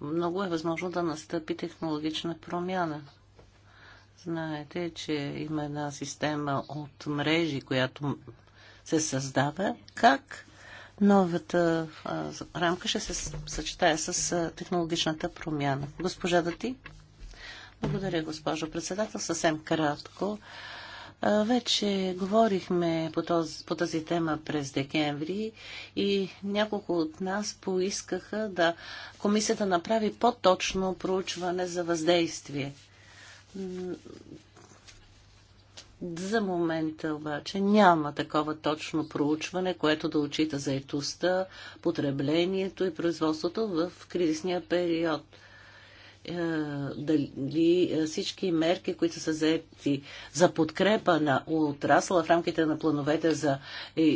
[SPEAKER 4] Много е възможно да настъпи технологична промяна. Знаете, че има една система от мрежи, която се създава, как новата а, рамка ще се съчетае с а, технологичната промяна. Госпожа Дати? Благодаря, госпожо председател. Съвсем кратко. А, вече говорихме по, този, по тази тема през декември и няколко от нас поискаха да комисията направи по-точно проучване за въздействие за момента обаче няма такова точно проучване, което да отчита заетостта, потреблението и производството в кризисния период. Е, дали е, всички мерки, които са заети за подкрепа на отрасла в рамките на плановете за е,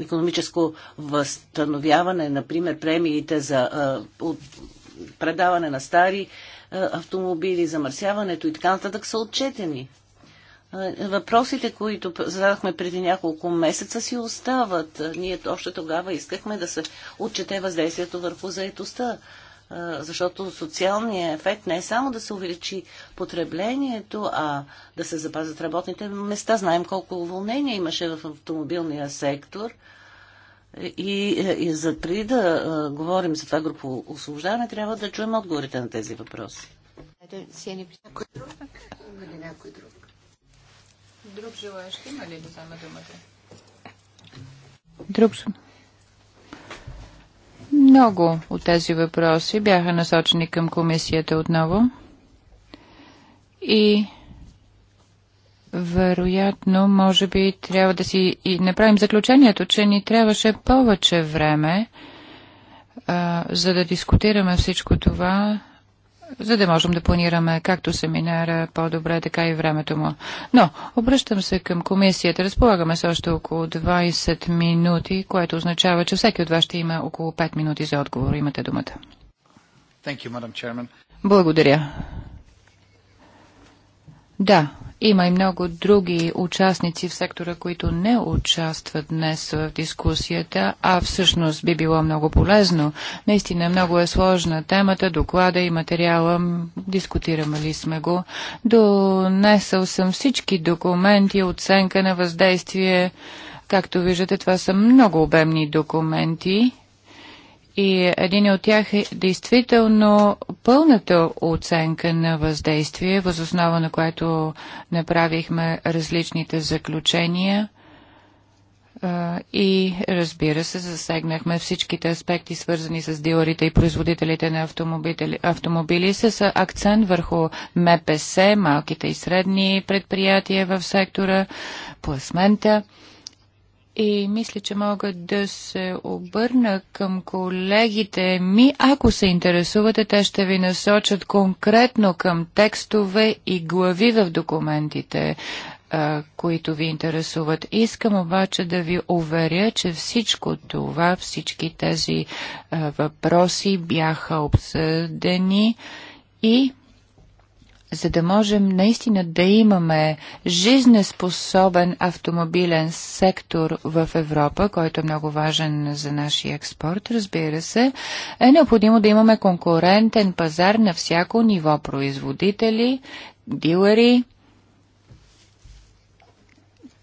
[SPEAKER 4] економическо възстановяване, например премиите за предаване на стари автомобили, замърсяването и така нататък са отчетени. Е, въпросите, които зададохме преди няколко месеца, си остават. Е, ние още тогава искахме да се отчете въздействието върху заетостта, е, защото социалният ефект не е само да се увеличи потреблението, а да се запазят работните места. Знаем колко уволнения имаше в автомобилния сектор. И, и за преди да говорим за това групово освобождаване, трябва да чуем отговорите на тези въпроси.
[SPEAKER 2] Някой друг? Някой друг?
[SPEAKER 3] Друг желаящ има ли да взема думата? Друг Много от тези въпроси бяха насочени към комисията отново. И вероятно, може би трябва да си и направим заключението, че ни трябваше повече време, а, за да дискутираме всичко това за да можем да планираме както семинара по-добре, така и времето му. Но, обръщам се към комисията. Разполагаме се още около 20 минути, което означава, че всеки от вас ще има около 5 минути за отговор. Имате думата. Благодаря. Да, има и много други участници в сектора, които не участват днес в дискусията, а всъщност би било много полезно. Наистина много е сложна темата, доклада и материала, дискутираме ли сме го. Донесъл съм всички документи, оценка на въздействие. Както виждате, това са много обемни документи и един от тях е действително пълната оценка на въздействие, възоснова на което направихме различните заключения и разбира се, засегнахме всичките аспекти, свързани с дилърите и производителите на автомобили, автомобили с акцент върху МПС, малките и средни предприятия в сектора, пласмента и мисля, че мога да се обърна към колегите ми. Ако се интересувате, те ще ви насочат конкретно към текстове и глави в документите, които ви интересуват. Искам обаче да ви уверя, че всичко това, всички тези въпроси бяха обсъдени и за да можем наистина да имаме жизнеспособен автомобилен сектор в Европа, който е много важен за нашия експорт, разбира се, е необходимо да имаме конкурентен пазар на всяко ниво производители, дилери,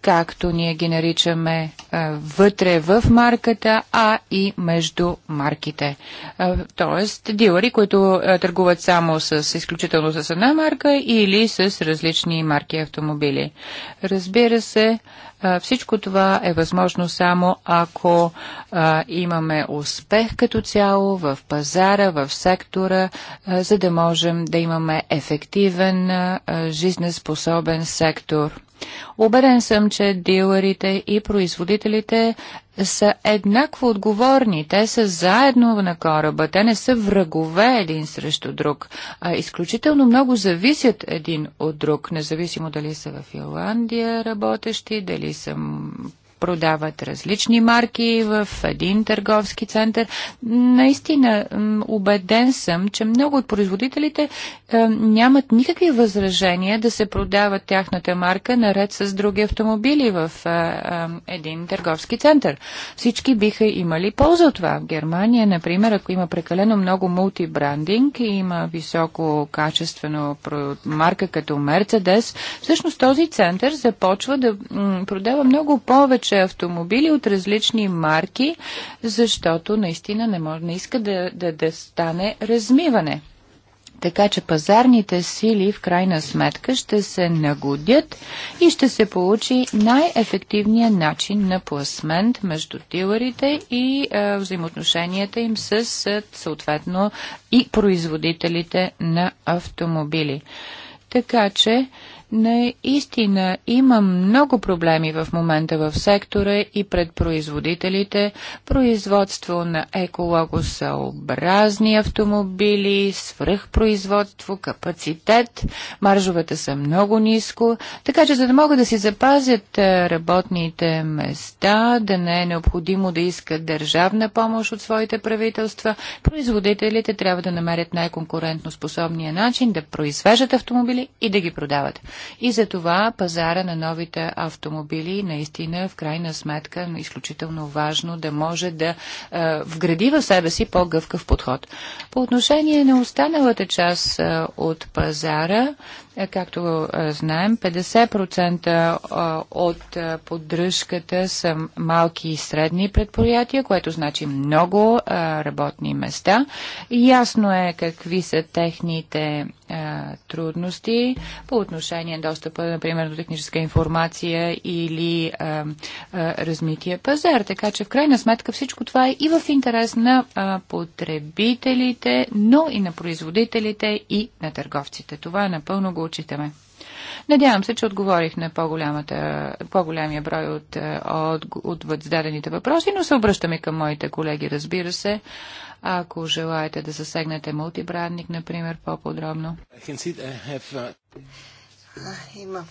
[SPEAKER 3] както ние ги наричаме е, вътре в марката, а и между марките. Е, тоест, дилъри, които е, търгуват само с изключително с една марка или с различни марки автомобили. Разбира се, всичко това е възможно само ако а, имаме успех като цяло в пазара, в сектора, а, за да можем да имаме ефективен, а, жизнеспособен сектор. Обеден съм, че дилерите и производителите са еднакво отговорни. Те са заедно на кораба. Те не са врагове един срещу друг. А изключително много зависят един от друг, независимо дали са в Ирландия работещи, дали са продават различни марки в един търговски център. Наистина, убеден съм, че много от производителите е, нямат никакви възражения да се продават тяхната марка наред с други автомобили в е, е, един търговски център. Всички биха имали полза от това. В Германия, например, ако има прекалено много мултибрандинг и има високо качествено марка като Mercedes, всъщност този център започва да продава много повече купуваш автомобили от различни марки, защото наистина не, може, не иска да, да, да стане размиване. Така че пазарните сили в крайна сметка ще се нагодят и ще се получи най-ефективният начин на пласмент между дилърите и а, взаимоотношенията им с съответно и производителите на автомобили. Така че Наистина има много проблеми в момента в сектора и пред производителите. Производство на екологосъобразни автомобили, свръхпроизводство, капацитет, маржовете са много ниско, така че за да могат да си запазят е, работните места, да не е необходимо да искат държавна помощ от своите правителства, производителите трябва да намерят най-конкурентно способния начин да произвеждат автомобили и да ги продават и за това пазара на новите автомобили наистина в крайна сметка е изключително важно да може да е, вгради в себе си по-гъвкав подход. По отношение на останалата част е, от пазара, е, както е, знаем, 50% е, от поддръжката са малки и средни предприятия, което значи много работни места. Ясно е какви са техните трудности по отношение на достъпа, например, до техническа информация или размития пазар. Така че, в крайна сметка, всичко това е и в интерес на потребителите, но и на производителите и на търговците. Това е напълно го отчитаме. Надявам се, че отговорих на по-голямия по брой от, от, е, от, от зададените въпроси, но се обръщаме към моите колеги, разбира се. Ако желаете да засегнете мултибрандник, например, по-подробно.
[SPEAKER 2] Uh, имам.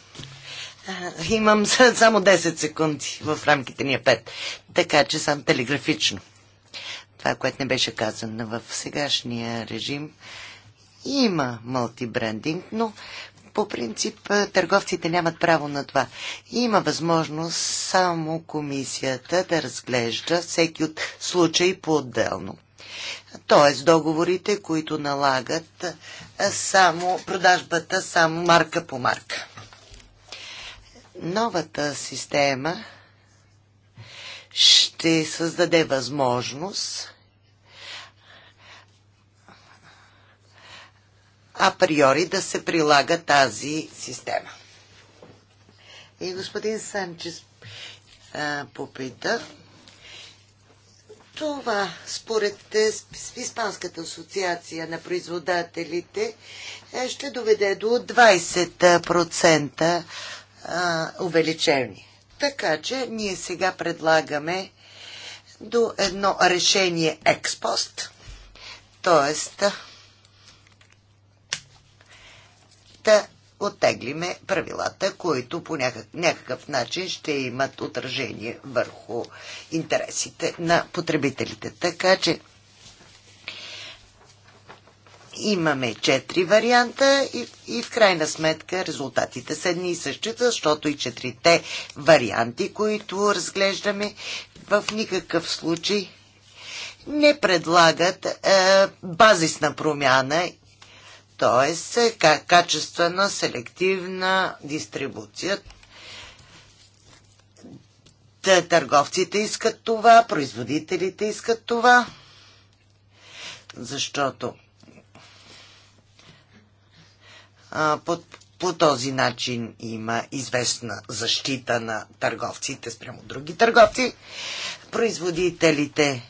[SPEAKER 2] Имам само 10 секунди в рамките ни е 5. Така че сам телеграфично. Това, което не беше казано в сегашния режим, има мултибрендинг, но по принцип търговците нямат право на това. Има възможност само комисията да разглежда всеки от случай по-отделно. Тоест договорите, които налагат само продажбата само марка по марка. Новата система ще създаде възможност априори да се прилага тази система. И господин Санчес а, попита, това според Испанската асоциация на производателите е, ще доведе до 20% увеличение. Така че ние сега предлагаме до едно решение експост, т.е. да оттеглиме правилата, които по някакъв начин ще имат отражение върху интересите на потребителите. Така че имаме четири варианта и, и в крайна сметка резултатите са едни и същи, защото и четирите варианти, които разглеждаме, в никакъв случай не предлагат е, базисна промяна т.е. качествена селективна дистрибуция. Търговците искат това, производителите искат това, защото а, по, по този начин има известна защита на търговците спрямо други търговци. Производителите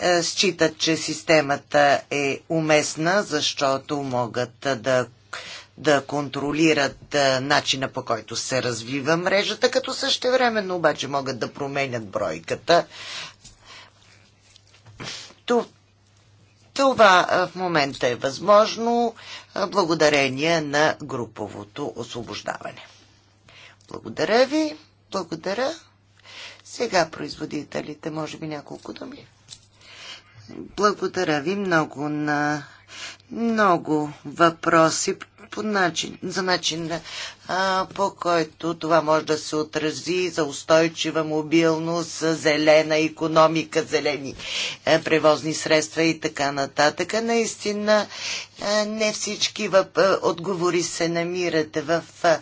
[SPEAKER 2] е, считат, че системата е уместна, защото могат да да контролират е, начина по който се развива мрежата, като същевременно обаче могат да променят бройката. Това е, в момента е възможно благодарение на груповото освобождаване. Благодаря ви. Благодаря. Сега производителите, може би няколко думи. Благодаря ви много на много въпроси по начин, за начин а, по който това може да се отрази за устойчива мобилност, зелена економика, зелени а, е, превозни средства и така нататък. Наистина а, е, не всички въп, е, отговори се намират в а,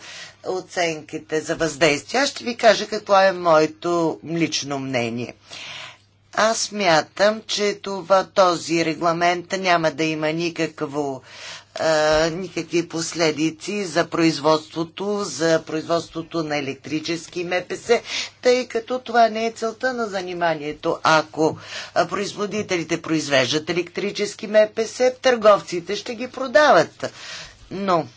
[SPEAKER 2] оценките за въздействие. Аз ще ви кажа какво е моето лично мнение. А, аз мятам, че това, този регламент няма да има никакво никакви последици за производството, за производството на електрически МПС, тъй като това не е целта на заниманието. Ако производителите произвеждат електрически МПС, търговците ще ги продават. Но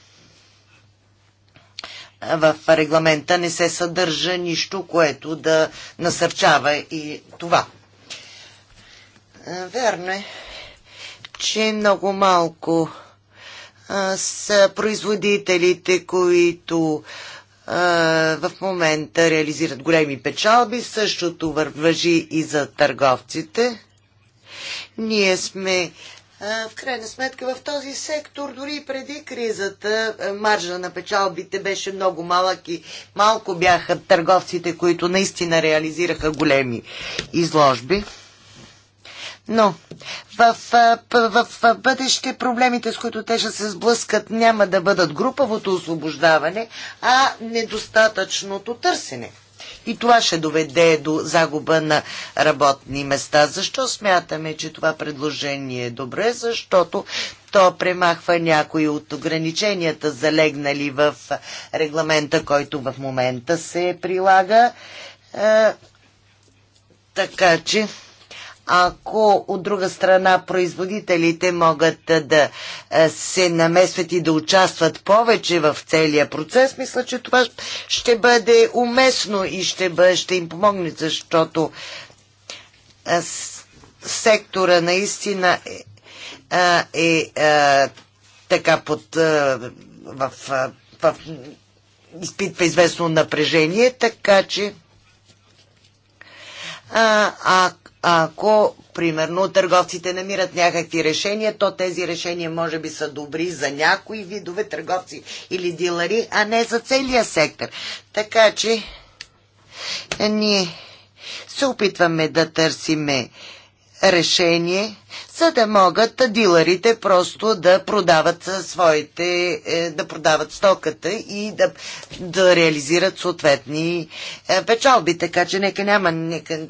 [SPEAKER 2] в регламента не се съдържа нищо, което да насърчава и това. Верно е, че много малко с са производителите, които а, в момента реализират големи печалби. Същото въжи и за търговците. Ние сме а, в крайна сметка в този сектор, дори преди кризата, маржа на печалбите беше много малък и малко бяха търговците, които наистина реализираха големи изложби. Но в, в, в, в бъдеще проблемите, с които те ще се сблъскат, няма да бъдат груповото освобождаване, а недостатъчното търсене. И това ще доведе до загуба на работни места. Защо смятаме, че това предложение е добре? Защото то премахва някои от ограниченията, залегнали в регламента, който в момента се прилага. Е, така че ако от друга страна производителите могат да е, се намесват и да участват повече в целия процес, мисля, че това ще бъде уместно и ще, бъде, ще им помогне, защото е, сектора наистина е, е, е, е така под в, в, в изпитва известно напрежение, така че а, а, ако, примерно, търговците намират някакви решения, то тези решения може би са добри за някои видове търговци или дилари, а не за целия сектор. Така че е, ние се опитваме да търсиме решение, за да могат дилерите просто да продават своите, е, да продават стоката и да, да реализират съответни е, печалби. Така че нека няма, нека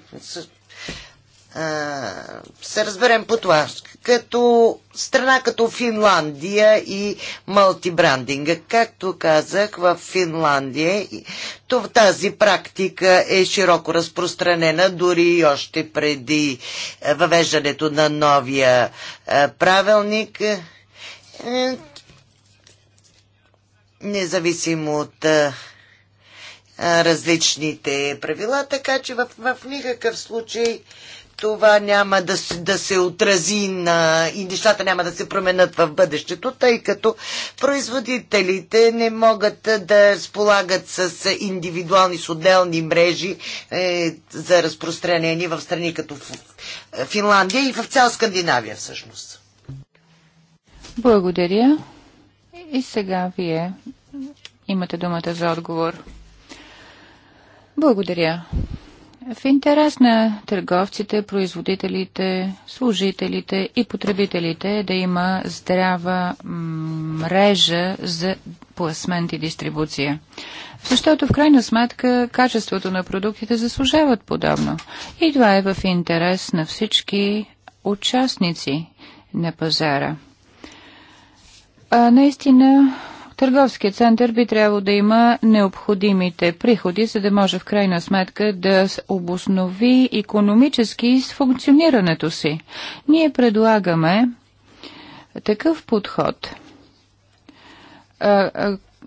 [SPEAKER 2] се разберем по това. Като страна като Финландия и мултибрандинга. Както казах, в Финландия тази практика е широко разпространена дори и още преди въвеждането на новия правилник. Е, независимо от различните правила, така че в, в никакъв случай това няма да, да се отрази на, и нещата няма да се променят в бъдещето, тъй като производителите не могат да разполагат с индивидуални, с отделни мрежи е, за разпространение в страни като Финландия и в цял Скандинавия всъщност.
[SPEAKER 3] Благодаря. И сега вие имате думата за отговор. Благодаря в интерес на търговците, производителите, служителите и потребителите е да има здрава мрежа за пласмент и дистрибуция. Защото в крайна сметка качеството на продуктите заслужават подобно. И това е в интерес на всички участници на пазара. А, наистина Търговският център би трябвало да има необходимите приходи, за да може в крайна сметка да обоснови економически с функционирането си. Ние предлагаме такъв подход –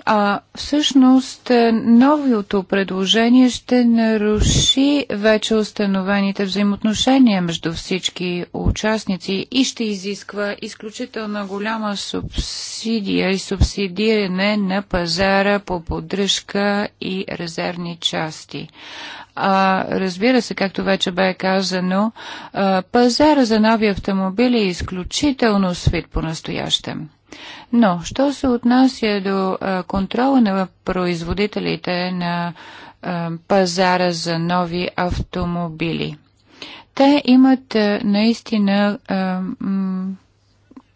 [SPEAKER 3] а всъщност е, новото предложение ще наруши вече установените взаимоотношения между всички участници и ще изисква изключително голяма субсидия и субсидиране на пазара по поддръжка и резервни части. А, разбира се, както вече бе казано, пазара за нови автомобили е изключително свит по-настоящем. Но, що се отнася до контрола на производителите на пазара за нови автомобили? Те имат наистина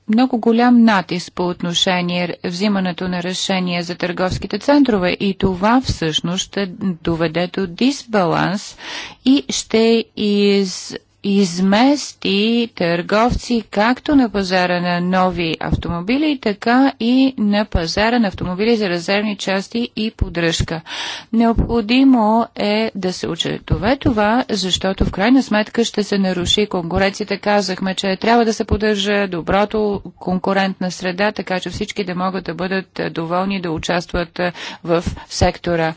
[SPEAKER 3] много голям натиск по отношение взимането на решения за търговските центрове и това всъщност ще доведе до дисбаланс и ще из, измести търговци както на пазара на нови автомобили, така и на пазара на автомобили за резервни части и поддръжка. Необходимо е да се учетове това, защото в крайна сметка ще се наруши конкуренцията. Казахме, че трябва да се поддържа доброто конкурентна среда, така че всички да могат да бъдат доволни да участват в сектора.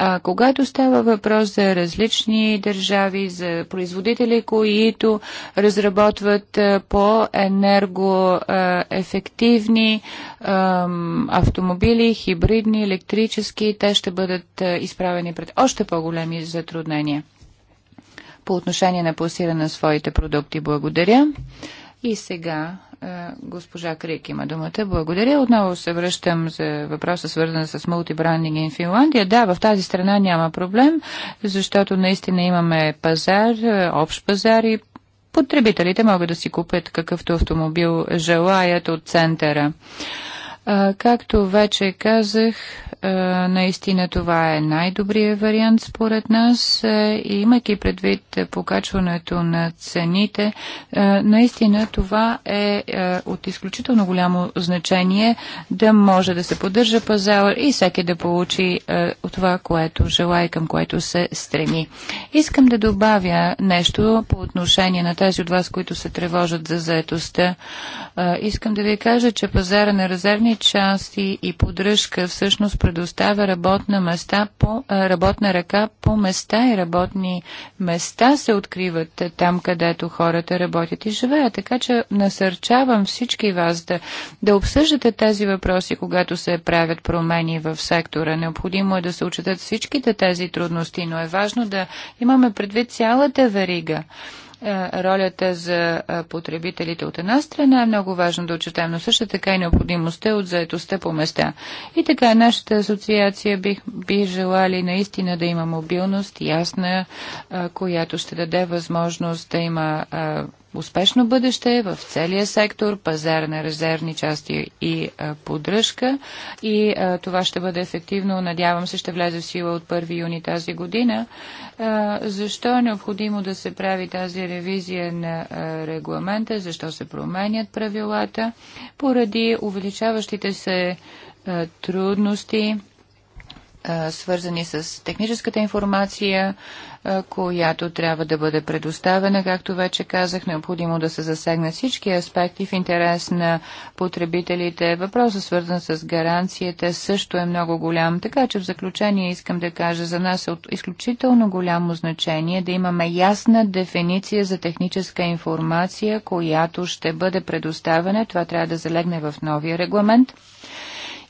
[SPEAKER 3] А когато става въпрос за различни държави, за производители, които разработват по-енергоефективни автомобили, хибридни, електрически, те ще бъдат изправени пред още по-големи затруднения по отношение на пласиране на своите продукти. Благодаря. И сега е, госпожа Крик има думата. Благодаря. Отново се връщам за въпроса, свързан с мултибрандинг в Финландия. Да, в тази страна няма проблем, защото наистина имаме пазар, е, общ пазар и потребителите могат да си купят какъвто автомобил желаят от центъра. Е, както вече казах, е, наистина това е най-добрият вариант според нас е, и имайки предвид е, покачването на цените, наистина това е от изключително голямо значение да може да се поддържа пазар и всеки да получи това, което желая и към което се стреми. Искам да добавя нещо по отношение на тези от вас, които се тревожат за заетостта. Искам да ви кажа, че пазара на резервни части и поддръжка всъщност предоставя работна, места по, работна ръка по места и работни места се откриват там, където хората работят и живеят. Така че насърчавам всички вас да, да обсъждате тези въпроси, когато се правят промени в сектора. Необходимо е да се учетат всичките тези трудности, но е важно да имаме предвид цялата верига. Е, ролята за е, потребителите от една страна е много важно да отчетем, но също така и необходимостта от заетостта по места. И така нашата асоциация бих, бих желали наистина да има мобилност, ясна, е, която ще даде възможност да има успешно бъдеще в целия сектор, пазар на резервни части и а, поддръжка. И а, това ще бъде ефективно, надявам се, ще влезе в сила от 1 юни тази година. А, защо е необходимо да се прави тази ревизия на регламента? Защо се променят правилата? Поради увеличаващите се трудности свързани с техническата информация, която трябва да бъде предоставена, както вече казах, необходимо да се засегнат всички аспекти в интерес на потребителите. Въпросът свързан с гаранцията също е много голям, така че в заключение искам да кажа, за нас е от изключително голямо значение да имаме ясна дефиниция за техническа информация, която ще бъде предоставена. Това трябва да залегне в новия регламент.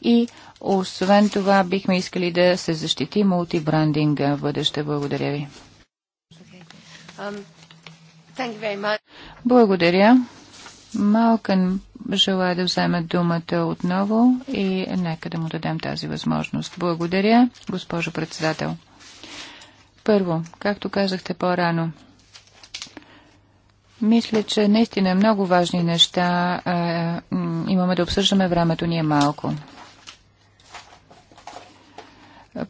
[SPEAKER 3] И освен това, бихме искали да се защити мултибрандинга в бъдеще. Благодаря ви. Um, Благодаря. Малкън желая да вземе думата отново и нека да му дадем тази възможност. Благодаря, госпожо председател. Първо, както казахте по-рано, мисля, че наистина много важни неща имаме да обсъждаме, времето ни е малко.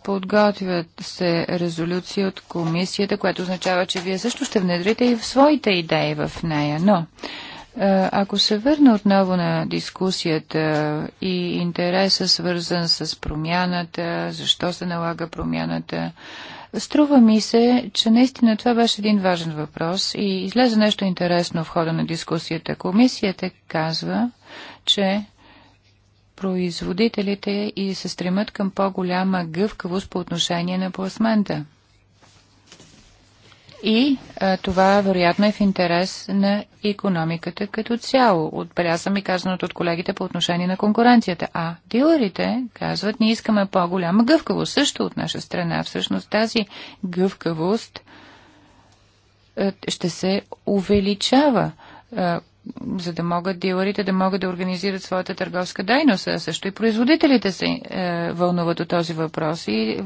[SPEAKER 3] Подготвят се резолюция от комисията, което означава, че вие също ще внедрите и в своите идеи в нея. Но е, ако се върна отново на дискусията и интереса свързан с промяната, защо се налага промяната, струва ми се, че наистина това беше един важен въпрос и излезе нещо интересно в хода на дискусията. Комисията казва, че производителите и се стремят към по-голяма гъвкавост по отношение на пластмента. И а, това вероятно е в интерес на економиката като цяло. Отбелязвам и казаното от колегите по отношение на конкуренцията. А дилерите казват, ние искаме по-голяма гъвкавост също от наша страна. Всъщност тази гъвкавост а, ще се увеличава а, за да могат дилърите да могат да организират своята търговска дейност. А също и производителите се е, вълнуват от този въпрос и е,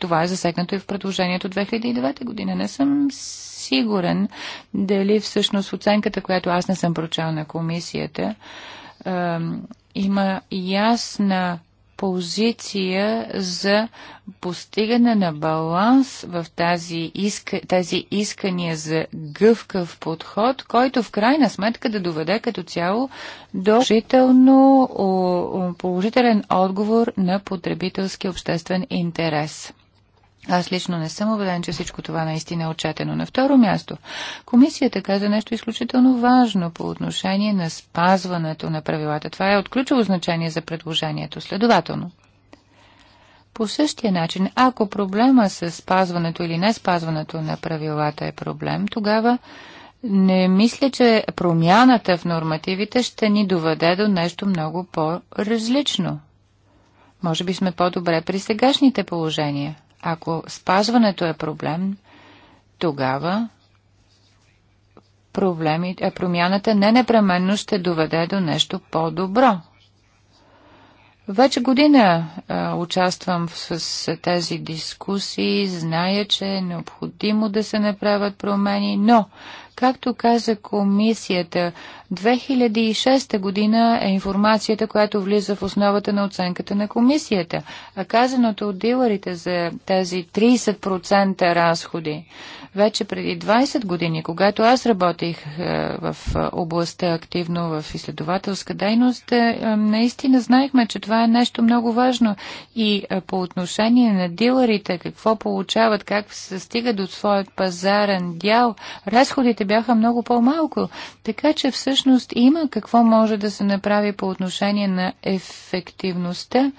[SPEAKER 3] това е засегнато и в предложението 2009 година. Не съм сигурен дали всъщност оценката, която аз не съм прочал на комисията, е, има ясна позиция за постигане на баланс в тази иска, тези искания за гъвкав подход, който в крайна сметка да доведе като цяло до положително, положителен отговор на потребителски обществен интерес. Аз лично не съм убеден, че всичко това наистина е отчетено. На второ място, комисията каза нещо изключително важно по отношение на спазването на правилата. Това е от ключово значение за предложението. Следователно, по същия начин, ако проблема с спазването или не спазването на правилата е проблем, тогава не мисля, че промяната в нормативите ще ни доведе до нещо много по-различно. Може би сме по-добре при сегашните положения. Ако спазването е проблем, тогава проблемите, промяната не непременно ще доведе до нещо по-добро. Вече година а, участвам с, с тези дискусии, зная, че е необходимо да се направят промени, но Както каза комисията, 2006 година е информацията, която влиза в основата на оценката на комисията. А казаното от диларите за тези 30% разходи, вече преди 20 години, когато аз работих е, в областта активно в изследователска дейност, е, е, наистина знаехме, че това е нещо много важно. И по отношение на диларите, какво получават, как се стига до своят пазарен дял, разходите бяха много по-малко. Така че всъщност има какво може да се направи по отношение на ефективността,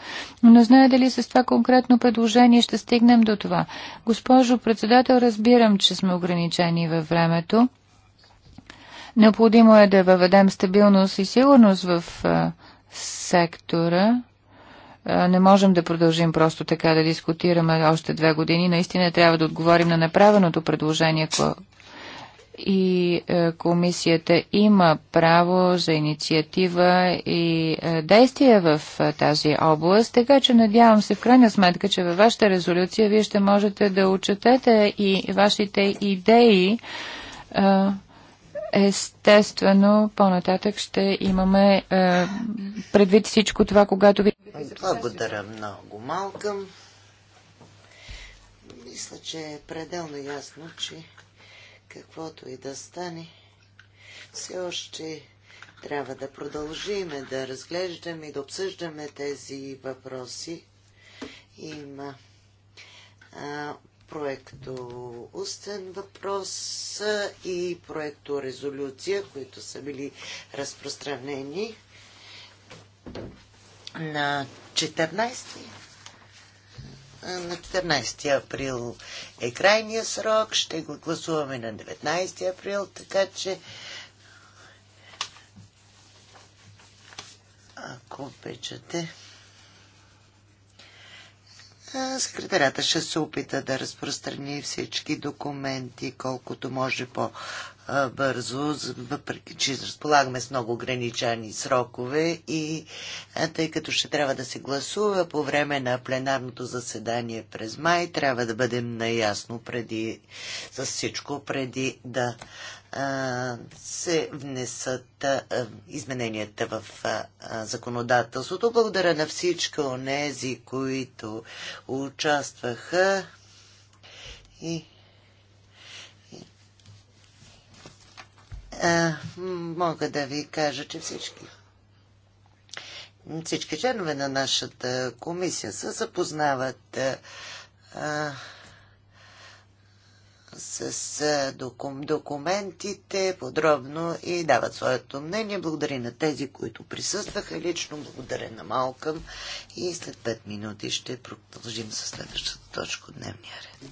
[SPEAKER 3] но не знае дали с това конкретно предложение ще стигнем до това. Госпожо председател, разбирам, че сме ограничени във времето. Необходимо е да въведем стабилност и сигурност в сектора. Не можем да продължим просто така да дискутираме още две години. Наистина трябва да отговорим на направеното предложение, и е, комисията има право за инициатива и е, действия в е, тази област, така че надявам се в крайна сметка, че във вашата резолюция вие ще можете да отчетете и вашите идеи. Естествено, по-нататък ще имаме предвид всичко това, когато ви...
[SPEAKER 2] Благодаря много, Малкам. Мисля, че е пределно ясно, че Каквото и да стане, все още трябва да продължиме да разглеждаме и да обсъждаме тези въпроси. Има а, проекто устен въпрос и проекто резолюция, които са били разпространени на 14 на 14 април е крайния срок, ще го гласуваме на 19 април, така че ако обичате. Секретарята ще се опита да разпространи всички документи, колкото може по бързо, въпреки че разполагаме с много ограничени срокове и тъй като ще трябва да се гласува по време на пленарното заседание през май, трябва да бъдем наясно преди, с всичко, преди да се внесат измененията в законодателството. Благодаря на всички онези, които участваха и а, мога да ви кажа, че всички всички членове на нашата комисия се запознават а, с докум, документите подробно и дават своето мнение. Благодаря на тези, които присъстваха лично. Благодаря на Малкъм. И след 5 минути ще продължим с следващата точка от дневния ред.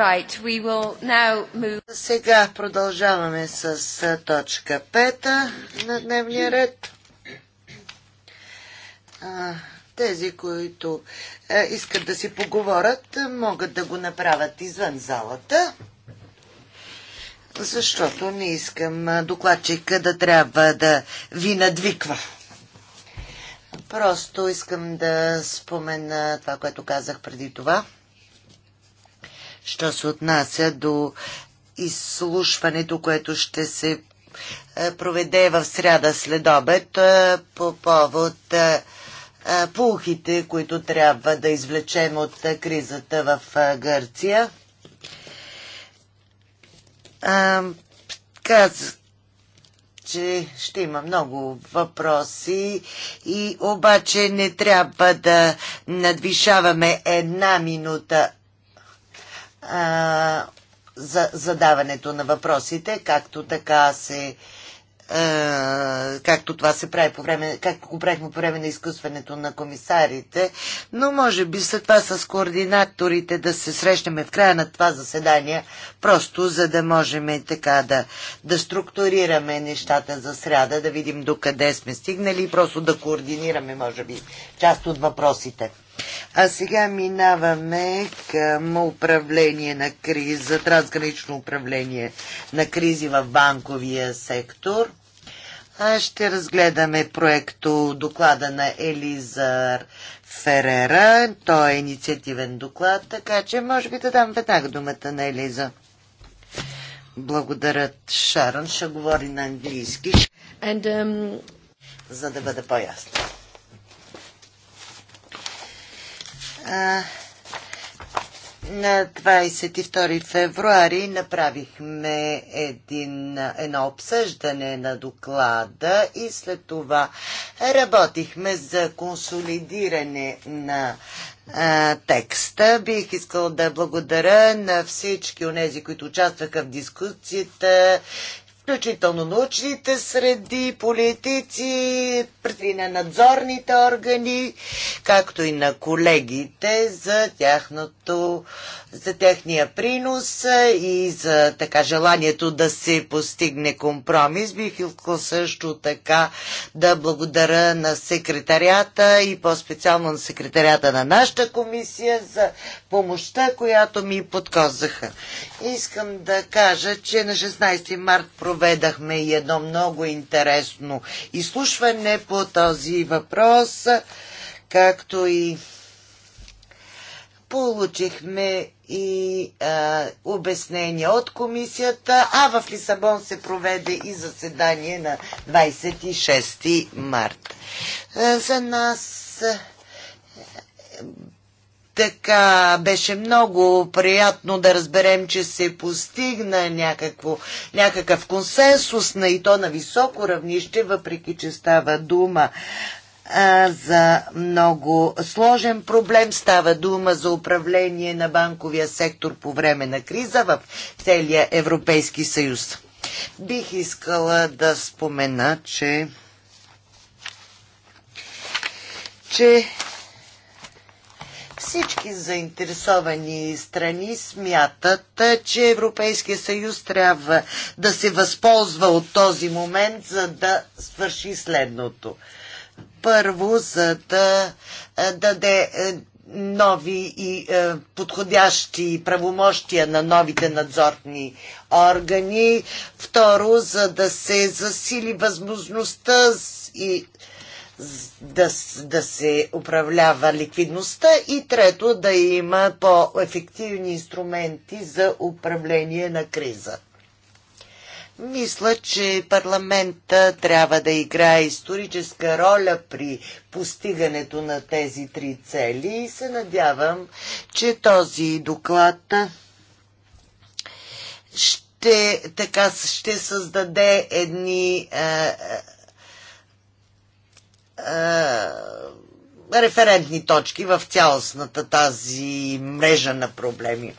[SPEAKER 2] Right, we will now move... Сега продължаваме с точка 5 на дневния ред. Тези, които искат да си поговорят, могат да го направят извън залата, защото не искам докладчика да трябва да ви надвиква. Просто искам да спомена това, което казах преди това – що се отнася до изслушването, което ще се е, проведе в сряда след обед е, по повод е, пухите, които трябва да извлечем от кризата в Гърция. Казах, че ще има много въпроси и обаче не трябва да надвишаваме една минута а, за задаването на въпросите, както така се както това се прави по време, както го правихме по време на изкусването на комисарите, но може би след това с координаторите да се срещнем в края на това заседание, просто за да можем така да, да структурираме нещата за сряда, да видим докъде сме стигнали и просто да координираме, може би, част от въпросите. А сега минаваме към управление на криза, трансгранично управление на кризи в банковия сектор. А ще разгледаме проекто доклада на Елизар Ферера. Той е инициативен доклад, така че може би да дам веднага думата на Елиза. Благодаря, Шарон. Ще говори на английски.
[SPEAKER 3] And, um...
[SPEAKER 2] За да бъда по-ясна. на 22 февруари направихме един, едно обсъждане на доклада и след това работихме за консолидиране на а, текста. Бих искал да благодаря на всички от тези, които участваха в дискусията включително научните среди, политици, преди на надзорните органи, както и на колегите за, тяхното, за техния принос и за така желанието да се постигне компромис. Бих искал също така да благодаря на секретарията и по-специално на секретарията на нашата комисия за помощта, която ми подказаха. Искам да кажа, че на 16 март проведахме и едно много интересно изслушване по този въпрос, както и получихме и а, обяснения от комисията, а в Лисабон се проведе и заседание на 26 март. За нас така беше много приятно да разберем, че се постигна някакво, някакъв консенсус на и то на високо равнище, въпреки че става дума а, за много сложен проблем. Става дума за управление на банковия сектор по време на криза в целия Европейски съюз. Бих искала да спомена, че че всички заинтересовани страни смятат, че Европейския съюз трябва да се възползва от този момент, за да свърши следното. Първо, за да даде нови и подходящи правомощия на новите надзорни органи. Второ, за да се засили възможността и да, да се управлява ликвидността и трето да има по-ефективни инструменти за управление на криза. Мисля, че парламента трябва да играе историческа роля при постигането на тези три цели и се надявам, че този доклад ще, така, ще създаде едни е, е, е, референтни точки в цялостната тази мрежа на проблеми.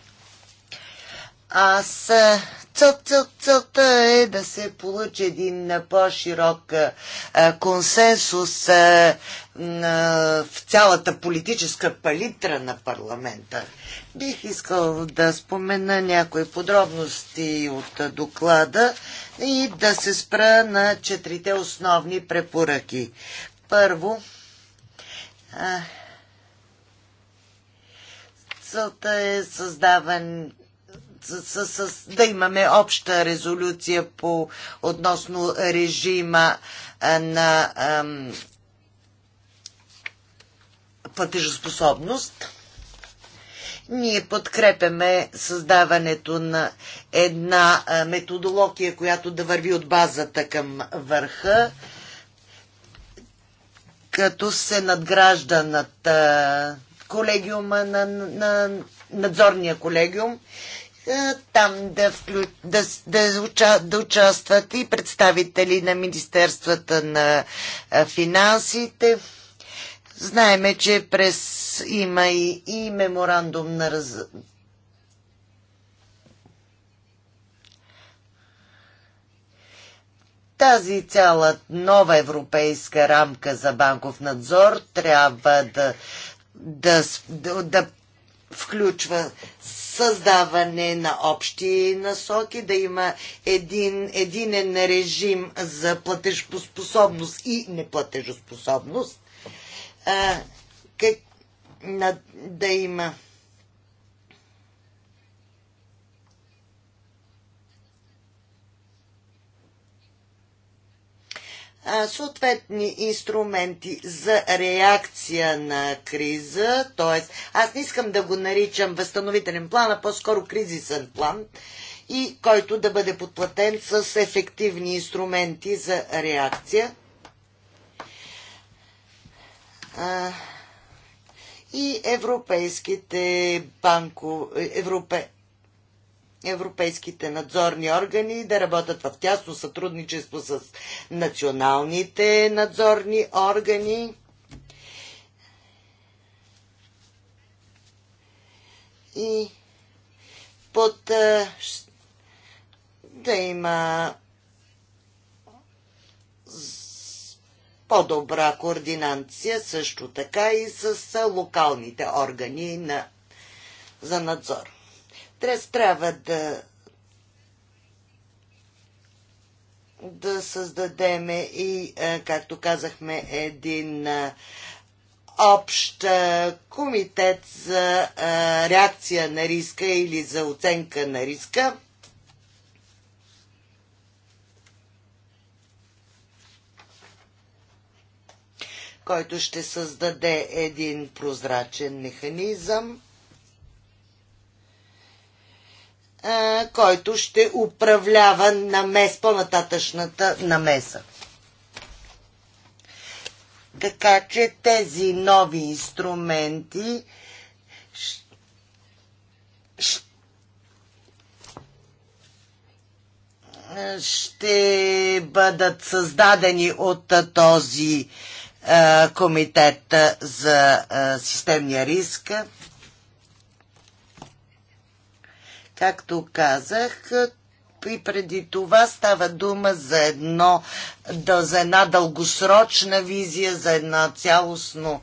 [SPEAKER 2] Аз е, цел, цел, целта е да се получи един по-широк е, консенсус а, в цялата политическа палитра на парламента. Бих искал да спомена някои подробности от доклада и да се спра на четирите основни препоръки. Първо, а, целта е създаван с, с, с, да имаме обща резолюция по относно режима а, на ам, платежоспособност. Ние подкрепяме създаването на една методология, която да върви от базата към върха като се надгражда над колегиума на, на надзорния колегиум, там да, вклю... да, да, уча... да участват и представители на Министерствата на финансите. Знаеме, че през има и, и меморандум на раз... Тази цяла нова европейска рамка за банков надзор трябва да, да, да, да включва създаване на общи насоки, да има един, единен режим за платежоспособност и неплатежоспособност, а, как, на, да има съответни инструменти за реакция на криза, т.е. аз не искам да го наричам възстановителен план, а по-скоро кризисен план, и който да бъде подплатен с ефективни инструменти за реакция. и европейските банко, европе, европейските надзорни органи да работят в тясно сътрудничество с националните надзорни органи. И под да има по-добра координация също така и с локалните органи на, за надзор трябва да да създадеме и, е, както казахме, един е, общ е, комитет за реакция на риска или за оценка на риска. който ще създаде един прозрачен механизъм който ще управлява намес, по-нататъчната намеса. Така че тези нови инструменти ще бъдат създадени от този комитет за системния риск. Както казах, и преди това става дума за, едно, да, за една дългосрочна визия, за една цялостно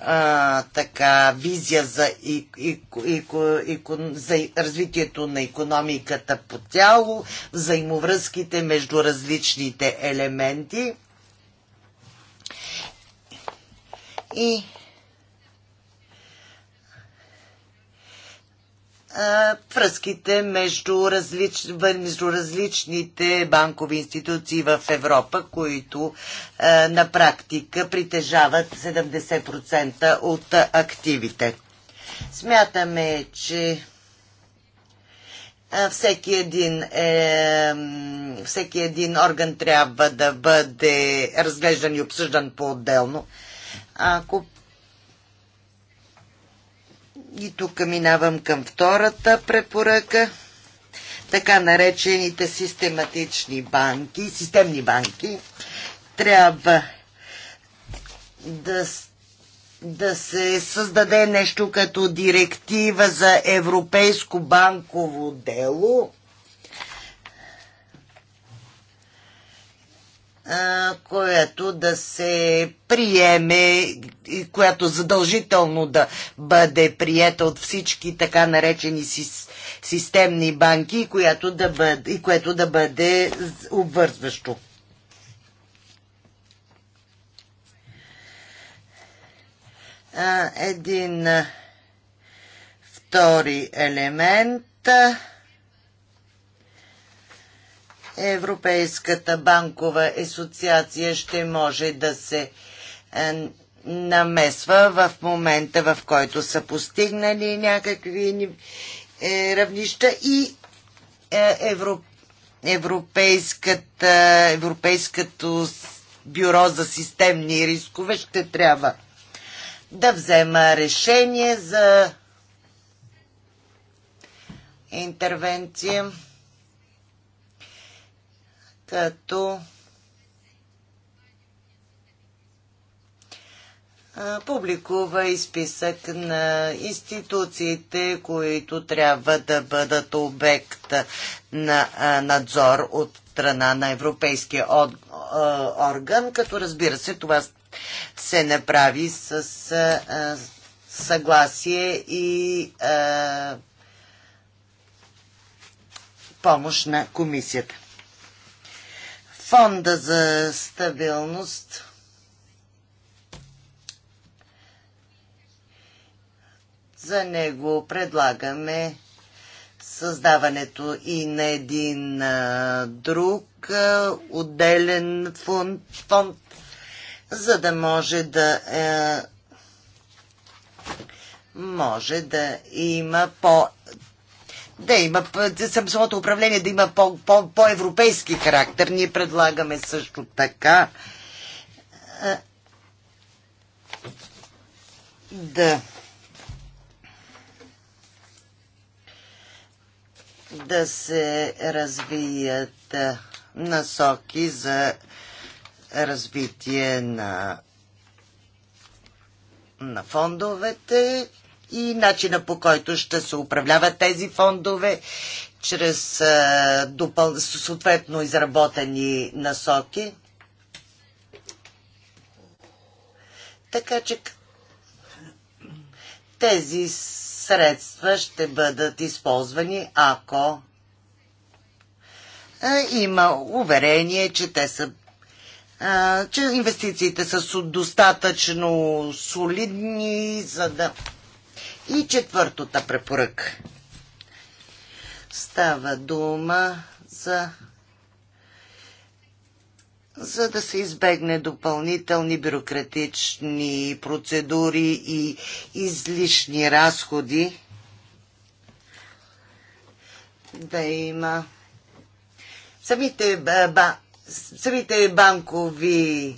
[SPEAKER 2] а, така, визия за, и, и, и, и, за развитието на економиката по цяло, взаимовръзките между различните елементи. И връзките между, различ, между различните банкови институции в Европа, които а, на практика притежават 70% от активите. Смятаме, че всеки един, е, всеки един орган трябва да бъде разглеждан и обсъждан по-отделно. Ако и тук минавам към втората препоръка. Така наречените систематични банки, системни банки, трябва да, да се създаде нещо като директива за европейско банково дело която да се приеме и която задължително да бъде приета от всички така наречени системни банки и, която да бъде, и което да бъде обвързващо. един втори елемент – Европейската банкова асоциация ще може да се е, намесва в момента, в който са постигнали някакви е, равнища и е, Европейската, Европейското бюро за системни рискове ще трябва да взема решение за интервенция като публикува и списък на институциите, които трябва да бъдат обект на надзор от страна на Европейския орган, като разбира се това се направи с съгласие и помощ на комисията фонда за стабилност. За него предлагаме създаването и на един а, друг а, отделен фонд, фонд, за да може да а, е, може да има по да има, самото управление да има по, по, по-европейски характер. Ние предлагаме също така да да се развият насоки за развитие на, на фондовете и начина по който ще се управляват тези фондове чрез допъл... съответно изработени насоки. Така че тези средства ще бъдат използвани, ако има уверение, че те са че инвестициите са достатъчно солидни, за да и четвъртата препоръка. Става дума за за да се избегне допълнителни бюрократични процедури и излишни разходи, да има самите, ба, самите банкови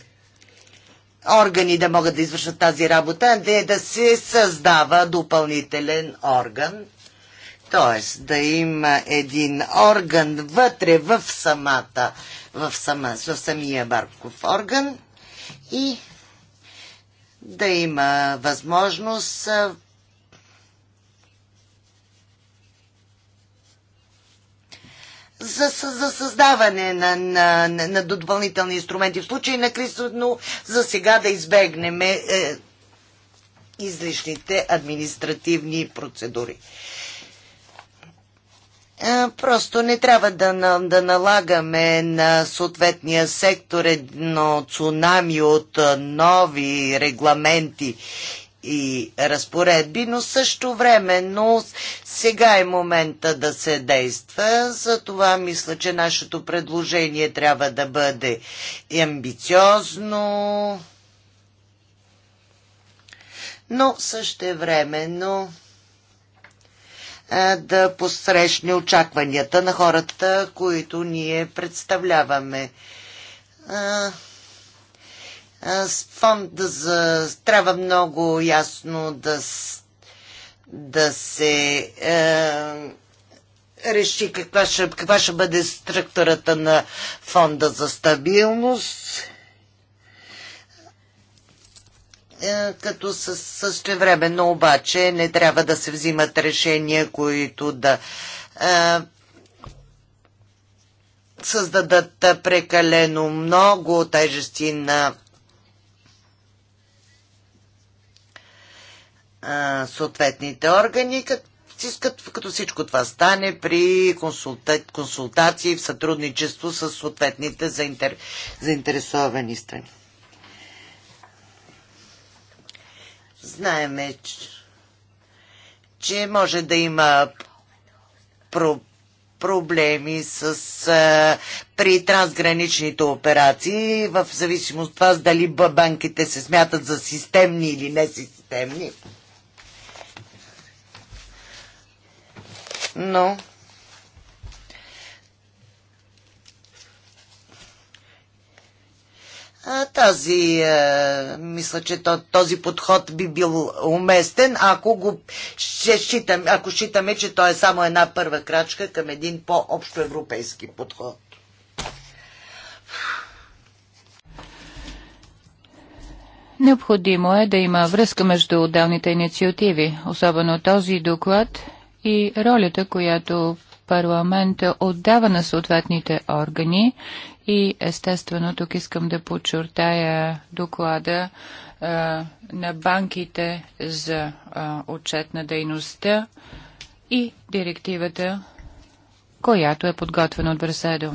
[SPEAKER 2] органи да могат да извършат тази работа, а не да се създава допълнителен орган. Т.е. да има един орган вътре в самата, в, сама, в самия Барков орган и да има възможност за, за създаване на, на, на, на допълнителни инструменти в случай на криза, но за сега да избегнем е, излишните административни процедури. Е, просто не трябва да, да налагаме на съответния сектор едно цунами от е, нови регламенти и разпоредби, но също време, но сега е момента да се действа. За това мисля, че нашето предложение трябва да бъде амбициозно, но също времено да посрещне очакванията на хората, които ние представляваме фонд за... трябва много ясно да, да се е, реши каква ще, каква ще бъде структурата на фонда за стабилност е, като същевременно обаче не трябва да се взимат решения, които да е, създадат прекалено много тежести на съответните органи, като, всичко това стане при консулта, консултации в сътрудничество с съответните заинтер, заинтересовани страни. Знаеме, че, може да има про, проблеми с, при трансграничните операции, в зависимост от това дали банките се смятат за системни или несистемни. системни но А, тази, а, е, мисля, че този подход би бил уместен, ако го ще считам, ако считаме, че той е само една първа крачка към един по-общо европейски подход.
[SPEAKER 3] Необходимо е да има връзка между отделните инициативи, особено този доклад и ролята, която парламента отдава на съответните органи и естествено тук искам да подчертая доклада а, на банките за а, отчет на дейността и директивата, която е подготвена от Бърседо.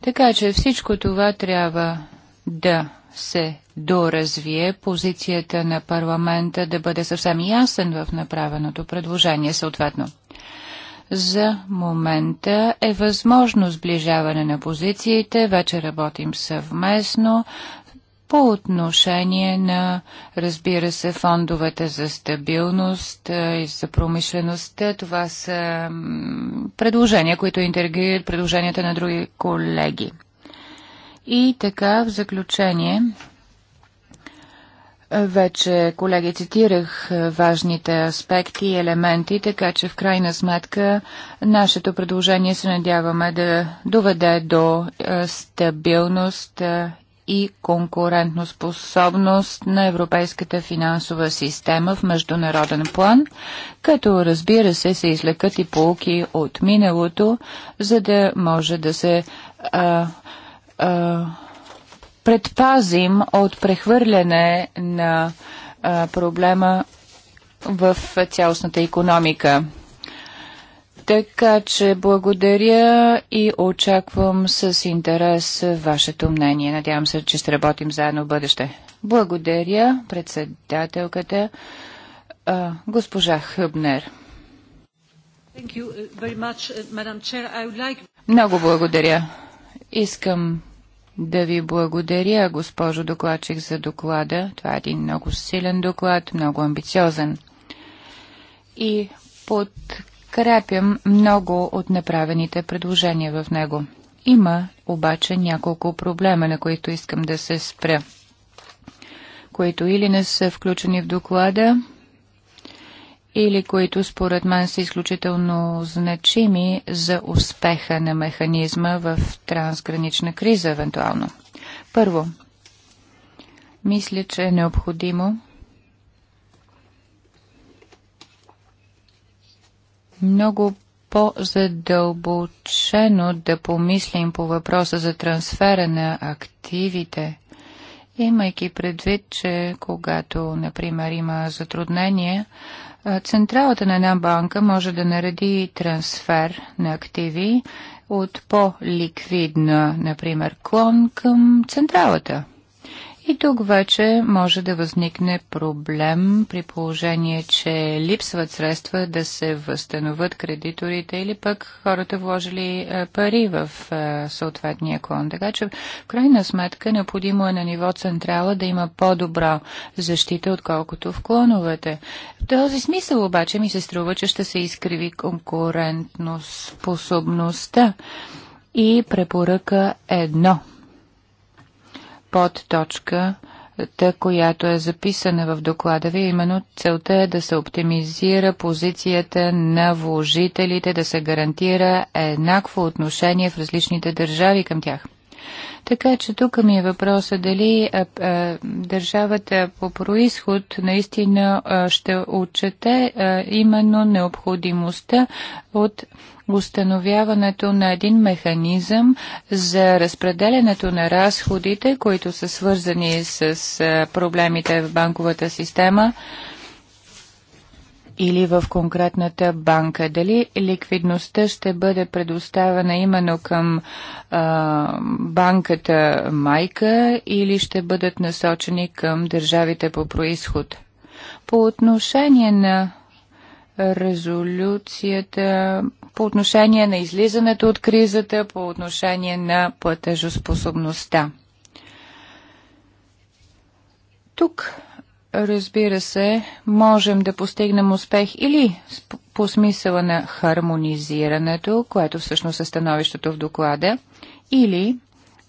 [SPEAKER 3] Така че всичко това трябва да се доразвие позицията на парламента да бъде съвсем ясен в направеното предложение съответно. За момента е възможно сближаване на позициите, вече работим съвместно по отношение на, разбира се, фондовете за стабилност и за промишлеността. Това са предложения, които интегрират предложенията на други колеги. И така, в заключение, вече, колеги, цитирах е, важните аспекти и елементи, така че в крайна сметка нашето предложение се надяваме да доведе до е, стабилност е, и конкурентноспособност на европейската финансова система в международен план, като разбира се се излекат и полки от миналото, за да може да се а, предпазим от прехвърляне на проблема в цялостната економика. Така че благодаря и очаквам с интерес вашето мнение. Надявам се, че ще работим заедно в бъдеще. Благодаря, председателката госпожа Хъбнер. Uh, much, uh, like... Много благодаря. Искам да ви благодаря, госпожо докладчик, за доклада. Това е един много силен доклад, много амбициозен. И подкрепям много от направените предложения в него. Има обаче няколко проблема, на които искам да се спря, които или не са включени в доклада, или които според мен са изключително значими за успеха на механизма в трансгранична криза, евентуално. Първо, мисля, че е необходимо много по-задълбочено да помислим по въпроса за трансфера на активите, имайки предвид, че когато, например, има затруднения, Централата на една банка може да нареди трансфер на активи от по-ликвидна, например, клон към централата – и тук вече може да възникне проблем при положение, че липсват средства да се възстановят кредиторите или пък хората вложили е, пари в е, съответния клон. Така че в крайна сметка необходимо е на ниво централа да има по-добра защита, отколкото в клоновете. В този смисъл обаче ми се струва, че ще се изкриви конкурентно способността и препоръка едно – подточка която е записана в доклада ви, именно целта е да се оптимизира позицията на вложителите, да се гарантира еднакво отношение в различните държави към тях. Така че тук ми е въпроса дали а, а, държавата по происход наистина а, ще отчете а, именно необходимостта от установяването на един механизъм за разпределенето на разходите, които са свързани с проблемите в банковата система или в конкретната банка. Дали ликвидността ще бъде предоставена именно към а, банката майка или ще бъдат насочени към държавите по происход? По отношение на резолюцията по отношение на излизането от кризата, по отношение на платежоспособността. Тук, разбира се, можем да постигнем успех или по смисъла на хармонизирането, което всъщност е становището в доклада, или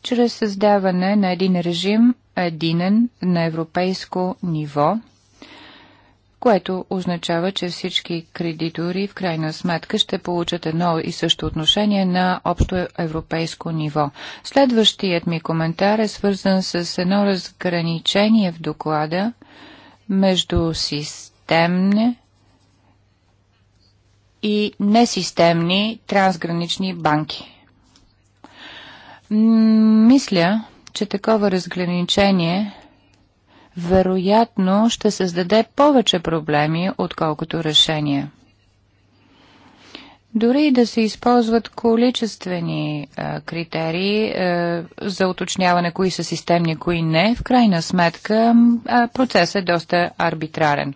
[SPEAKER 3] чрез създаване на един режим единен на европейско ниво – което означава, че всички кредитори в крайна сметка ще получат едно и също отношение на общо европейско ниво. Следващият ми коментар е свързан с едно разграничение в доклада между системни и несистемни трансгранични банки. Мисля, че такова разграничение вероятно ще създаде повече проблеми, отколкото решения. Дори и да се използват количествени а, критерии а, за уточняване кои са системни, кои не, в крайна сметка а, процес е доста арбитрарен.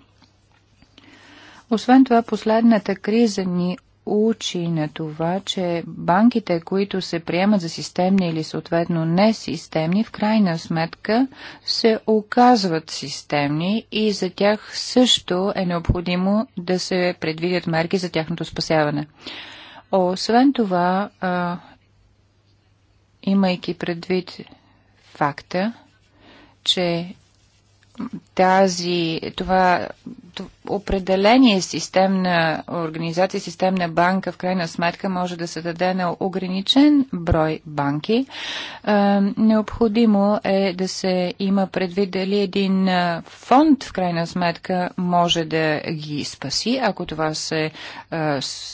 [SPEAKER 3] Освен това, последната криза ни учи на това, че банките, които се приемат за системни или съответно несистемни, в крайна сметка се оказват системни и за тях също е необходимо да се предвидят мерки за тяхното спасяване. Освен това, а, имайки предвид факта, че тази, това определение системна организация, системна банка, в крайна сметка може да се даде на ограничен брой банки. Е, необходимо е да се има предвид дали един е, фонд, в крайна сметка, може да ги спаси, ако това се е,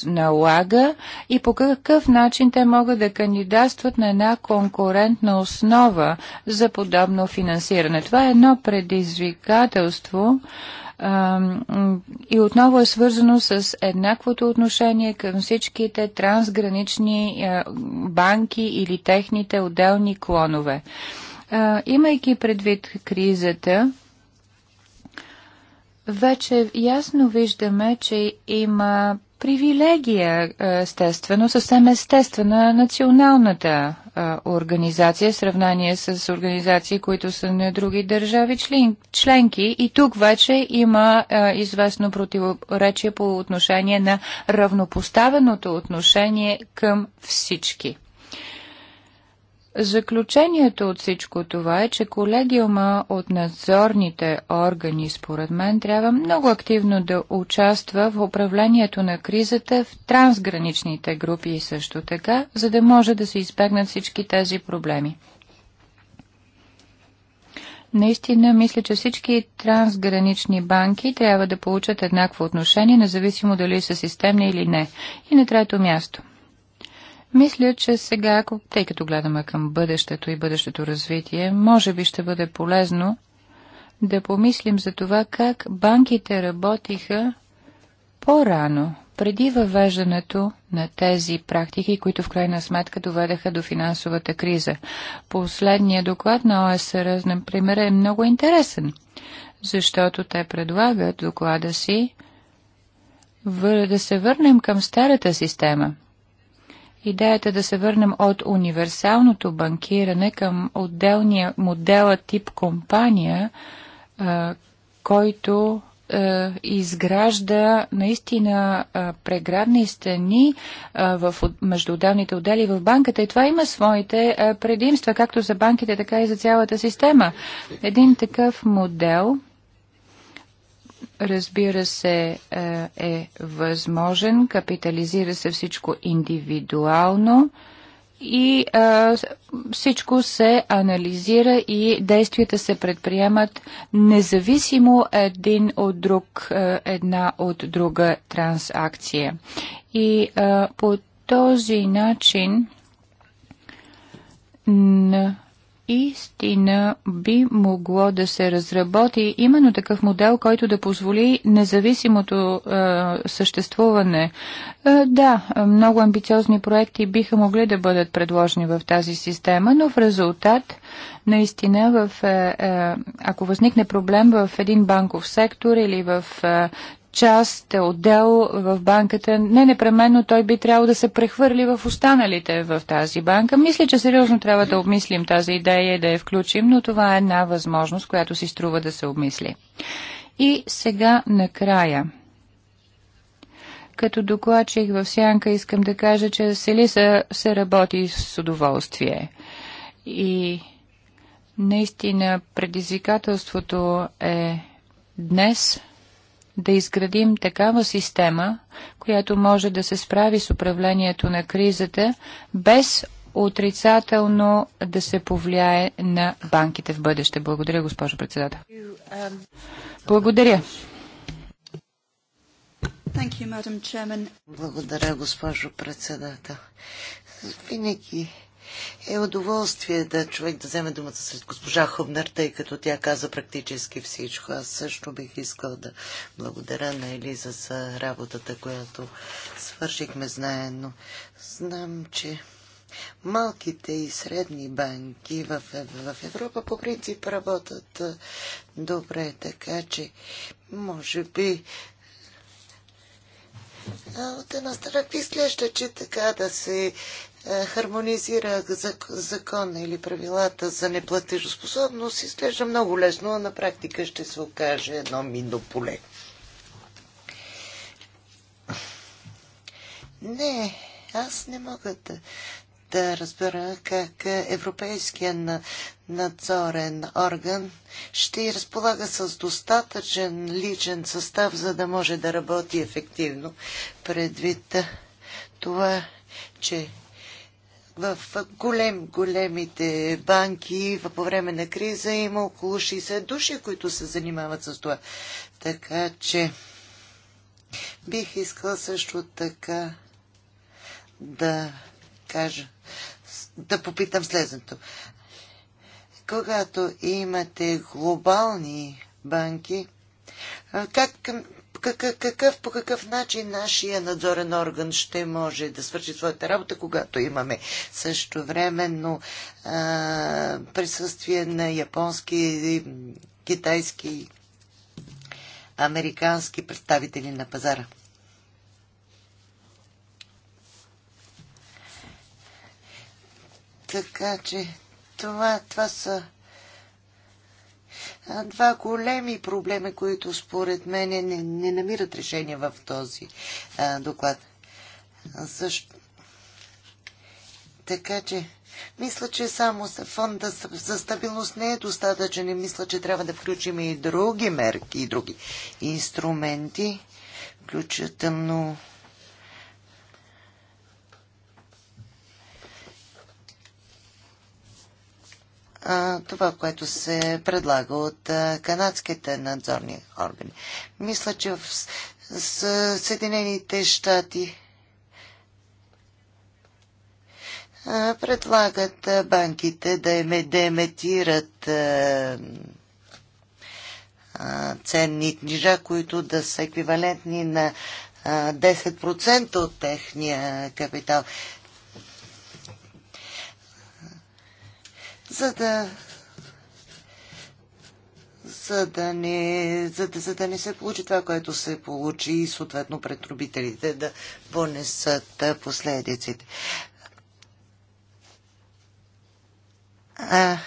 [SPEAKER 3] налага и по какъв начин те могат да кандидатстват на една конкурентна основа за подобно финансиране. Това е едно предизвикателство, и отново е свързано с еднаквото отношение към всичките трансгранични банки или техните отделни клонове. Имайки предвид кризата, вече ясно виждаме, че има привилегия, е, естествено, съвсем естествена националната е, организация в сравнение с организации, които са на други държави член, членки. И тук вече има а, е, известно противоречие по отношение на равнопоставеното отношение към всички. Заключението от всичко това е, че колегиума от надзорните органи, според мен, трябва много активно да участва в управлението на кризата в трансграничните групи и също така, за да може да се избегнат всички тези проблеми. Наистина, мисля, че всички трансгранични банки трябва да получат еднакво отношение, независимо дали са системни или не. И на трето място. Мисля, че сега, ако, тъй като гледаме към бъдещето и бъдещето развитие, може би ще бъде полезно да помислим за това как банките работиха по-рано, преди въвеждането на тези практики, които в крайна сметка доведаха до финансовата криза. Последният доклад на ОСР, например, е много интересен, защото те предлагат доклада си да се върнем към старата система – идеята да се върнем от универсалното банкиране към отделния модела тип компания, който изгражда наистина преградни стени в, между отделните отдели в банката и това има своите предимства, както за банките, така и за цялата система. Един такъв модел разбира се, е, е възможен. Капитализира се всичко индивидуално и е, всичко се анализира и действията се предприемат независимо един от друг, е, една от друга трансакция. И по този начин наистина би могло да се разработи именно такъв модел, който да позволи независимото е, съществуване. Е, да, много амбициозни проекти биха могли да бъдат предложени в тази система, но в резултат наистина, в, е, е, ако възникне проблем в един банков сектор или в е, част, е отдел в банката, не непременно той би трябвало да се прехвърли в останалите в тази банка. Мисля, че сериозно трябва да обмислим тази идея и да я включим, но това е една възможност, която си струва да се обмисли. И сега накрая. Като докладчих в Сянка, искам да кажа, че Селиса се работи с удоволствие. И наистина предизвикателството е днес – да изградим такава система, която може да се справи с управлението на кризата, без отрицателно да се повлияе на банките в бъдеще. Благодаря, госпожо председател. Благодаря.
[SPEAKER 2] Благодаря, госпожо председател. Винаги е удоволствие да човек да вземе думата сред госпожа Хубнер, тъй като тя каза практически всичко. Аз също бих искал да благодаря на Елиза за работата, която свършихме знаено. Знам, че малките и средни банки в, в Европа по принцип работят добре, така че може би от една страна изглежда, че така да се е, хармонизира закона или правилата за неплатежоспособност, изглежда много лесно, а на практика ще се окаже едно минно поле. Не, аз не мога да, да разбера как Европейския надзорен орган ще разполага с достатъчен личен състав, за да може да работи ефективно, предвид това, че в голем, големите банки по време на криза има около 60 души, които се занимават с това. Така че бих искала също така да кажа, да попитам следното. Когато имате глобални банки, как, какъв, по какъв начин нашия надзорен орган ще може да свърши своята работа, когато имаме също временно а, присъствие на японски, китайски, американски представители на пазара. Така че това, това са два големи проблема, които според мен не, не намират решение в този а, доклад. Също... Така че, мисля, че само фонда за стабилност не е достатъчен и мисля, че трябва да включим и други мерки и други инструменти, включително това, което се предлага от канадските надзорни органи. Мисля, че в Съединените щати предлагат банките да деметират ценни книжа, които да са еквивалентни на 10% от техния капитал. за да за да не, за да, за да не се получи това, което се получи и съответно трубителите да понесат последиците. А,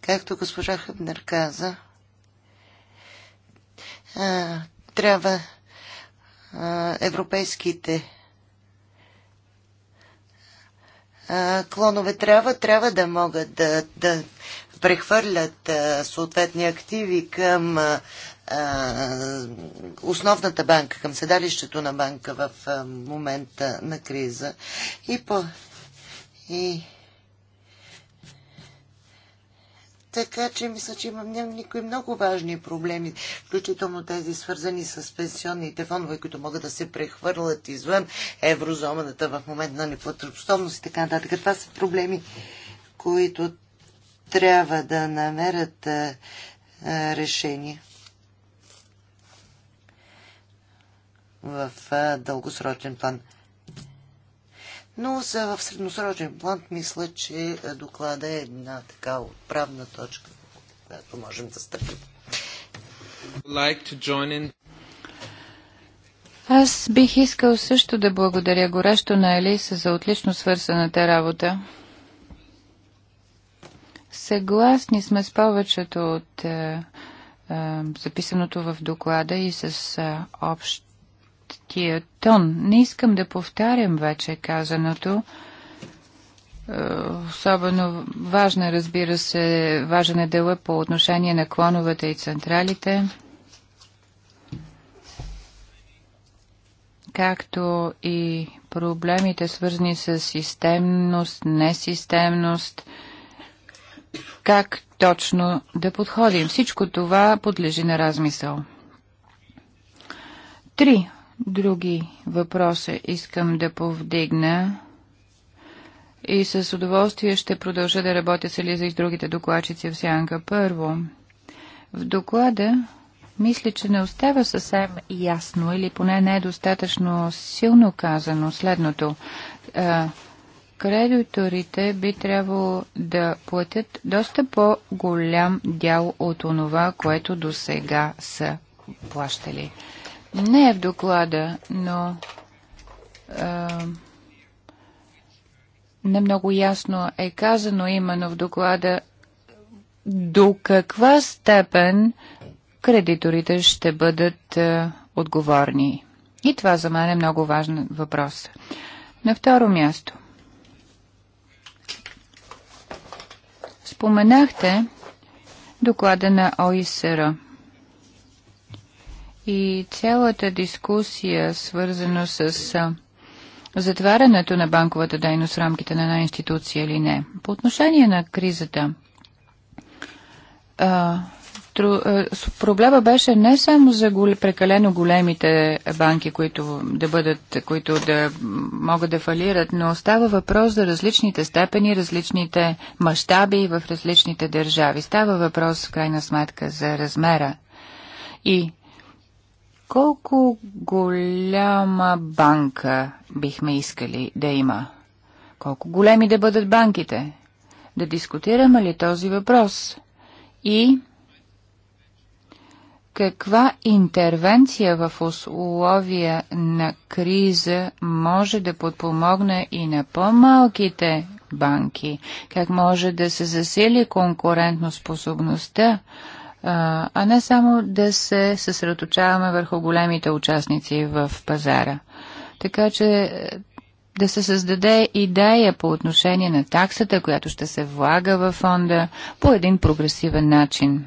[SPEAKER 2] както госпожа Хъбнер каза, а, трябва а, европейските клонове трябва, трябва да могат да, да прехвърлят съответни активи към основната банка, към седалището на банка в момента на криза. И, по, и Така че мисля, че имам някои много важни проблеми, включително тези свързани с пенсионните фондове, които могат да се прехвърлят извън еврозоната в момент на неплатоспособност и така нататък. Това са проблеми, които трябва да намерят а, а, решение в а, дългосрочен план но за в средносрочен план мисля, че е, доклада е една така отправна точка, която можем да стъпим.
[SPEAKER 1] Like
[SPEAKER 3] Аз бих искал също да благодаря горещо на Елиса за отлично свързаната работа. Съгласни сме с повечето от е, е, записаното в доклада и с общ Тия тон. Не искам да повтарям вече казаното. Е, особено важна, разбира се, важен е дела по отношение на клоновете и централите, както и проблемите свързани с системност, несистемност, как точно да подходим. Всичко това подлежи на размисъл. Три други въпроси, искам да повдигна и с удоволствие ще продължа да работя с Елиза и с другите докладчици в Сянка. Първо, в доклада мисля, че не остава съвсем ясно или поне не е достатъчно силно казано следното. Кредиторите би трябвало да платят доста по-голям дял от онова, което до сега са плащали не е в доклада, но а, не много ясно е казано именно в доклада до каква степен кредиторите ще бъдат а, отговорни. И това за мен е много важен въпрос. На второ място. Споменахте доклада на ОИСР. И цялата дискусия, свързана с затварянето на банковата дейност в рамките на една институция или не. По отношение на кризата, а, тру, а, проблема беше не само за гол, прекалено големите банки, които да бъдат, които да могат да фалират, но става въпрос за различните степени, различните мащаби в различните държави. Става въпрос в крайна сметка за размера. И колко голяма банка бихме искали да има? Колко големи да бъдат банките? Да дискутираме ли този въпрос? И каква интервенция в условия на криза може да подпомогне и на по-малките банки? Как може да се засили конкурентноспособността а не само да се съсредоточаваме върху големите участници в пазара. Така че е, да се създаде идея по отношение на таксата, която ще се влага във фонда по един прогресивен начин,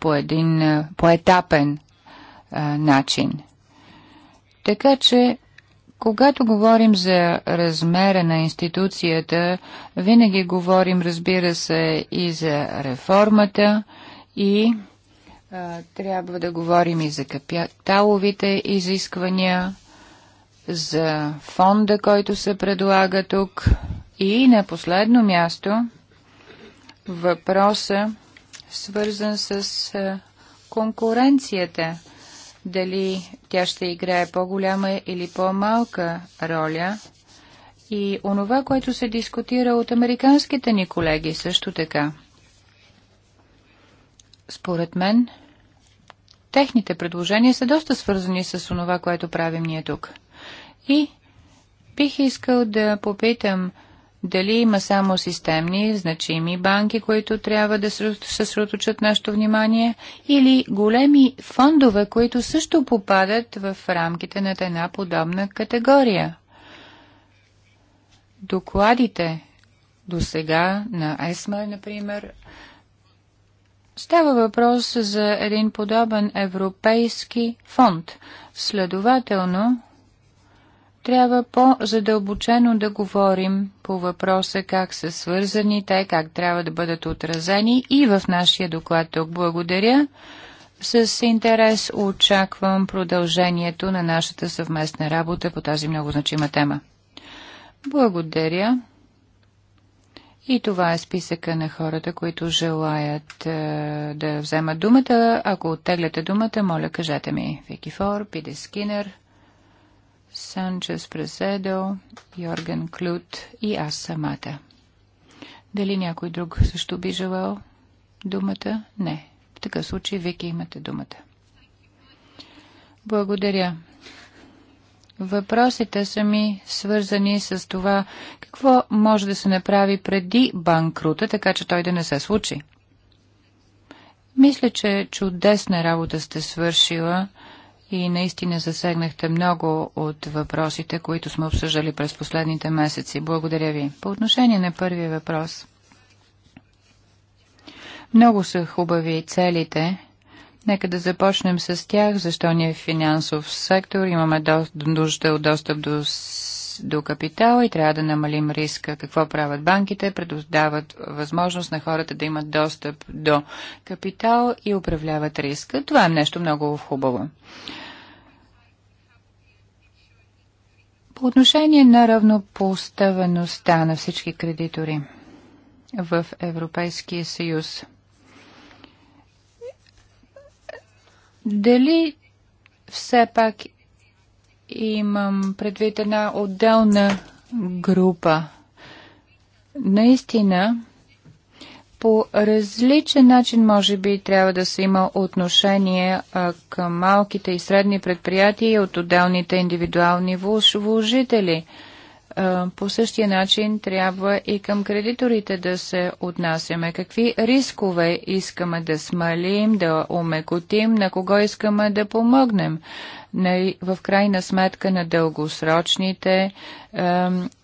[SPEAKER 3] по един е, поетапен е, начин. Така че когато говорим за размера на институцията, винаги говорим, разбира се, и за реформата, и а, трябва да говорим и за капиталовите изисквания, за фонда, който се предлага тук и на последно място въпроса, свързан с а, конкуренцията. Дали тя ще играе по-голяма или по-малка роля и онова, което се дискутира от американските ни колеги също така. Според мен, техните предложения са доста свързани с онова, което правим ние тук. И бих искал да попитам дали има само системни, значими банки, които трябва да съсредоточат нашето внимание, или големи фондове, които също попадат в рамките на една подобна категория. Докладите до сега на ЕСМА, например, Става въпрос за един подобен европейски фонд. Следователно, трябва по-задълбочено да говорим по въпроса как са свързани те, как трябва да бъдат отразени и в нашия доклад тук. Благодаря. С интерес очаквам продължението на нашата съвместна работа по тази много значима тема. Благодаря. И това е списъка на хората, които желаят е, да вземат думата. Ако оттегляте думата, моля, кажете ми. Вики Фор, Пиде Скинер, Санчес Преседо, Йорген Клют и аз самата. Дали някой друг също би желал думата? Не. В такъв случай, Вики, имате думата. Благодаря. Въпросите са ми свързани с това какво може да се направи преди банкрута, така че той да не се случи. Мисля, че чудесна работа сте свършила и наистина засегнахте много от въпросите, които сме обсъждали през последните месеци. Благодаря ви. По отношение на първия въпрос. Много са хубави целите, Нека да започнем с тях, защо ние в финансов сектор имаме до, нужда от достъп до, до капитала и трябва да намалим риска. Какво правят банките? Предоставят възможност на хората да имат достъп до капитал и управляват риска. Това е нещо много хубаво. По отношение на равнопоставеността на всички кредитори в Европейския съюз – Дали все пак имам предвид една отделна група? Наистина, по различен начин може би трябва да се има отношение а, към малките и средни предприятия от отделните индивидуални вложители по същия начин трябва и към кредиторите да се отнасяме. Какви рискове искаме да смалим, да омекотим, на кого искаме да помогнем? В крайна сметка на дългосрочните,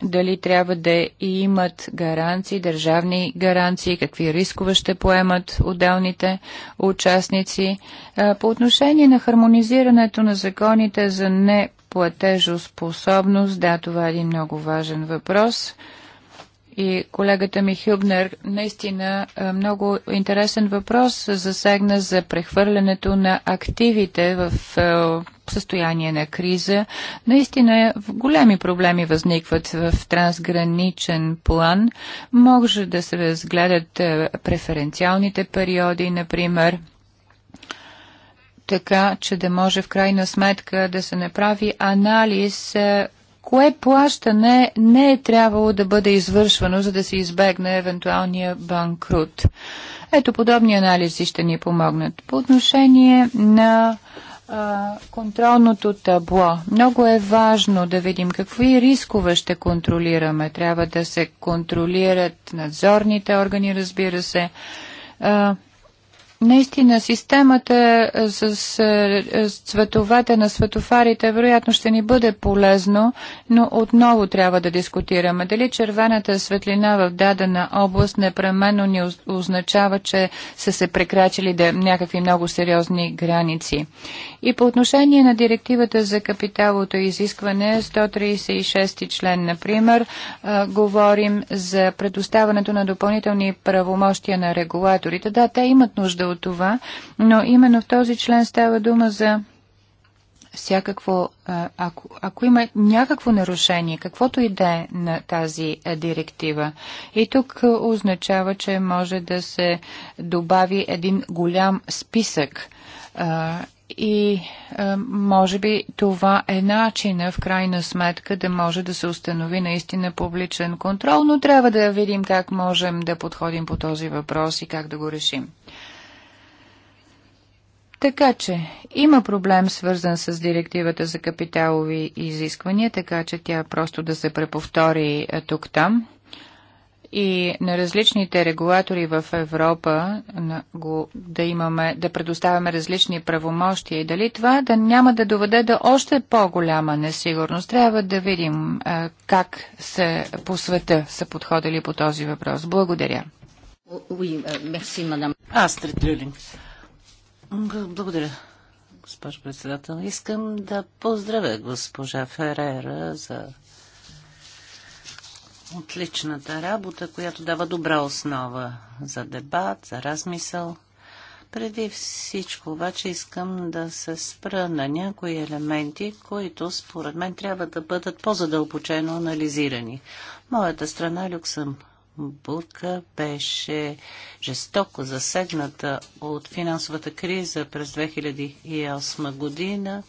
[SPEAKER 3] дали трябва да имат гаранции, държавни гаранции, какви рискове ще поемат отделните участници. По отношение на хармонизирането на законите за не платежоспособност, да, това е един много важен въпрос. И колегата ми Хюбнер наистина е, много интересен въпрос засегна за прехвърлянето на активите в е, състояние на криза. Наистина е, големи проблеми възникват в трансграничен план. Може да се разгледат преференциалните периоди, например – така че да може в крайна сметка да се направи анализ е, кое плащане не е трябвало да бъде извършвано, за да се избегне евентуалния банкрут. Ето подобни анализи ще ни помогнат. По отношение на а, контролното табло. Много е важно да видим какви рискове ще контролираме. Трябва да се контролират надзорните органи, разбира се. Наистина системата е, с, е, е, с цветовете на светофарите вероятно ще ни бъде полезно, но отново трябва да дискутираме дали червената светлина в дадена област непременно ни означава, че са се прекрачили да някакви много сериозни граници. И по отношение на директивата за капиталото изискване, 136 член, например, говорим за предоставането на допълнителни правомощия на регулаторите. Да, те имат нужда от това, но именно в този член става дума за всякакво, ако, ако има някакво нарушение, каквото и да е на тази директива. И тук означава, че може да се добави един голям списък и е, може би това е начина в крайна сметка да може да се установи наистина публичен контрол, но трябва да видим как можем да подходим по този въпрос и как да го решим. Така че има проблем свързан с директивата за капиталови изисквания, така че тя просто да се преповтори е, тук-там и на различните регулатори в Европа го да имаме, да предоставяме различни правомощия и дали това да няма да доведе до още по-голяма несигурност. Трябва да видим как се по света са подходили по този въпрос. Благодаря.
[SPEAKER 4] Euh, Астрид Люлинг. Благодаря, госпожо председател. Искам да поздравя госпожа Ферера за отличната работа, която дава добра основа за дебат, за размисъл. Преди всичко обаче искам да се спра на някои елементи, които според мен трябва да бъдат по-задълбочено анализирани. Моята страна Люксембург беше жестоко засегната от финансовата криза през 2008 година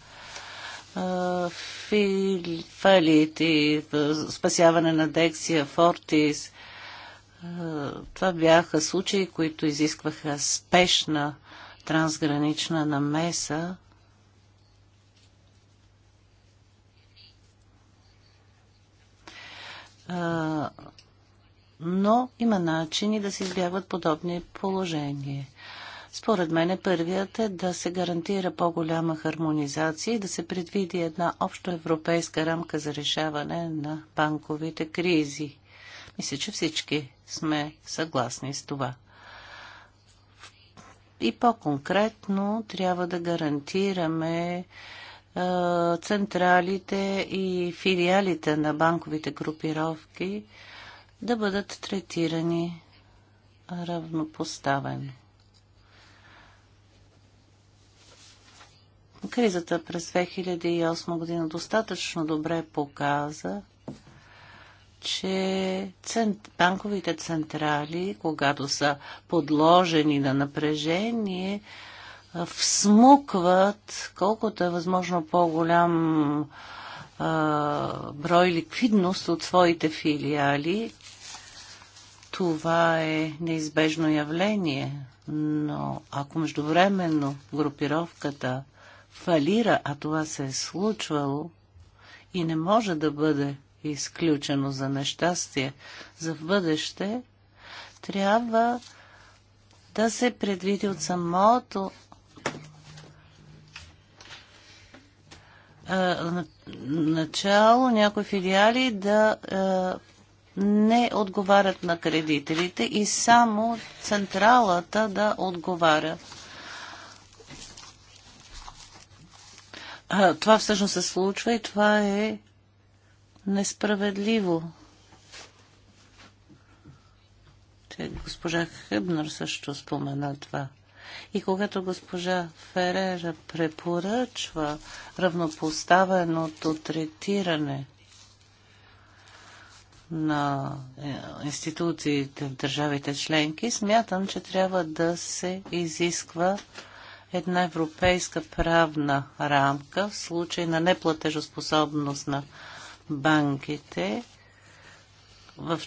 [SPEAKER 4] фалити, спасяване на Дексия, Фортис. Това бяха случаи, които изискваха спешна трансгранична намеса. Но има начини да се избягват подобни положения. Според мен е първият е да се гарантира по-голяма хармонизация и да се предвиди една общо европейска рамка за решаване на банковите кризи. Мисля, че всички сме съгласни с това. И по-конкретно трябва да гарантираме е, централите и филиалите на банковите групировки да бъдат третирани равнопоставено. Кризата през 2008 година достатъчно добре показа, че цент... банковите централи, когато са подложени на напрежение, всмукват колкото е възможно по-голям брой ликвидност от своите филиали. Това е неизбежно явление, но ако междувременно групировката фалира, а това се е случвало и не може да бъде изключено за нещастие за в бъдеще, трябва да се предвиди от самото начало някои филиали да не отговарят на кредителите и само централата да отговаря А, това всъщност се случва и това е несправедливо. Те, госпожа Хъбнар също спомена това. И когато госпожа Ферера препоръчва равнопоставеното третиране на е, институциите в държавите членки, смятам, че трябва да се изисква една европейска правна рамка в случай на неплатежоспособност на банките, в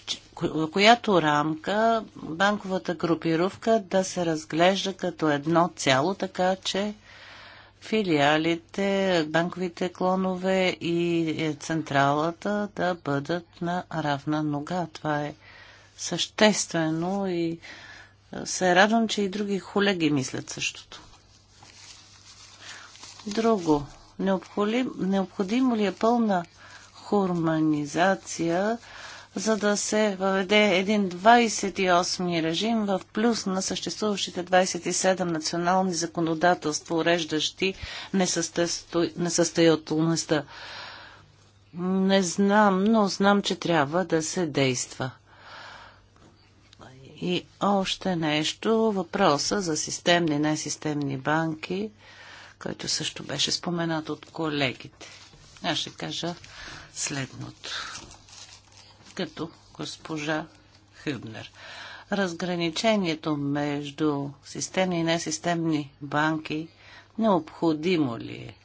[SPEAKER 4] която рамка банковата групировка да се разглежда като едно цяло, така че филиалите, банковите клонове и е, централата да бъдат на равна нога. Това е съществено и е, се радвам, че и други колеги мислят същото. Друго. необходимо ли е пълна хурманизация, за да се въведе един 28 режим в плюс на съществуващите 27 национални законодателства, уреждащи несъстоятелността? Несъстоятелността. Не знам, но знам, че трябва да се действа. И още нещо, въпроса за системни и несистемни банки който също беше споменат от колегите. Аз ще кажа следното. Като госпожа Хюбнер. Разграничението между системни и несистемни банки необходимо ли е?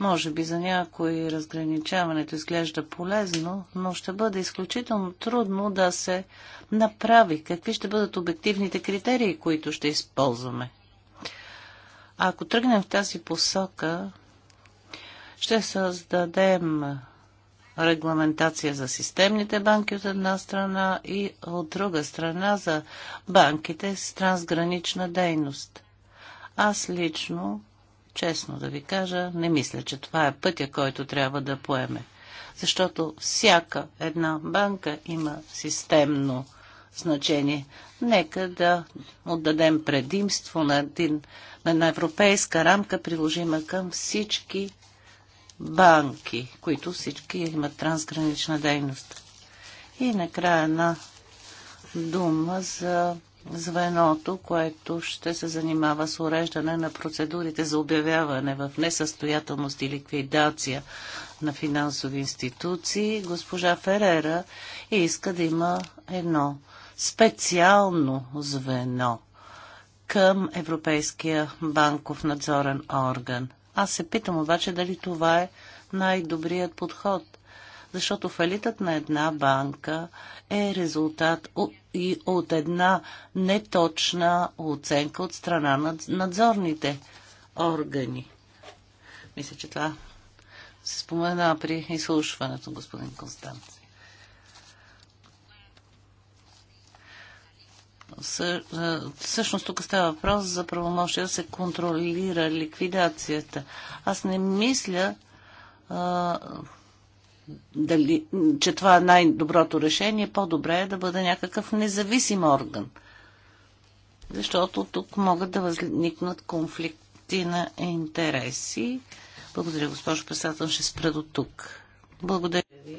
[SPEAKER 4] Може би за някои разграничаването изглежда полезно, но ще бъде изключително трудно да се направи. Какви ще бъдат обективните критерии, които ще използваме? А ако тръгнем в тази посока, ще създадем регламентация за системните банки от една страна и от друга страна за банките с трансгранична дейност. Аз лично Честно да ви кажа, не мисля, че това е пътя, който трябва да поеме. Защото всяка една банка има системно значение. Нека да отдадем предимство на, един, на една европейска рамка, приложима към всички банки, които всички имат трансгранична дейност. И накрая една дума за звеното, което ще се занимава с уреждане на процедурите за обявяване в несъстоятелност и ликвидация на финансови институции. Госпожа Ферера иска да има едно специално звено към Европейския банков надзорен орган. Аз се питам обаче дали това е най-добрият подход, защото фалитът на една банка е резултат от и от една неточна оценка от страна на надзорните органи. Мисля, че това се спомена при изслушването, господин Констанци. Всъщност тук става въпрос за правомощие да се контролира ликвидацията. Аз не мисля дали, че това е най-доброто решение, по-добре е да бъде някакъв независим орган. Защото тук могат да възникнат конфликти на интереси. Благодаря, госпожо председател. Ще спра до тук. Благодаря ви.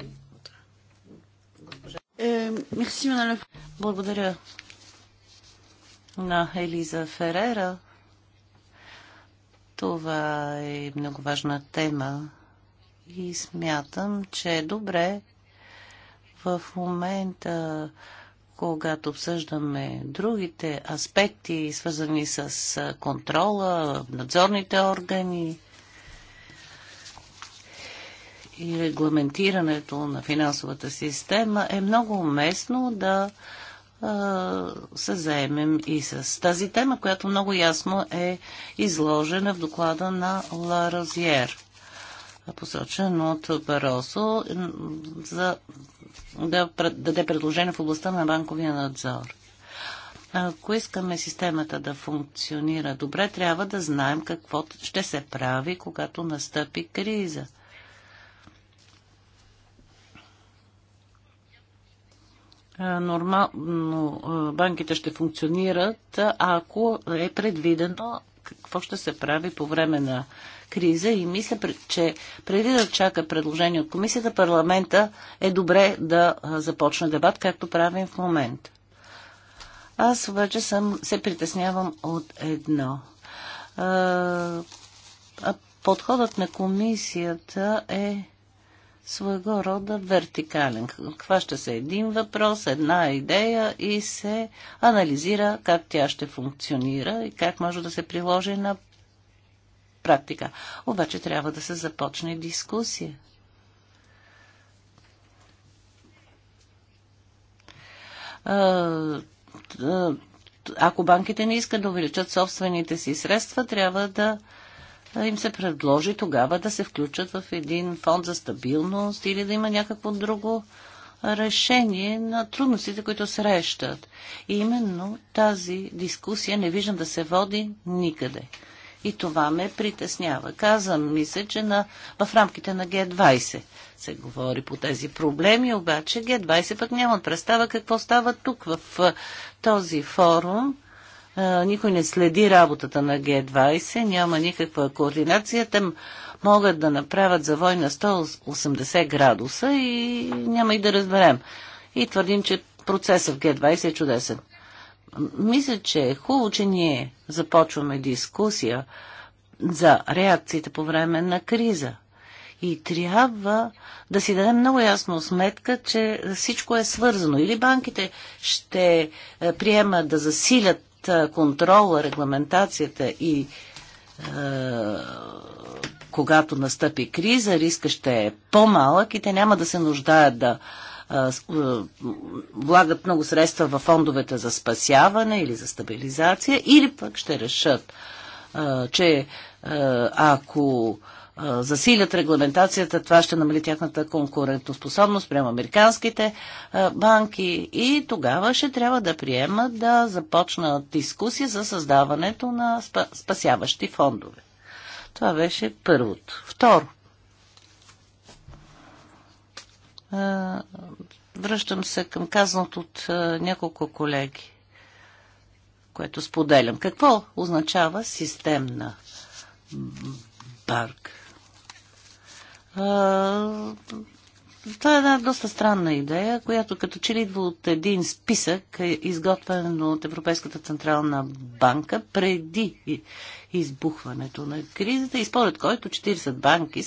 [SPEAKER 4] Е, Благодаря на Елиза Ферера. Това е много важна тема и смятам, че е добре в момента, когато обсъждаме другите аспекти, свързани с контрола, надзорните органи и регламентирането на финансовата система, е много уместно да се заемем и с тази тема, която много ясно е изложена в доклада на Ла Розиер посочен от Баросо, за да даде предложение в областта на банковия надзор. Ако искаме системата да функционира добре, трябва да знаем какво ще се прави, когато настъпи криза. Нормално банките ще функционират, ако е предвидено какво ще се прави по време на криза и мисля, че преди да чака предложение от комисията, парламента е добре да започне дебат, както правим в момента. Аз обаче съм, се притеснявам от едно. А, подходът на комисията е своего рода вертикален. Хваща се един въпрос, една идея и се анализира как тя ще функционира и как може да се приложи на практика. Обаче трябва да се започне дискусия. Ако банките не искат да увеличат собствените си средства, трябва да им се предложи тогава да се включат в един фонд за стабилност или да има някакво друго решение на трудностите, които срещат. И именно тази дискусия не виждам да се води никъде. И това ме притеснява. Казвам ми се, че на, в рамките на Г20 се говори по тези проблеми, обаче Г20 пък нямат представа какво става тук в този форум. Никой не следи работата на Г20, няма никаква координация. Там могат да направят завой на 180 градуса и няма и да разберем. И твърдим, че процесът в Г20 е чудесен. Мисля, че е хубаво, че ние започваме дискусия за реакциите по време на криза. И трябва да си дадем много ясно сметка, че всичко е свързано. Или банките ще е, приемат да засилят е, контрола, регламентацията и е, когато настъпи криза, риска ще е по-малък и те няма да се нуждаят да влагат много средства в фондовете за спасяване или за стабилизация, или пък ще решат, че ако засилят регламентацията, това ще намали тяхната конкурентоспособност прямо американските банки и тогава ще трябва да приемат да започнат дискусия за създаването на спасяващи фондове. Това беше първото. Второ, Връщам се към казаното от няколко колеги, което споделям. Какво означава системна парк? Това е една доста странна идея, която като че ли идва от един списък, е изготвен от Европейската централна банка преди избухването на кризата и според който 40 банки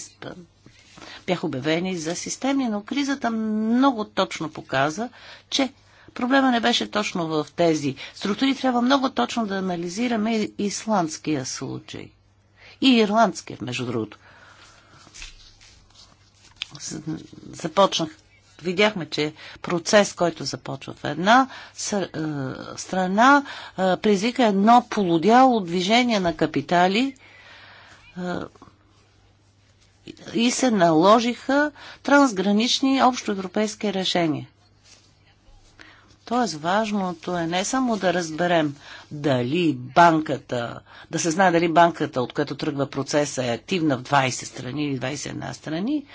[SPEAKER 4] Бях обявени за системни, но кризата много точно показа, че проблема не беше точно в тези структури. Трябва много точно да анализираме исландския случай. И ирландския, между другото. Започнах видяхме, че процес, който започва в една е, страна, е, предизвика едно полудяло движение на капитали е, и се наложиха трансгранични общоевропейски решения. Тоест важното е не само да разберем дали банката, да се знае дали банката, от която тръгва процеса, е активна в 20 страни или 21 страни,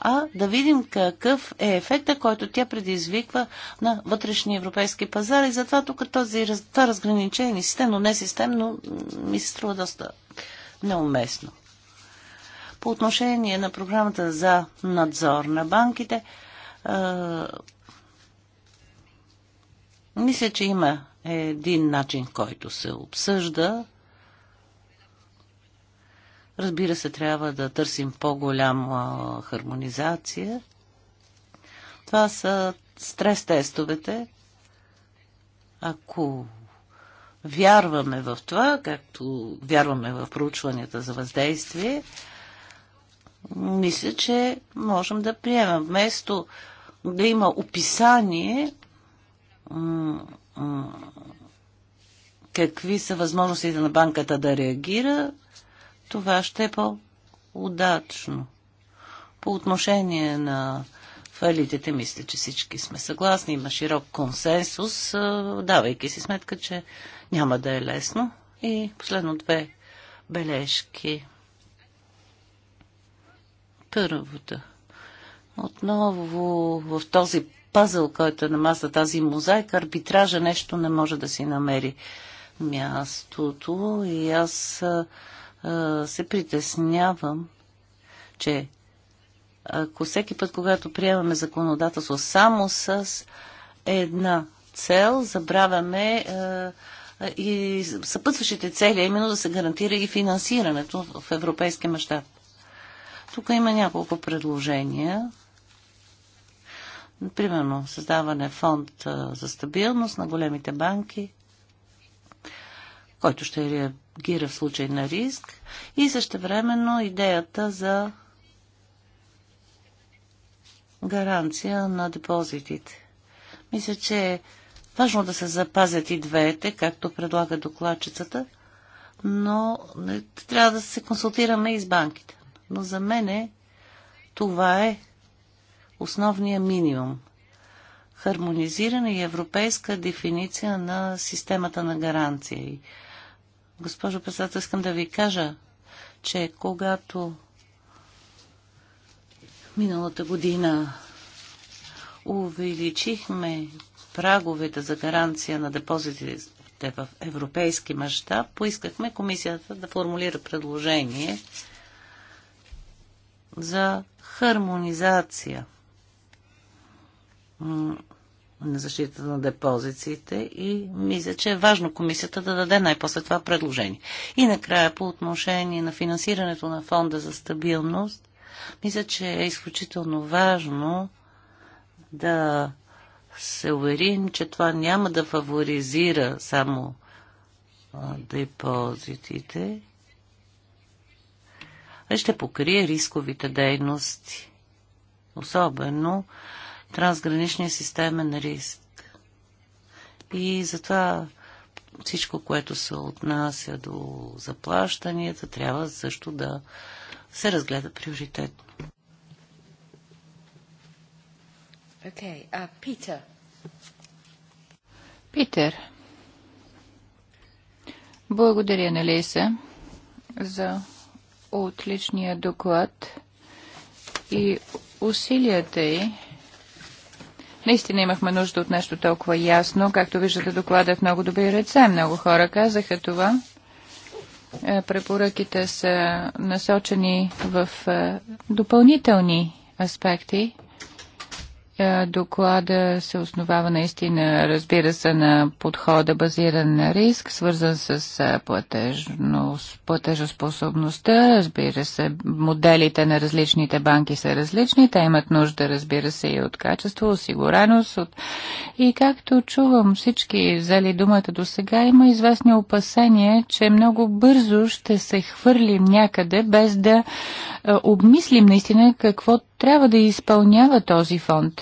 [SPEAKER 4] а да видим какъв е ефекта, който тя предизвиква на вътрешния европейски пазар. И затова тук този, това разграничение, е системно, системно, ми се струва доста неуместно. По отношение на програмата за надзор на банките, мисля, че има един начин, който се обсъжда. Разбира се, трябва да търсим по-голяма хармонизация. Това са стрес-тестовете. Ако вярваме в това, както вярваме в проучванията за въздействие, мисля, че можем да приемем. Вместо да има описание какви са възможностите на банката да реагира, това ще е по-удачно. По отношение на фалитите, мисля, че всички сме съгласни. Има широк консенсус, давайки си сметка, че няма да е лесно. И последно две бележки. Първото. Отново в този пазъл, който е на маса, тази мозайка, арбитража нещо не може да си намери мястото и аз а, се притеснявам, че ако всеки път, когато приемаме законодателство само с една цел, забравяме а, и съпътващите цели, именно да се гарантира и финансирането в европейски мащаб. Тук има няколко предложения. Примерно, създаване фонд за стабилност на големите банки, който ще реагира в случай на риск и същевременно идеята за гаранция на депозитите. Мисля, че е важно да се запазят и двете, както предлага докладчицата, но трябва да се консултираме и с банките. Но за мене това е основния минимум. Хармонизирана и европейска дефиниция на системата на гаранция. Госпожо председател, искам да ви кажа, че когато миналата година увеличихме праговете за гаранция на депозитите в европейски мащаб, поискахме комисията да формулира предложение за хармонизация на защита на депозициите и мисля, че е важно комисията да даде най-после това предложение. И накрая по отношение на финансирането на фонда за стабилност, мисля, че е изключително важно да се уверим, че това няма да фаворизира само депозитите, ще покрие рисковите дейности, особено трансграничния системен риск. И затова всичко, което се отнася до заплащанията, трябва също да се разгледа приоритетно.
[SPEAKER 3] Okay, uh, Питер. Благодаря на Леса за от личния доклад и усилията й. Наистина имахме нужда от нещо толкова ясно. Както виждате, доклада е в много добри ръце. Много хора казаха това. Е, препоръките са насочени в е, допълнителни аспекти е, доклада се основава наистина, разбира се, на подхода базиран на риск, свързан с е, платежоспособността. Разбира се, моделите на различните банки са различни. Те имат нужда, разбира се, и от качество, осигуреност. От... И както чувам всички взели думата до сега, има известни опасения, че много бързо ще се хвърлим някъде, без да е, обмислим наистина какво трябва да изпълнява този фонд.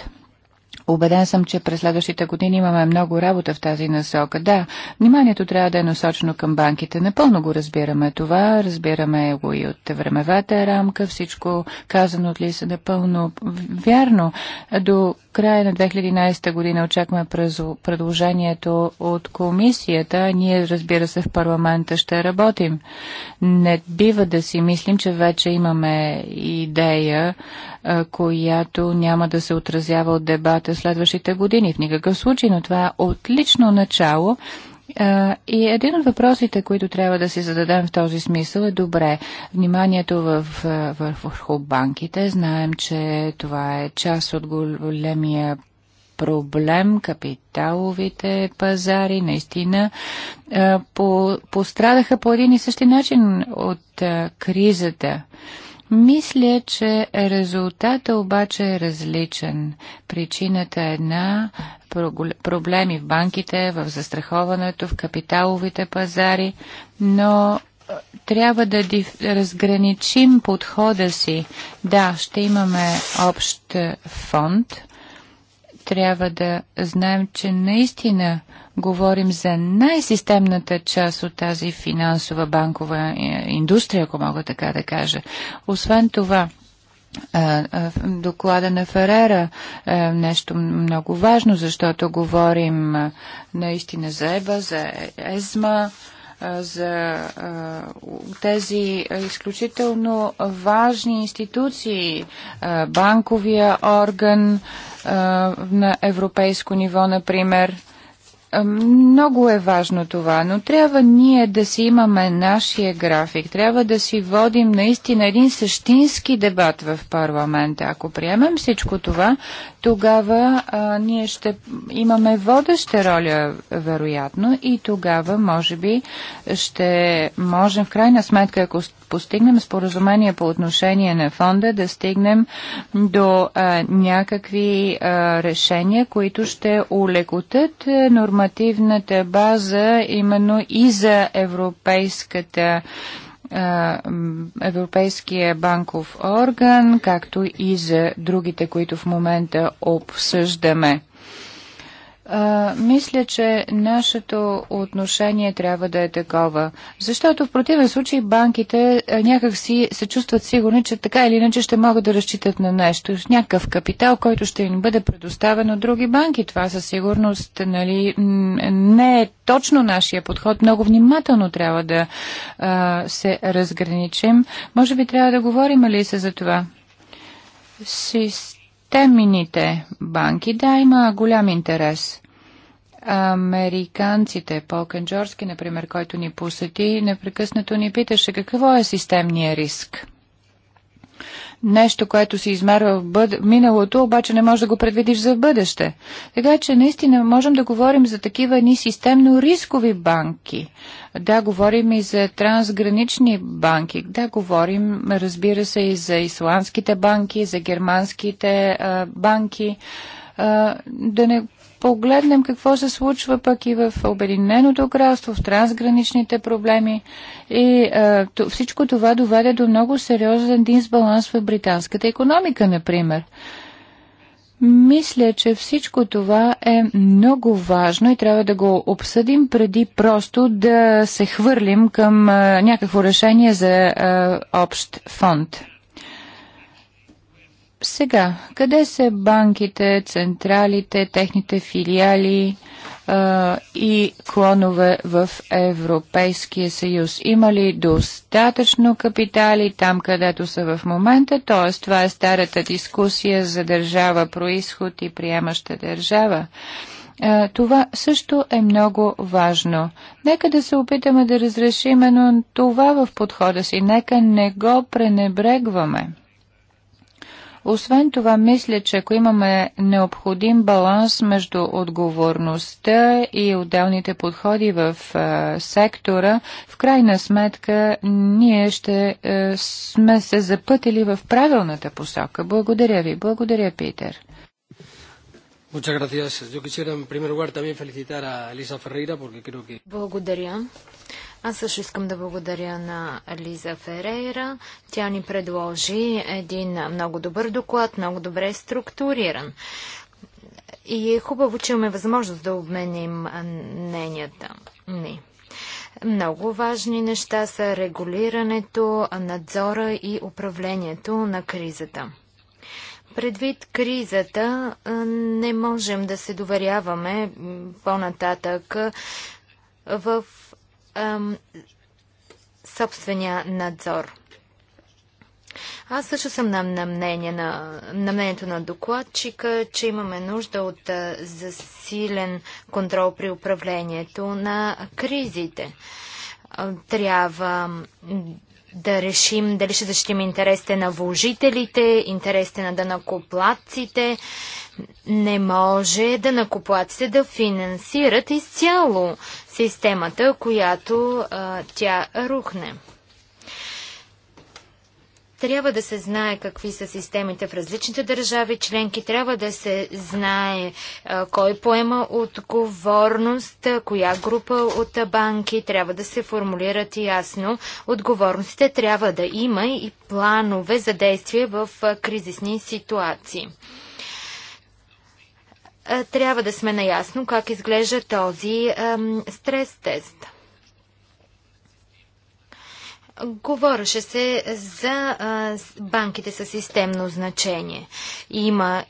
[SPEAKER 3] Убеден съм, че през следващите години имаме много работа в тази насока. Да, вниманието трябва да е насочено към банките. Напълно го разбираме това, разбираме го и от времевата рамка, всичко казано от се напълно вярно. До края на 2011 година очакваме предложението от комисията. Ние, разбира се, в парламента ще работим. Не бива да си мислим, че вече имаме идея, която няма да се отразява от дебата следващите години. В никакъв случай, но това е отлично начало и един от въпросите, които трябва да си зададем в този смисъл е добре. Вниманието в, върху банките. Знаем, че това е част от големия проблем, капиталовите пазари наистина по, пострадаха по един и същи начин от кризата. Мисля, че резултата обаче е различен. Причината е една проблеми в банките, в застраховането, в капиталовите пазари, но трябва да разграничим подхода си. Да, ще имаме общ фонд – трябва да знаем, че наистина говорим за най-системната част от тази финансова банкова е, индустрия, ако мога така да кажа. Освен това, доклада на Ферера е нещо много важно, защото говорим наистина за ЕБА, за ЕЗМА, за тези изключително важни институции, банковия орган на европейско ниво, например, е, много е важно това, но трябва ние да си имаме нашия график. Трябва да си водим наистина един същински дебат в парламента. Ако приемем всичко това, тогава а, ние ще имаме водеща роля, вероятно, и тогава, може би, ще можем в крайна сметка, ако постигнем споразумение по отношение на фонда, да стигнем до а, някакви а, решения, които ще улекотат е, нормативната база именно и за европейската Европейския банков орган, както и за другите, които в момента обсъждаме. А, мисля, че нашето отношение трябва да е такова. Защото в противен случай банките някак си се чувстват сигурни, че така или иначе ще могат да разчитат на нещо, с някакъв капитал, който ще им бъде предоставен от други банки. Това със сигурност нали, не е точно нашия подход. Много внимателно трябва да а, се разграничим. Може би трябва да говорим ли се за това? Система системните банки, да, има голям интерес. Американците, Пол Кенджорски, например, който ни посети, непрекъснато ни питаше какво е системния риск нещо, което се измерва в бъд... миналото, обаче не може да го предвидиш за бъдеще. Така че наистина можем да говорим за такива ни системно рискови банки. Да, говорим и за трансгранични банки. Да, говорим, разбира се, и за исландските банки, за германските а, банки. А, да не погледнем какво се случва пък и в Обединеното кралство, в трансграничните проблеми и а, е, то, всичко това доведе до много сериозен дисбаланс в британската економика, например. Мисля, че всичко това е много важно и трябва да го обсъдим преди просто да се хвърлим към а, е, някакво решение за а, е, общ фонд. Сега, къде са банките, централите, техните филиали а, и клонове в Европейския съюз? Има ли достатъчно капитали там, където са в момента? Т.е. това е старата дискусия за държава, происход и приемаща държава. А, това също е много важно. Нека да се опитаме да разрешим, но това в подхода си. Нека не го пренебрегваме. Освен това, мисля, че ако имаме необходим баланс между отговорността и отделните подходи в сектора, в крайна сметка ние ще сме се запътили в правилната посока. Благодаря ви. Благодаря, Питер.
[SPEAKER 1] Благодаря. Аз също искам да благодаря на Лиза Ферейра. Тя ни предложи един много добър доклад, много добре структуриран. И е хубаво, че имаме възможност да обменим мненията ни. Много важни неща са регулирането, надзора и управлението на кризата. Предвид кризата не можем да се доверяваме по-нататък в ам, собствения надзор. Аз също съм на, на, мнение на, на мнението на докладчика, че имаме нужда от а, засилен контрол при управлението на кризите. А, трябва да решим дали ще защитим интересите на вложителите, интересите на данакоплатците. Не може данакоплатците да финансират изцяло системата, която а, тя рухне. Трябва да се знае какви са системите в различните държави членки, трябва да се знае а, кой поема отговорност, коя група от банки, трябва да се формулират ясно отговорностите, трябва да има и планове за действие в а, кризисни ситуации. Е, трябва да сме наясно как изглежда този стрес тест. Говореше се за банките със системно значение. Има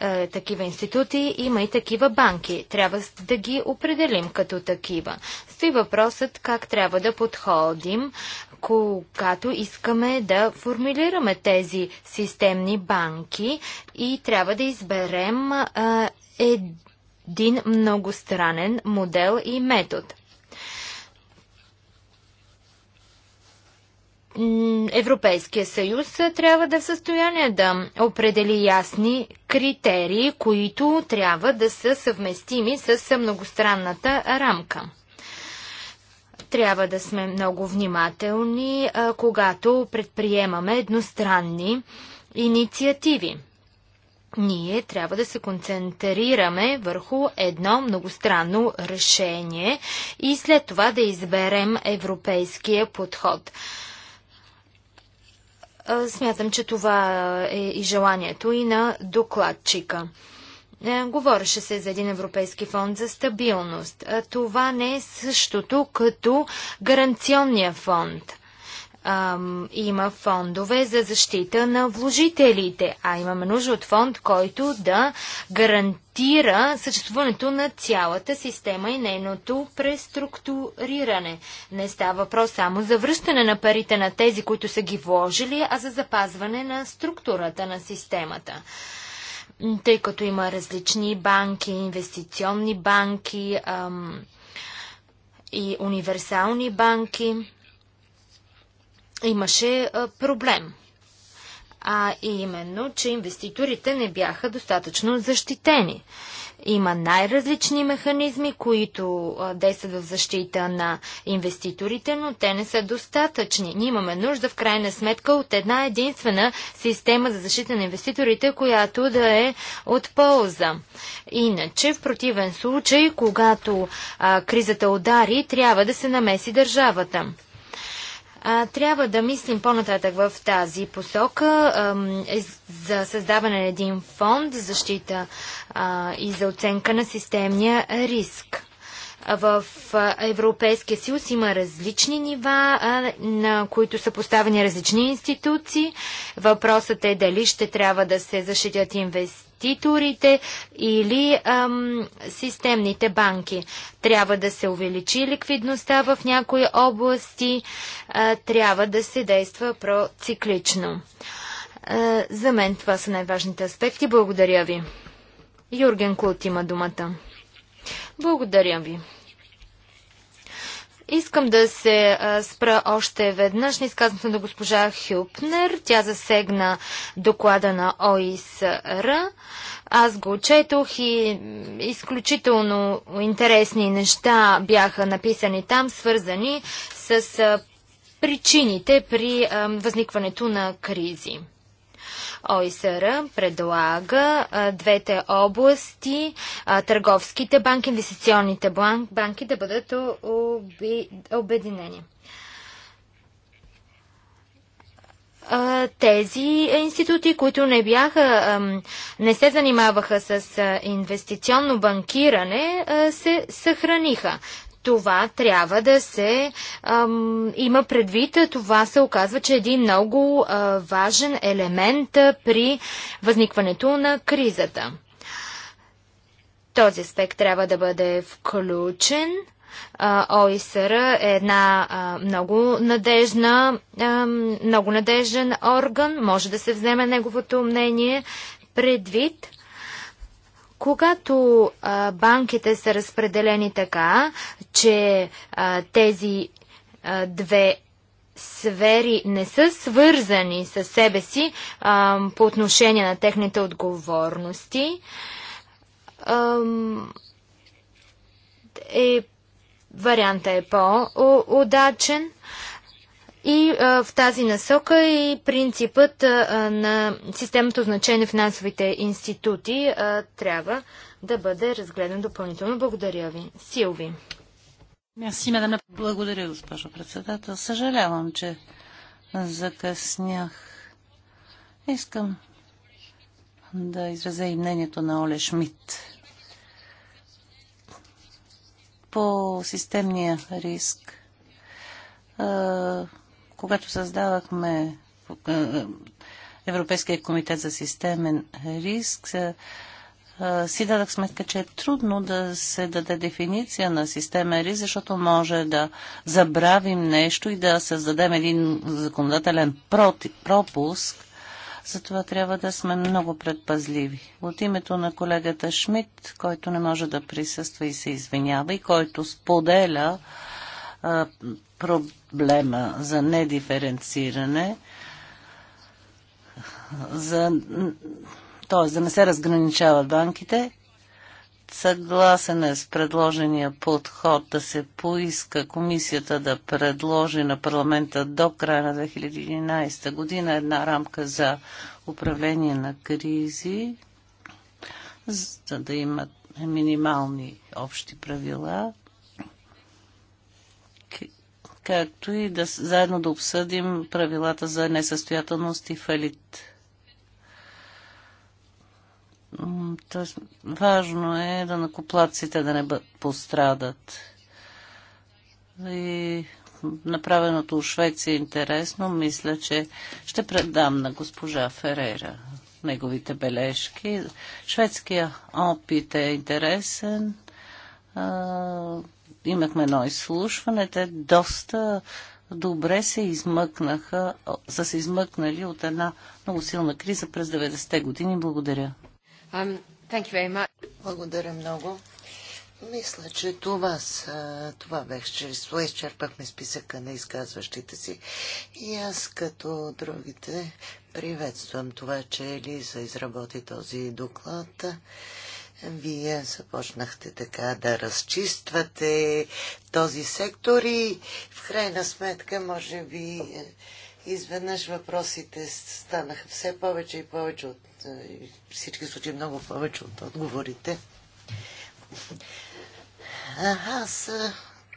[SPEAKER 1] е, такива институти, има и такива банки. Трябва да ги определим като такива. Стои въпросът как трябва да подходим, когато искаме да формулираме тези системни банки и трябва да изберем а, един многостранен модел и метод. Европейския съюз трябва да е в състояние да определи ясни критерии, които трябва да са съвместими с многостранната рамка. Трябва да сме много внимателни, когато предприемаме едностранни инициативи ние трябва да се концентрираме върху едно многостранно решение и след това да изберем европейския подход. Смятам, че това е и желанието и на докладчика. Е, говореше се за един Европейски фонд за стабилност. Това не е същото като гаранционния фонд – ам, има фондове за защита на вложителите, а имаме нужда от фонд, който да гарантира съществуването на цялата система и нейното преструктуриране. Не става въпрос само за връщане на парите на тези, които са ги вложили, а за запазване на структурата на системата тъй като има различни банки, инвестиционни банки ам, и универсални банки имаше проблем. А именно, че инвеститорите не бяха достатъчно защитени. Има най-различни механизми, които действат в защита на инвеститорите, но те не са достатъчни. Ние имаме нужда, в крайна сметка, от една единствена система за защита на инвеститорите, която да е от полза. Иначе, в противен случай, когато а, кризата удари, трябва да се намеси държавата. А, трябва да мислим по-нататък в тази посока е за създаване на един фонд за защита а, и за оценка на системния риск в Европейския съюз има различни нива, на които са поставени различни институции. Въпросът е дали ще трябва да се защитят инвеститорите или ам, системните банки. Трябва да се увеличи ликвидността в някои области, а, трябва да се действа проциклично. А, за мен това са най-важните аспекти. Благодаря ви. Юрген Култ има думата. Благодаря ви. Искам да се спра още веднъж на изказването на госпожа Хюпнер. Тя засегна доклада на ОИСР. Аз го четох и изключително интересни неща бяха написани там, свързани с причините при възникването на кризи. ОИСР предлага двете области, търговските банки, инвестиционните банки да бъдат обединени. тези институти, които не бяха, не се занимаваха с инвестиционно банкиране, се съхраниха това трябва да се ам, има предвид. Това се оказва, че е един много а, важен елемент а, при възникването на кризата. Този аспект трябва да бъде включен. ОИСР е една а, много надежна, а, много надежен орган. Може да се вземе неговото мнение предвид. Когато а, банките са разпределени така, че а, тези а, две сфери не са свързани с себе си а, по отношение на техните отговорности, а, е, варианта е по-удачен. А, и а, в тази насока и принципът а, на системното значение в финансовите институти а, трябва да бъде разгледан допълнително. Благодаря ви. Силви.
[SPEAKER 4] Мерси, мадам. Благодаря, госпожо председател. Съжалявам, че закъснях. Искам да изразя и мнението на Оле Шмидт. По системния риск когато създавахме е, е, Европейския комитет за системен риск, е, си дадах сметка, че е трудно да се даде дефиниция на системен риск, защото може да забравим нещо и да създадем един законодателен пропуск. Затова трябва да сме много предпазливи. От името на колегата Шмидт, който не може да присъства и се извинява, и който споделя проблема за недиференциране, за, т.е. да не се разграничават банките. Съгласен е с предложения подход да се поиска комисията да предложи на парламента до края на 2011 година една рамка за управление на кризи, за да имат минимални общи правила както и да заедно да обсъдим правилата за несъстоятелност и фалит. Тоест, важно е да накоплаците да не пострадат. И направеното у Швеция е интересно. Мисля, че ще предам на госпожа Ферера неговите бележки. Шведския опит е интересен имахме едно изслушване, те доста добре се измъкнаха, са се измъкнали от една много силна криза през 90-те години. Благодаря.
[SPEAKER 2] Um, thank you very much. Благодаря много. Мисля, че това, са, това беше. Изчерпахме списъка на изказващите си. И аз, като другите, приветствам това, че Елиза изработи този доклад. Вие започнахте така да разчиствате този сектор и в крайна сметка, може би, изведнъж въпросите станаха все повече и повече от всички случаи много повече от отговорите. аз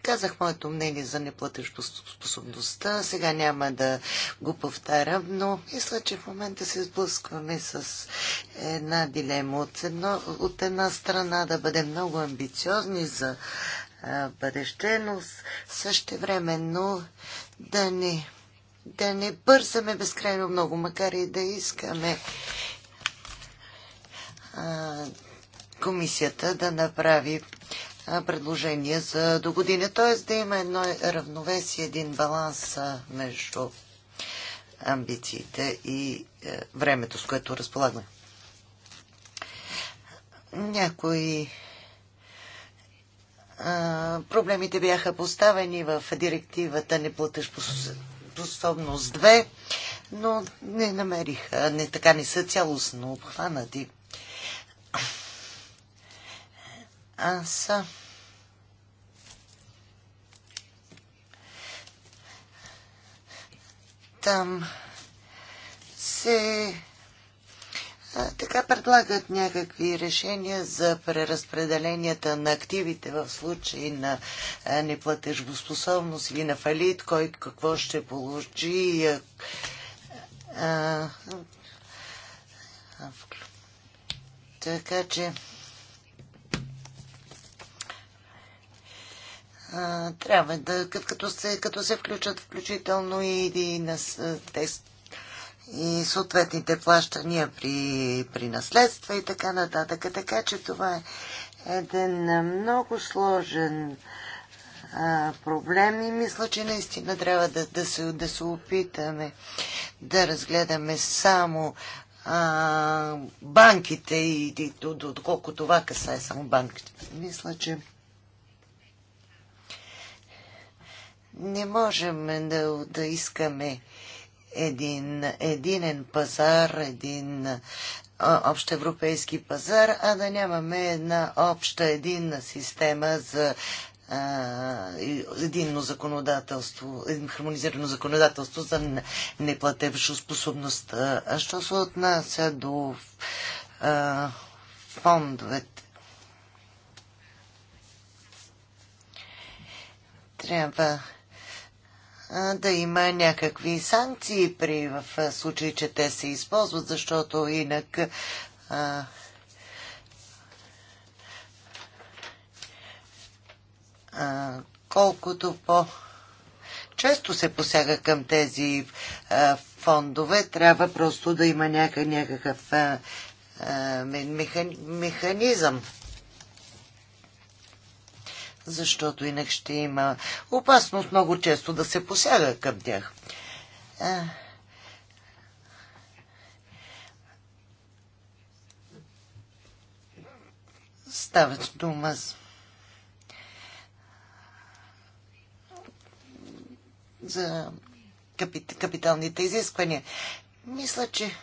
[SPEAKER 2] Казах моето мнение за неплатежоспособността, сега няма да го повтарям, но мисля, че в момента се сблъскваме с една дилема. От, едно, от една страна да бъдем много амбициозни за а, бъдеще, но същевременно да не, да не бързаме безкрайно много, макар и да искаме а, комисията да направи предложения за до година. Т.е. да има едно равновесие, един баланс между амбициите и е, времето, с което разполагаме. Някои проблемите бяха поставени в директивата не способност 2, но не намериха, не така не са цялостно обхванати. Аз там се а, така предлагат някакви решения за преразпределенията на активите в случай на неплатежбоспособност или на фалит, кой какво ще получи. А, а, а, така че трябва да, като се, като се включат включително и, и на тест и съответните плащания при, при наследства и така нататък. Така че това е един много сложен а, проблем и мисля, че наистина трябва да, да, се, да се опитаме да разгледаме само а, банките и, и, и доколко това касае само банките. Мисля, че Не можем да, да искаме един единен пазар, един общ европейски пазар, а да нямаме една обща единна система за единно законодателство, един хармонизирано законодателство за неплатеващо способност. А що се отнася до а, фондовете? Трябва да има някакви санкции при в случай, че те се използват, защото инак а, а, колкото по често се посяга към тези а, фондове, трябва просто да има някакъв, някакъв а, механизъм защото инак ще има опасност много често да се посяга към тях. А... Става дума за капиталните изисквания. Мисля, че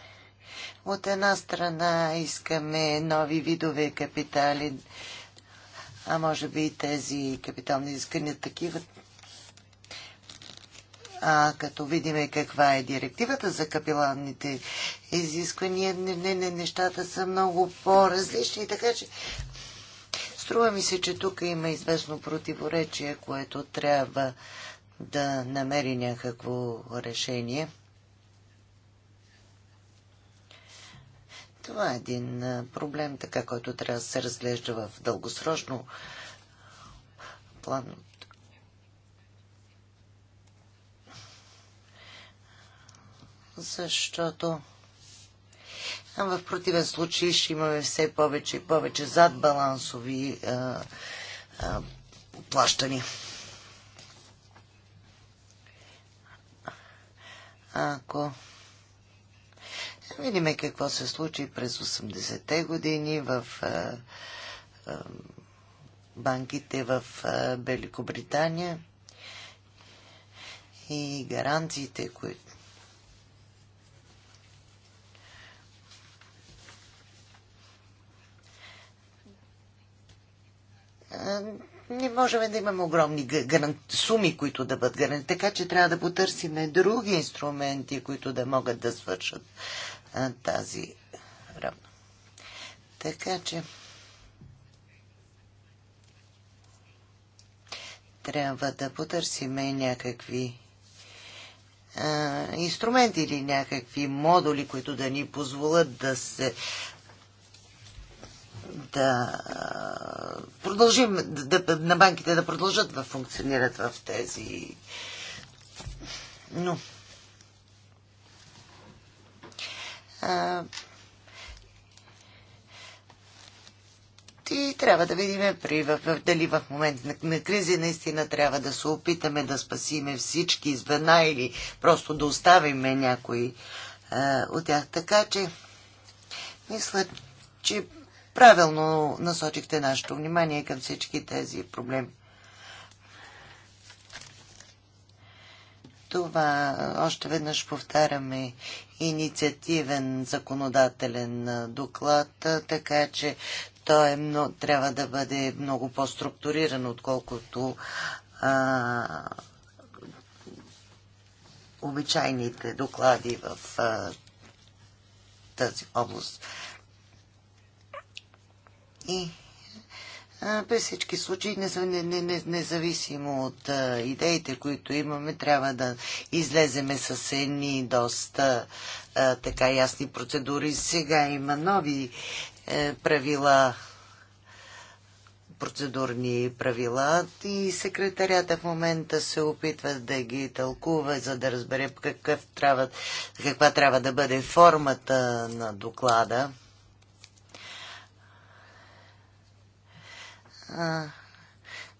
[SPEAKER 2] от една страна искаме нови видове капитали, а може би и тези капитални изискания такива. А като видиме каква е директивата за капиланните изисквания, не, не, не, нещата са много по-различни, така че струва ми се, че тук има известно противоречие, което трябва да намери някакво решение. Това е един проблем, така който трябва да се разглежда в дългосрочно план. Защото в противен случай ще имаме все повече и повече задбалансови а, а, плащания. Ако видим какво се случи през 80-те години в банките в Великобритания и гаранциите, които не можем да имаме огромни суми, които да бъдат гарантирани. Така че трябва да потърсим други инструменти, които да могат да свършат тази равна. Така че трябва да потърсиме някакви а, инструменти или някакви модули, които да ни позволят да се да продължим, да, да, на банките да продължат да функционират в тези. Но и трябва да видим при, в, в, дали в момент на, на кризи наистина трябва да се опитаме да спасиме всички звена или просто да оставиме някои а, от тях. Така че, мисля, че правилно насочихте нашето внимание към всички тези проблеми. Това още веднъж повтаряме инициативен законодателен доклад, така че той е много, трябва да бъде много по-структуриран, отколкото а, обичайните доклади в а, тази област. И при всички случаи, независимо от идеите, които имаме, трябва да излеземе с едни доста така ясни процедури. Сега има нови е, правила процедурни правила и секретарята в момента се опитва да ги тълкува, за да разбере какъв трябва, каква трябва да бъде формата на доклада.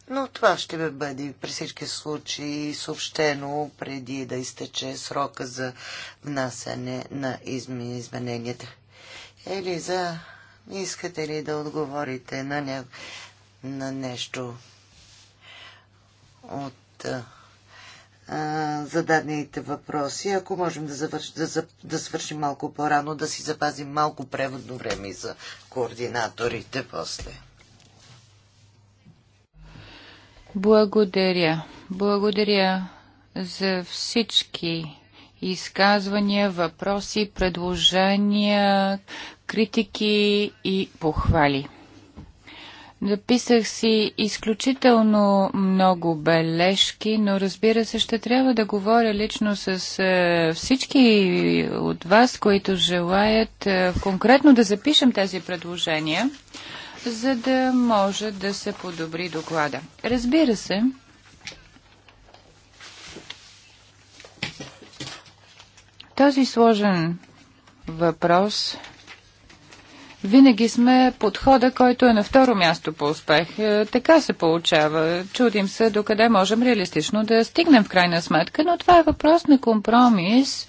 [SPEAKER 2] но това ще бъде при всички случаи съобщено преди да изтече срока за внасяне на измененията. Елиза, искате ли да отговорите на, не, на нещо от зададените въпроси? Ако можем да, завърш, да, да свършим малко по-рано, да си запазим малко преводно време за координаторите после.
[SPEAKER 3] Благодаря. Благодаря за всички изказвания, въпроси, предложения, критики и похвали. Написах си изключително много бележки, но разбира се, ще трябва да говоря лично с е, всички от вас, които желаят е, конкретно да запишем тези предложения за да може да се подобри доклада. Разбира се, този сложен въпрос винаги сме подхода, който е на второ място по успех. Е, така се получава. Чудим се докъде можем реалистично да стигнем в крайна сметка, но това е въпрос на компромис.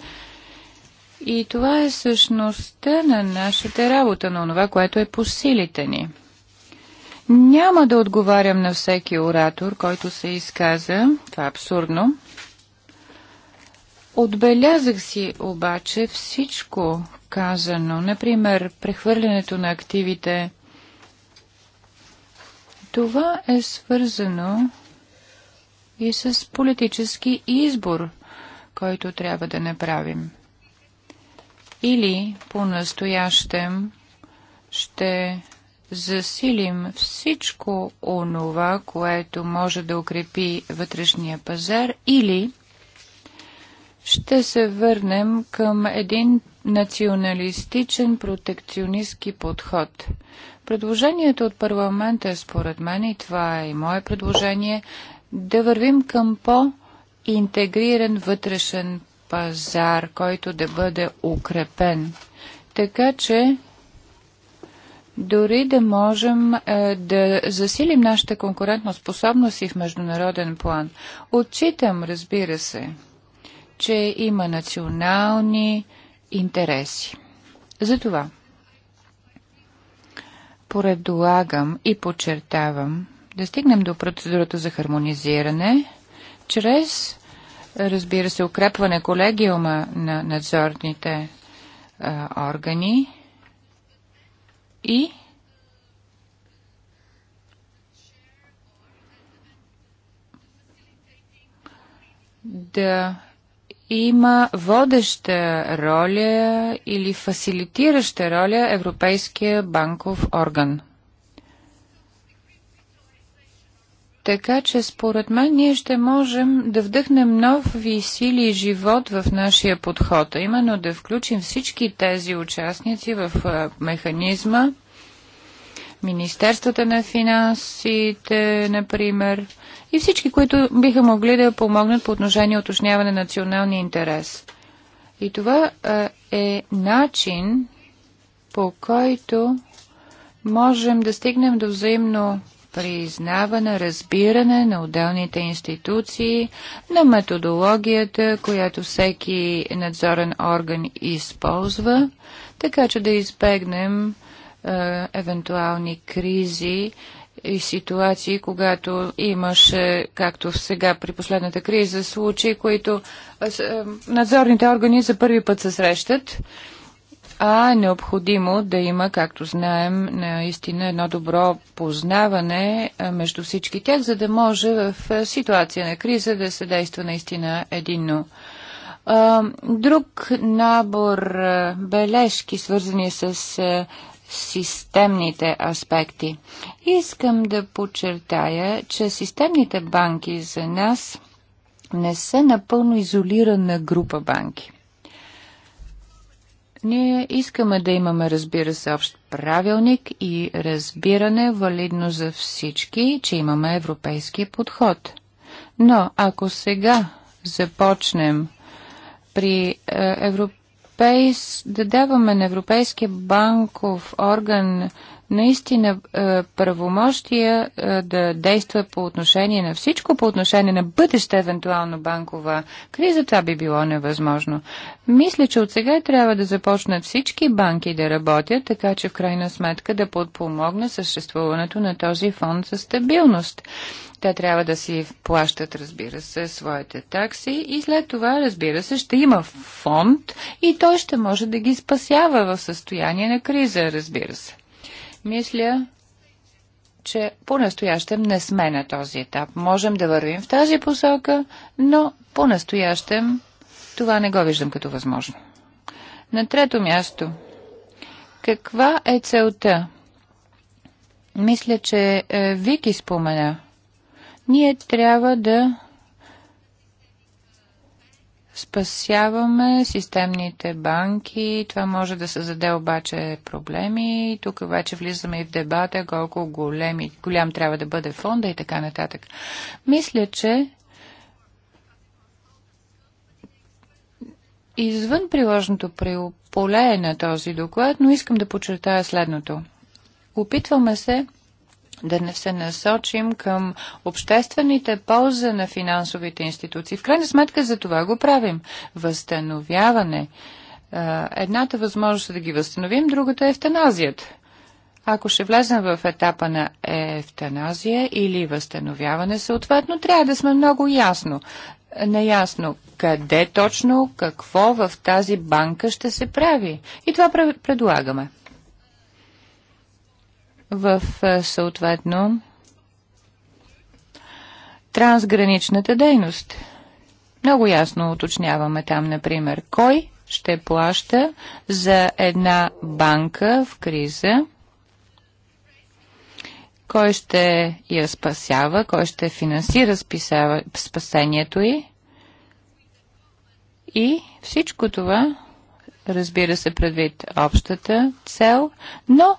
[SPEAKER 3] И това е същността на нашата работа, на това, което е по силите ни. Няма да отговарям на всеки оратор, който се изказа. Това е абсурдно. Отбелязах си обаче всичко казано. Например, прехвърлянето на активите. Това е свързано и с политически избор, който трябва да направим. Или по-настоящем ще засилим всичко онова, което може да укрепи вътрешния пазар или ще се върнем към един националистичен протекционистски подход. Предложението от парламента е според мен, и това е и мое предложение, да вървим към по-интегриран вътрешен пазар, който да бъде укрепен. Така че дори да можем е, да засилим нашата способност и в международен план. Отчитам, разбира се, че има национални интереси. Затова предлагам и подчертавам да стигнем до процедурата за хармонизиране чрез, разбира се, укрепване колегиума на надзорните е, органи и да има водеща роля или фасилитираща роля Европейския банков орган. Така че според мен ние ще можем да вдъхнем нови сили и живот в нашия подход, а именно да включим всички тези участници в механизма, Министерствата на финансите, например, и всички, които биха могли да помогнат по отношение уточняване на националния интерес. И това е начин, по който можем да стигнем до взаимно признаване, разбиране на отделните институции, на методологията, която всеки надзорен орган използва, така че да избегнем е, евентуални кризи и ситуации, когато имаше, както сега при последната криза, случаи, които е, е надзорните органи за първи път се срещат а е необходимо да има, както знаем, наистина едно добро познаване между всички тях, за да може в ситуация на криза да се действа наистина единно. Друг набор бележки, свързани с системните аспекти. Искам да подчертая, че системните банки за нас не са напълно изолирана група банки – ние искаме да имаме, разбира се, общ правилник и разбиране, валидно за всички, че имаме европейски подход. Но ако сега започнем при е, европейски да даваме на Европейския банков орган наистина е, правомощия е, да действа по отношение на всичко, по отношение на бъдеща евентуално банкова криза, това би било невъзможно. Мисля, че от сега трябва да започнат всички банки да работят, така че в крайна сметка да подпомогне съществуването на този фонд за стабилност. Те трябва да си плащат, разбира се, своите такси и след това, разбира се, ще има фонд и той ще може да ги спасява в състояние на криза, разбира се. Мисля, че по-настоящем не сме на този етап. Можем да вървим в тази посока, но по-настоящем това не го виждам като възможно. На трето място. Каква е целта? Мисля, че е, Вики спомена. Ние трябва да спасяваме системните банки. Това може да създаде обаче проблеми. Тук вече влизаме и в дебата колко и голям трябва да бъде фонда и така нататък. Мисля, че извън приложното поле на този доклад, но искам да подчертая следното. Опитваме се да не се насочим към обществените полза на финансовите институции. В крайна сметка за това го правим. Възстановяване. Едната възможност е да ги възстановим, другата е ефтаназията. Ако ще влезем в етапа на ефтаназия или възстановяване, съответно, трябва да сме много ясно. Неясно къде точно, какво в тази банка ще се прави. И това предлагаме в е, съответно трансграничната дейност. Много ясно уточняваме там, например, кой ще плаща за една банка в криза, кой ще я спасява, кой ще финансира спасението й. И всичко това, разбира се, предвид общата цел, но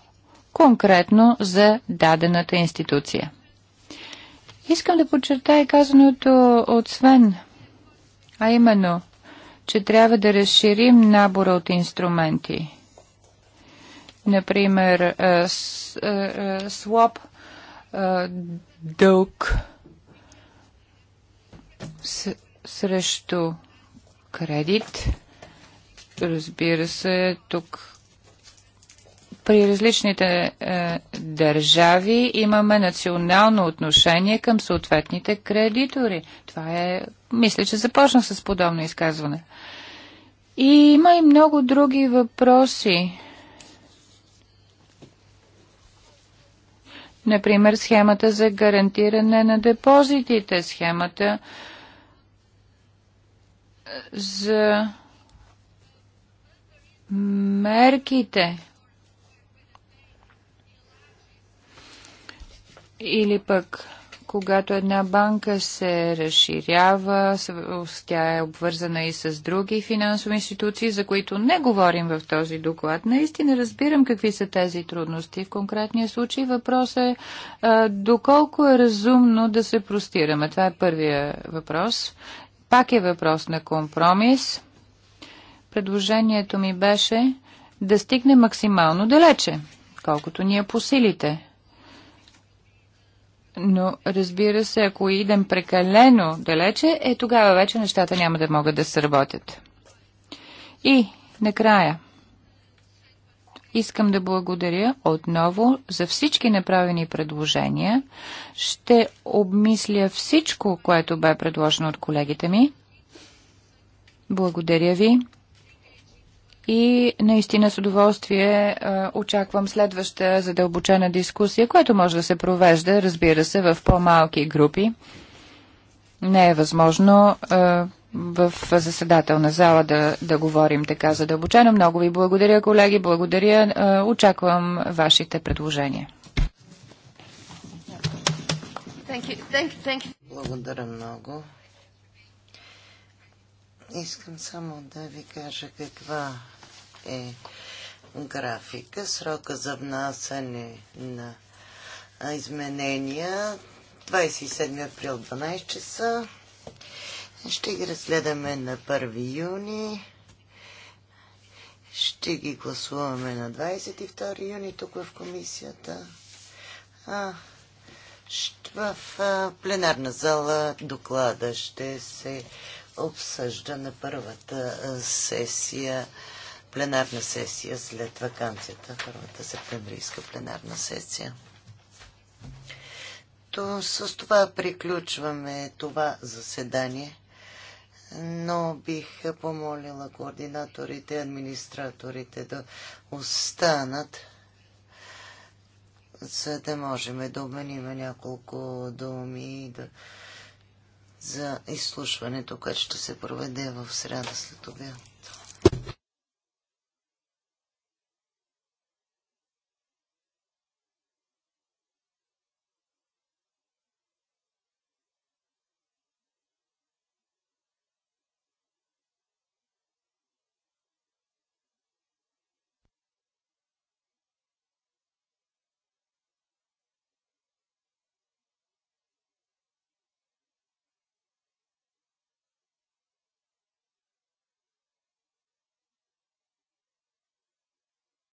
[SPEAKER 3] конкретно за дадената институция. Искам да подчертая казаното от Свен, а именно, че трябва да разширим набора от инструменти. Например, е, е, е, слаб дълг срещу кредит. Разбира се, тук при различните е, държави имаме национално отношение към съответните кредитори. Това е, мисля, че започнах с подобно изказване. И има и много други въпроси. Например, схемата за гарантиране на депозитите, схемата е, за мерките. Или пък, когато една банка се разширява, тя е обвързана и с други финансови институции, за които не говорим в този доклад. Наистина разбирам какви са тези трудности. В конкретния случай въпрос е а, доколко е разумно да се простираме. Това е първия въпрос. Пак е въпрос на компромис. Предложението ми беше да стигне максимално далече, колкото ни е по силите но разбира се, ако идем прекалено далече, е тогава вече нещата няма да могат да сработят. И накрая искам да благодаря отново за всички направени предложения. Ще обмисля всичко, което бе предложено от колегите ми. Благодаря ви и наистина с удоволствие а, очаквам следваща задълбочена дискусия, която може да се провежда, разбира се, в по-малки групи. Не е възможно а, в заседателна зала да, да говорим така задълбочено. Много ви благодаря, колеги, благодаря. А, очаквам вашите предложения.
[SPEAKER 1] Thank you. Thank you. Thank you.
[SPEAKER 2] Благодаря много. Искам само да ви кажа каква е графика. Срока за внасяне на изменения 27 април 12 часа. Ще ги разгледаме на 1 юни. Ще ги гласуваме на 22 юни тук в комисията. А, в пленарна зала доклада ще се обсъжда на първата сесия пленарна сесия след вакансията, първата септемврийска пленарна сесия. То с това приключваме това заседание, но бих помолила координаторите и администраторите да останат, за да можем да обменим няколко думи и да за изслушването, което ще се проведе в среда след обяд.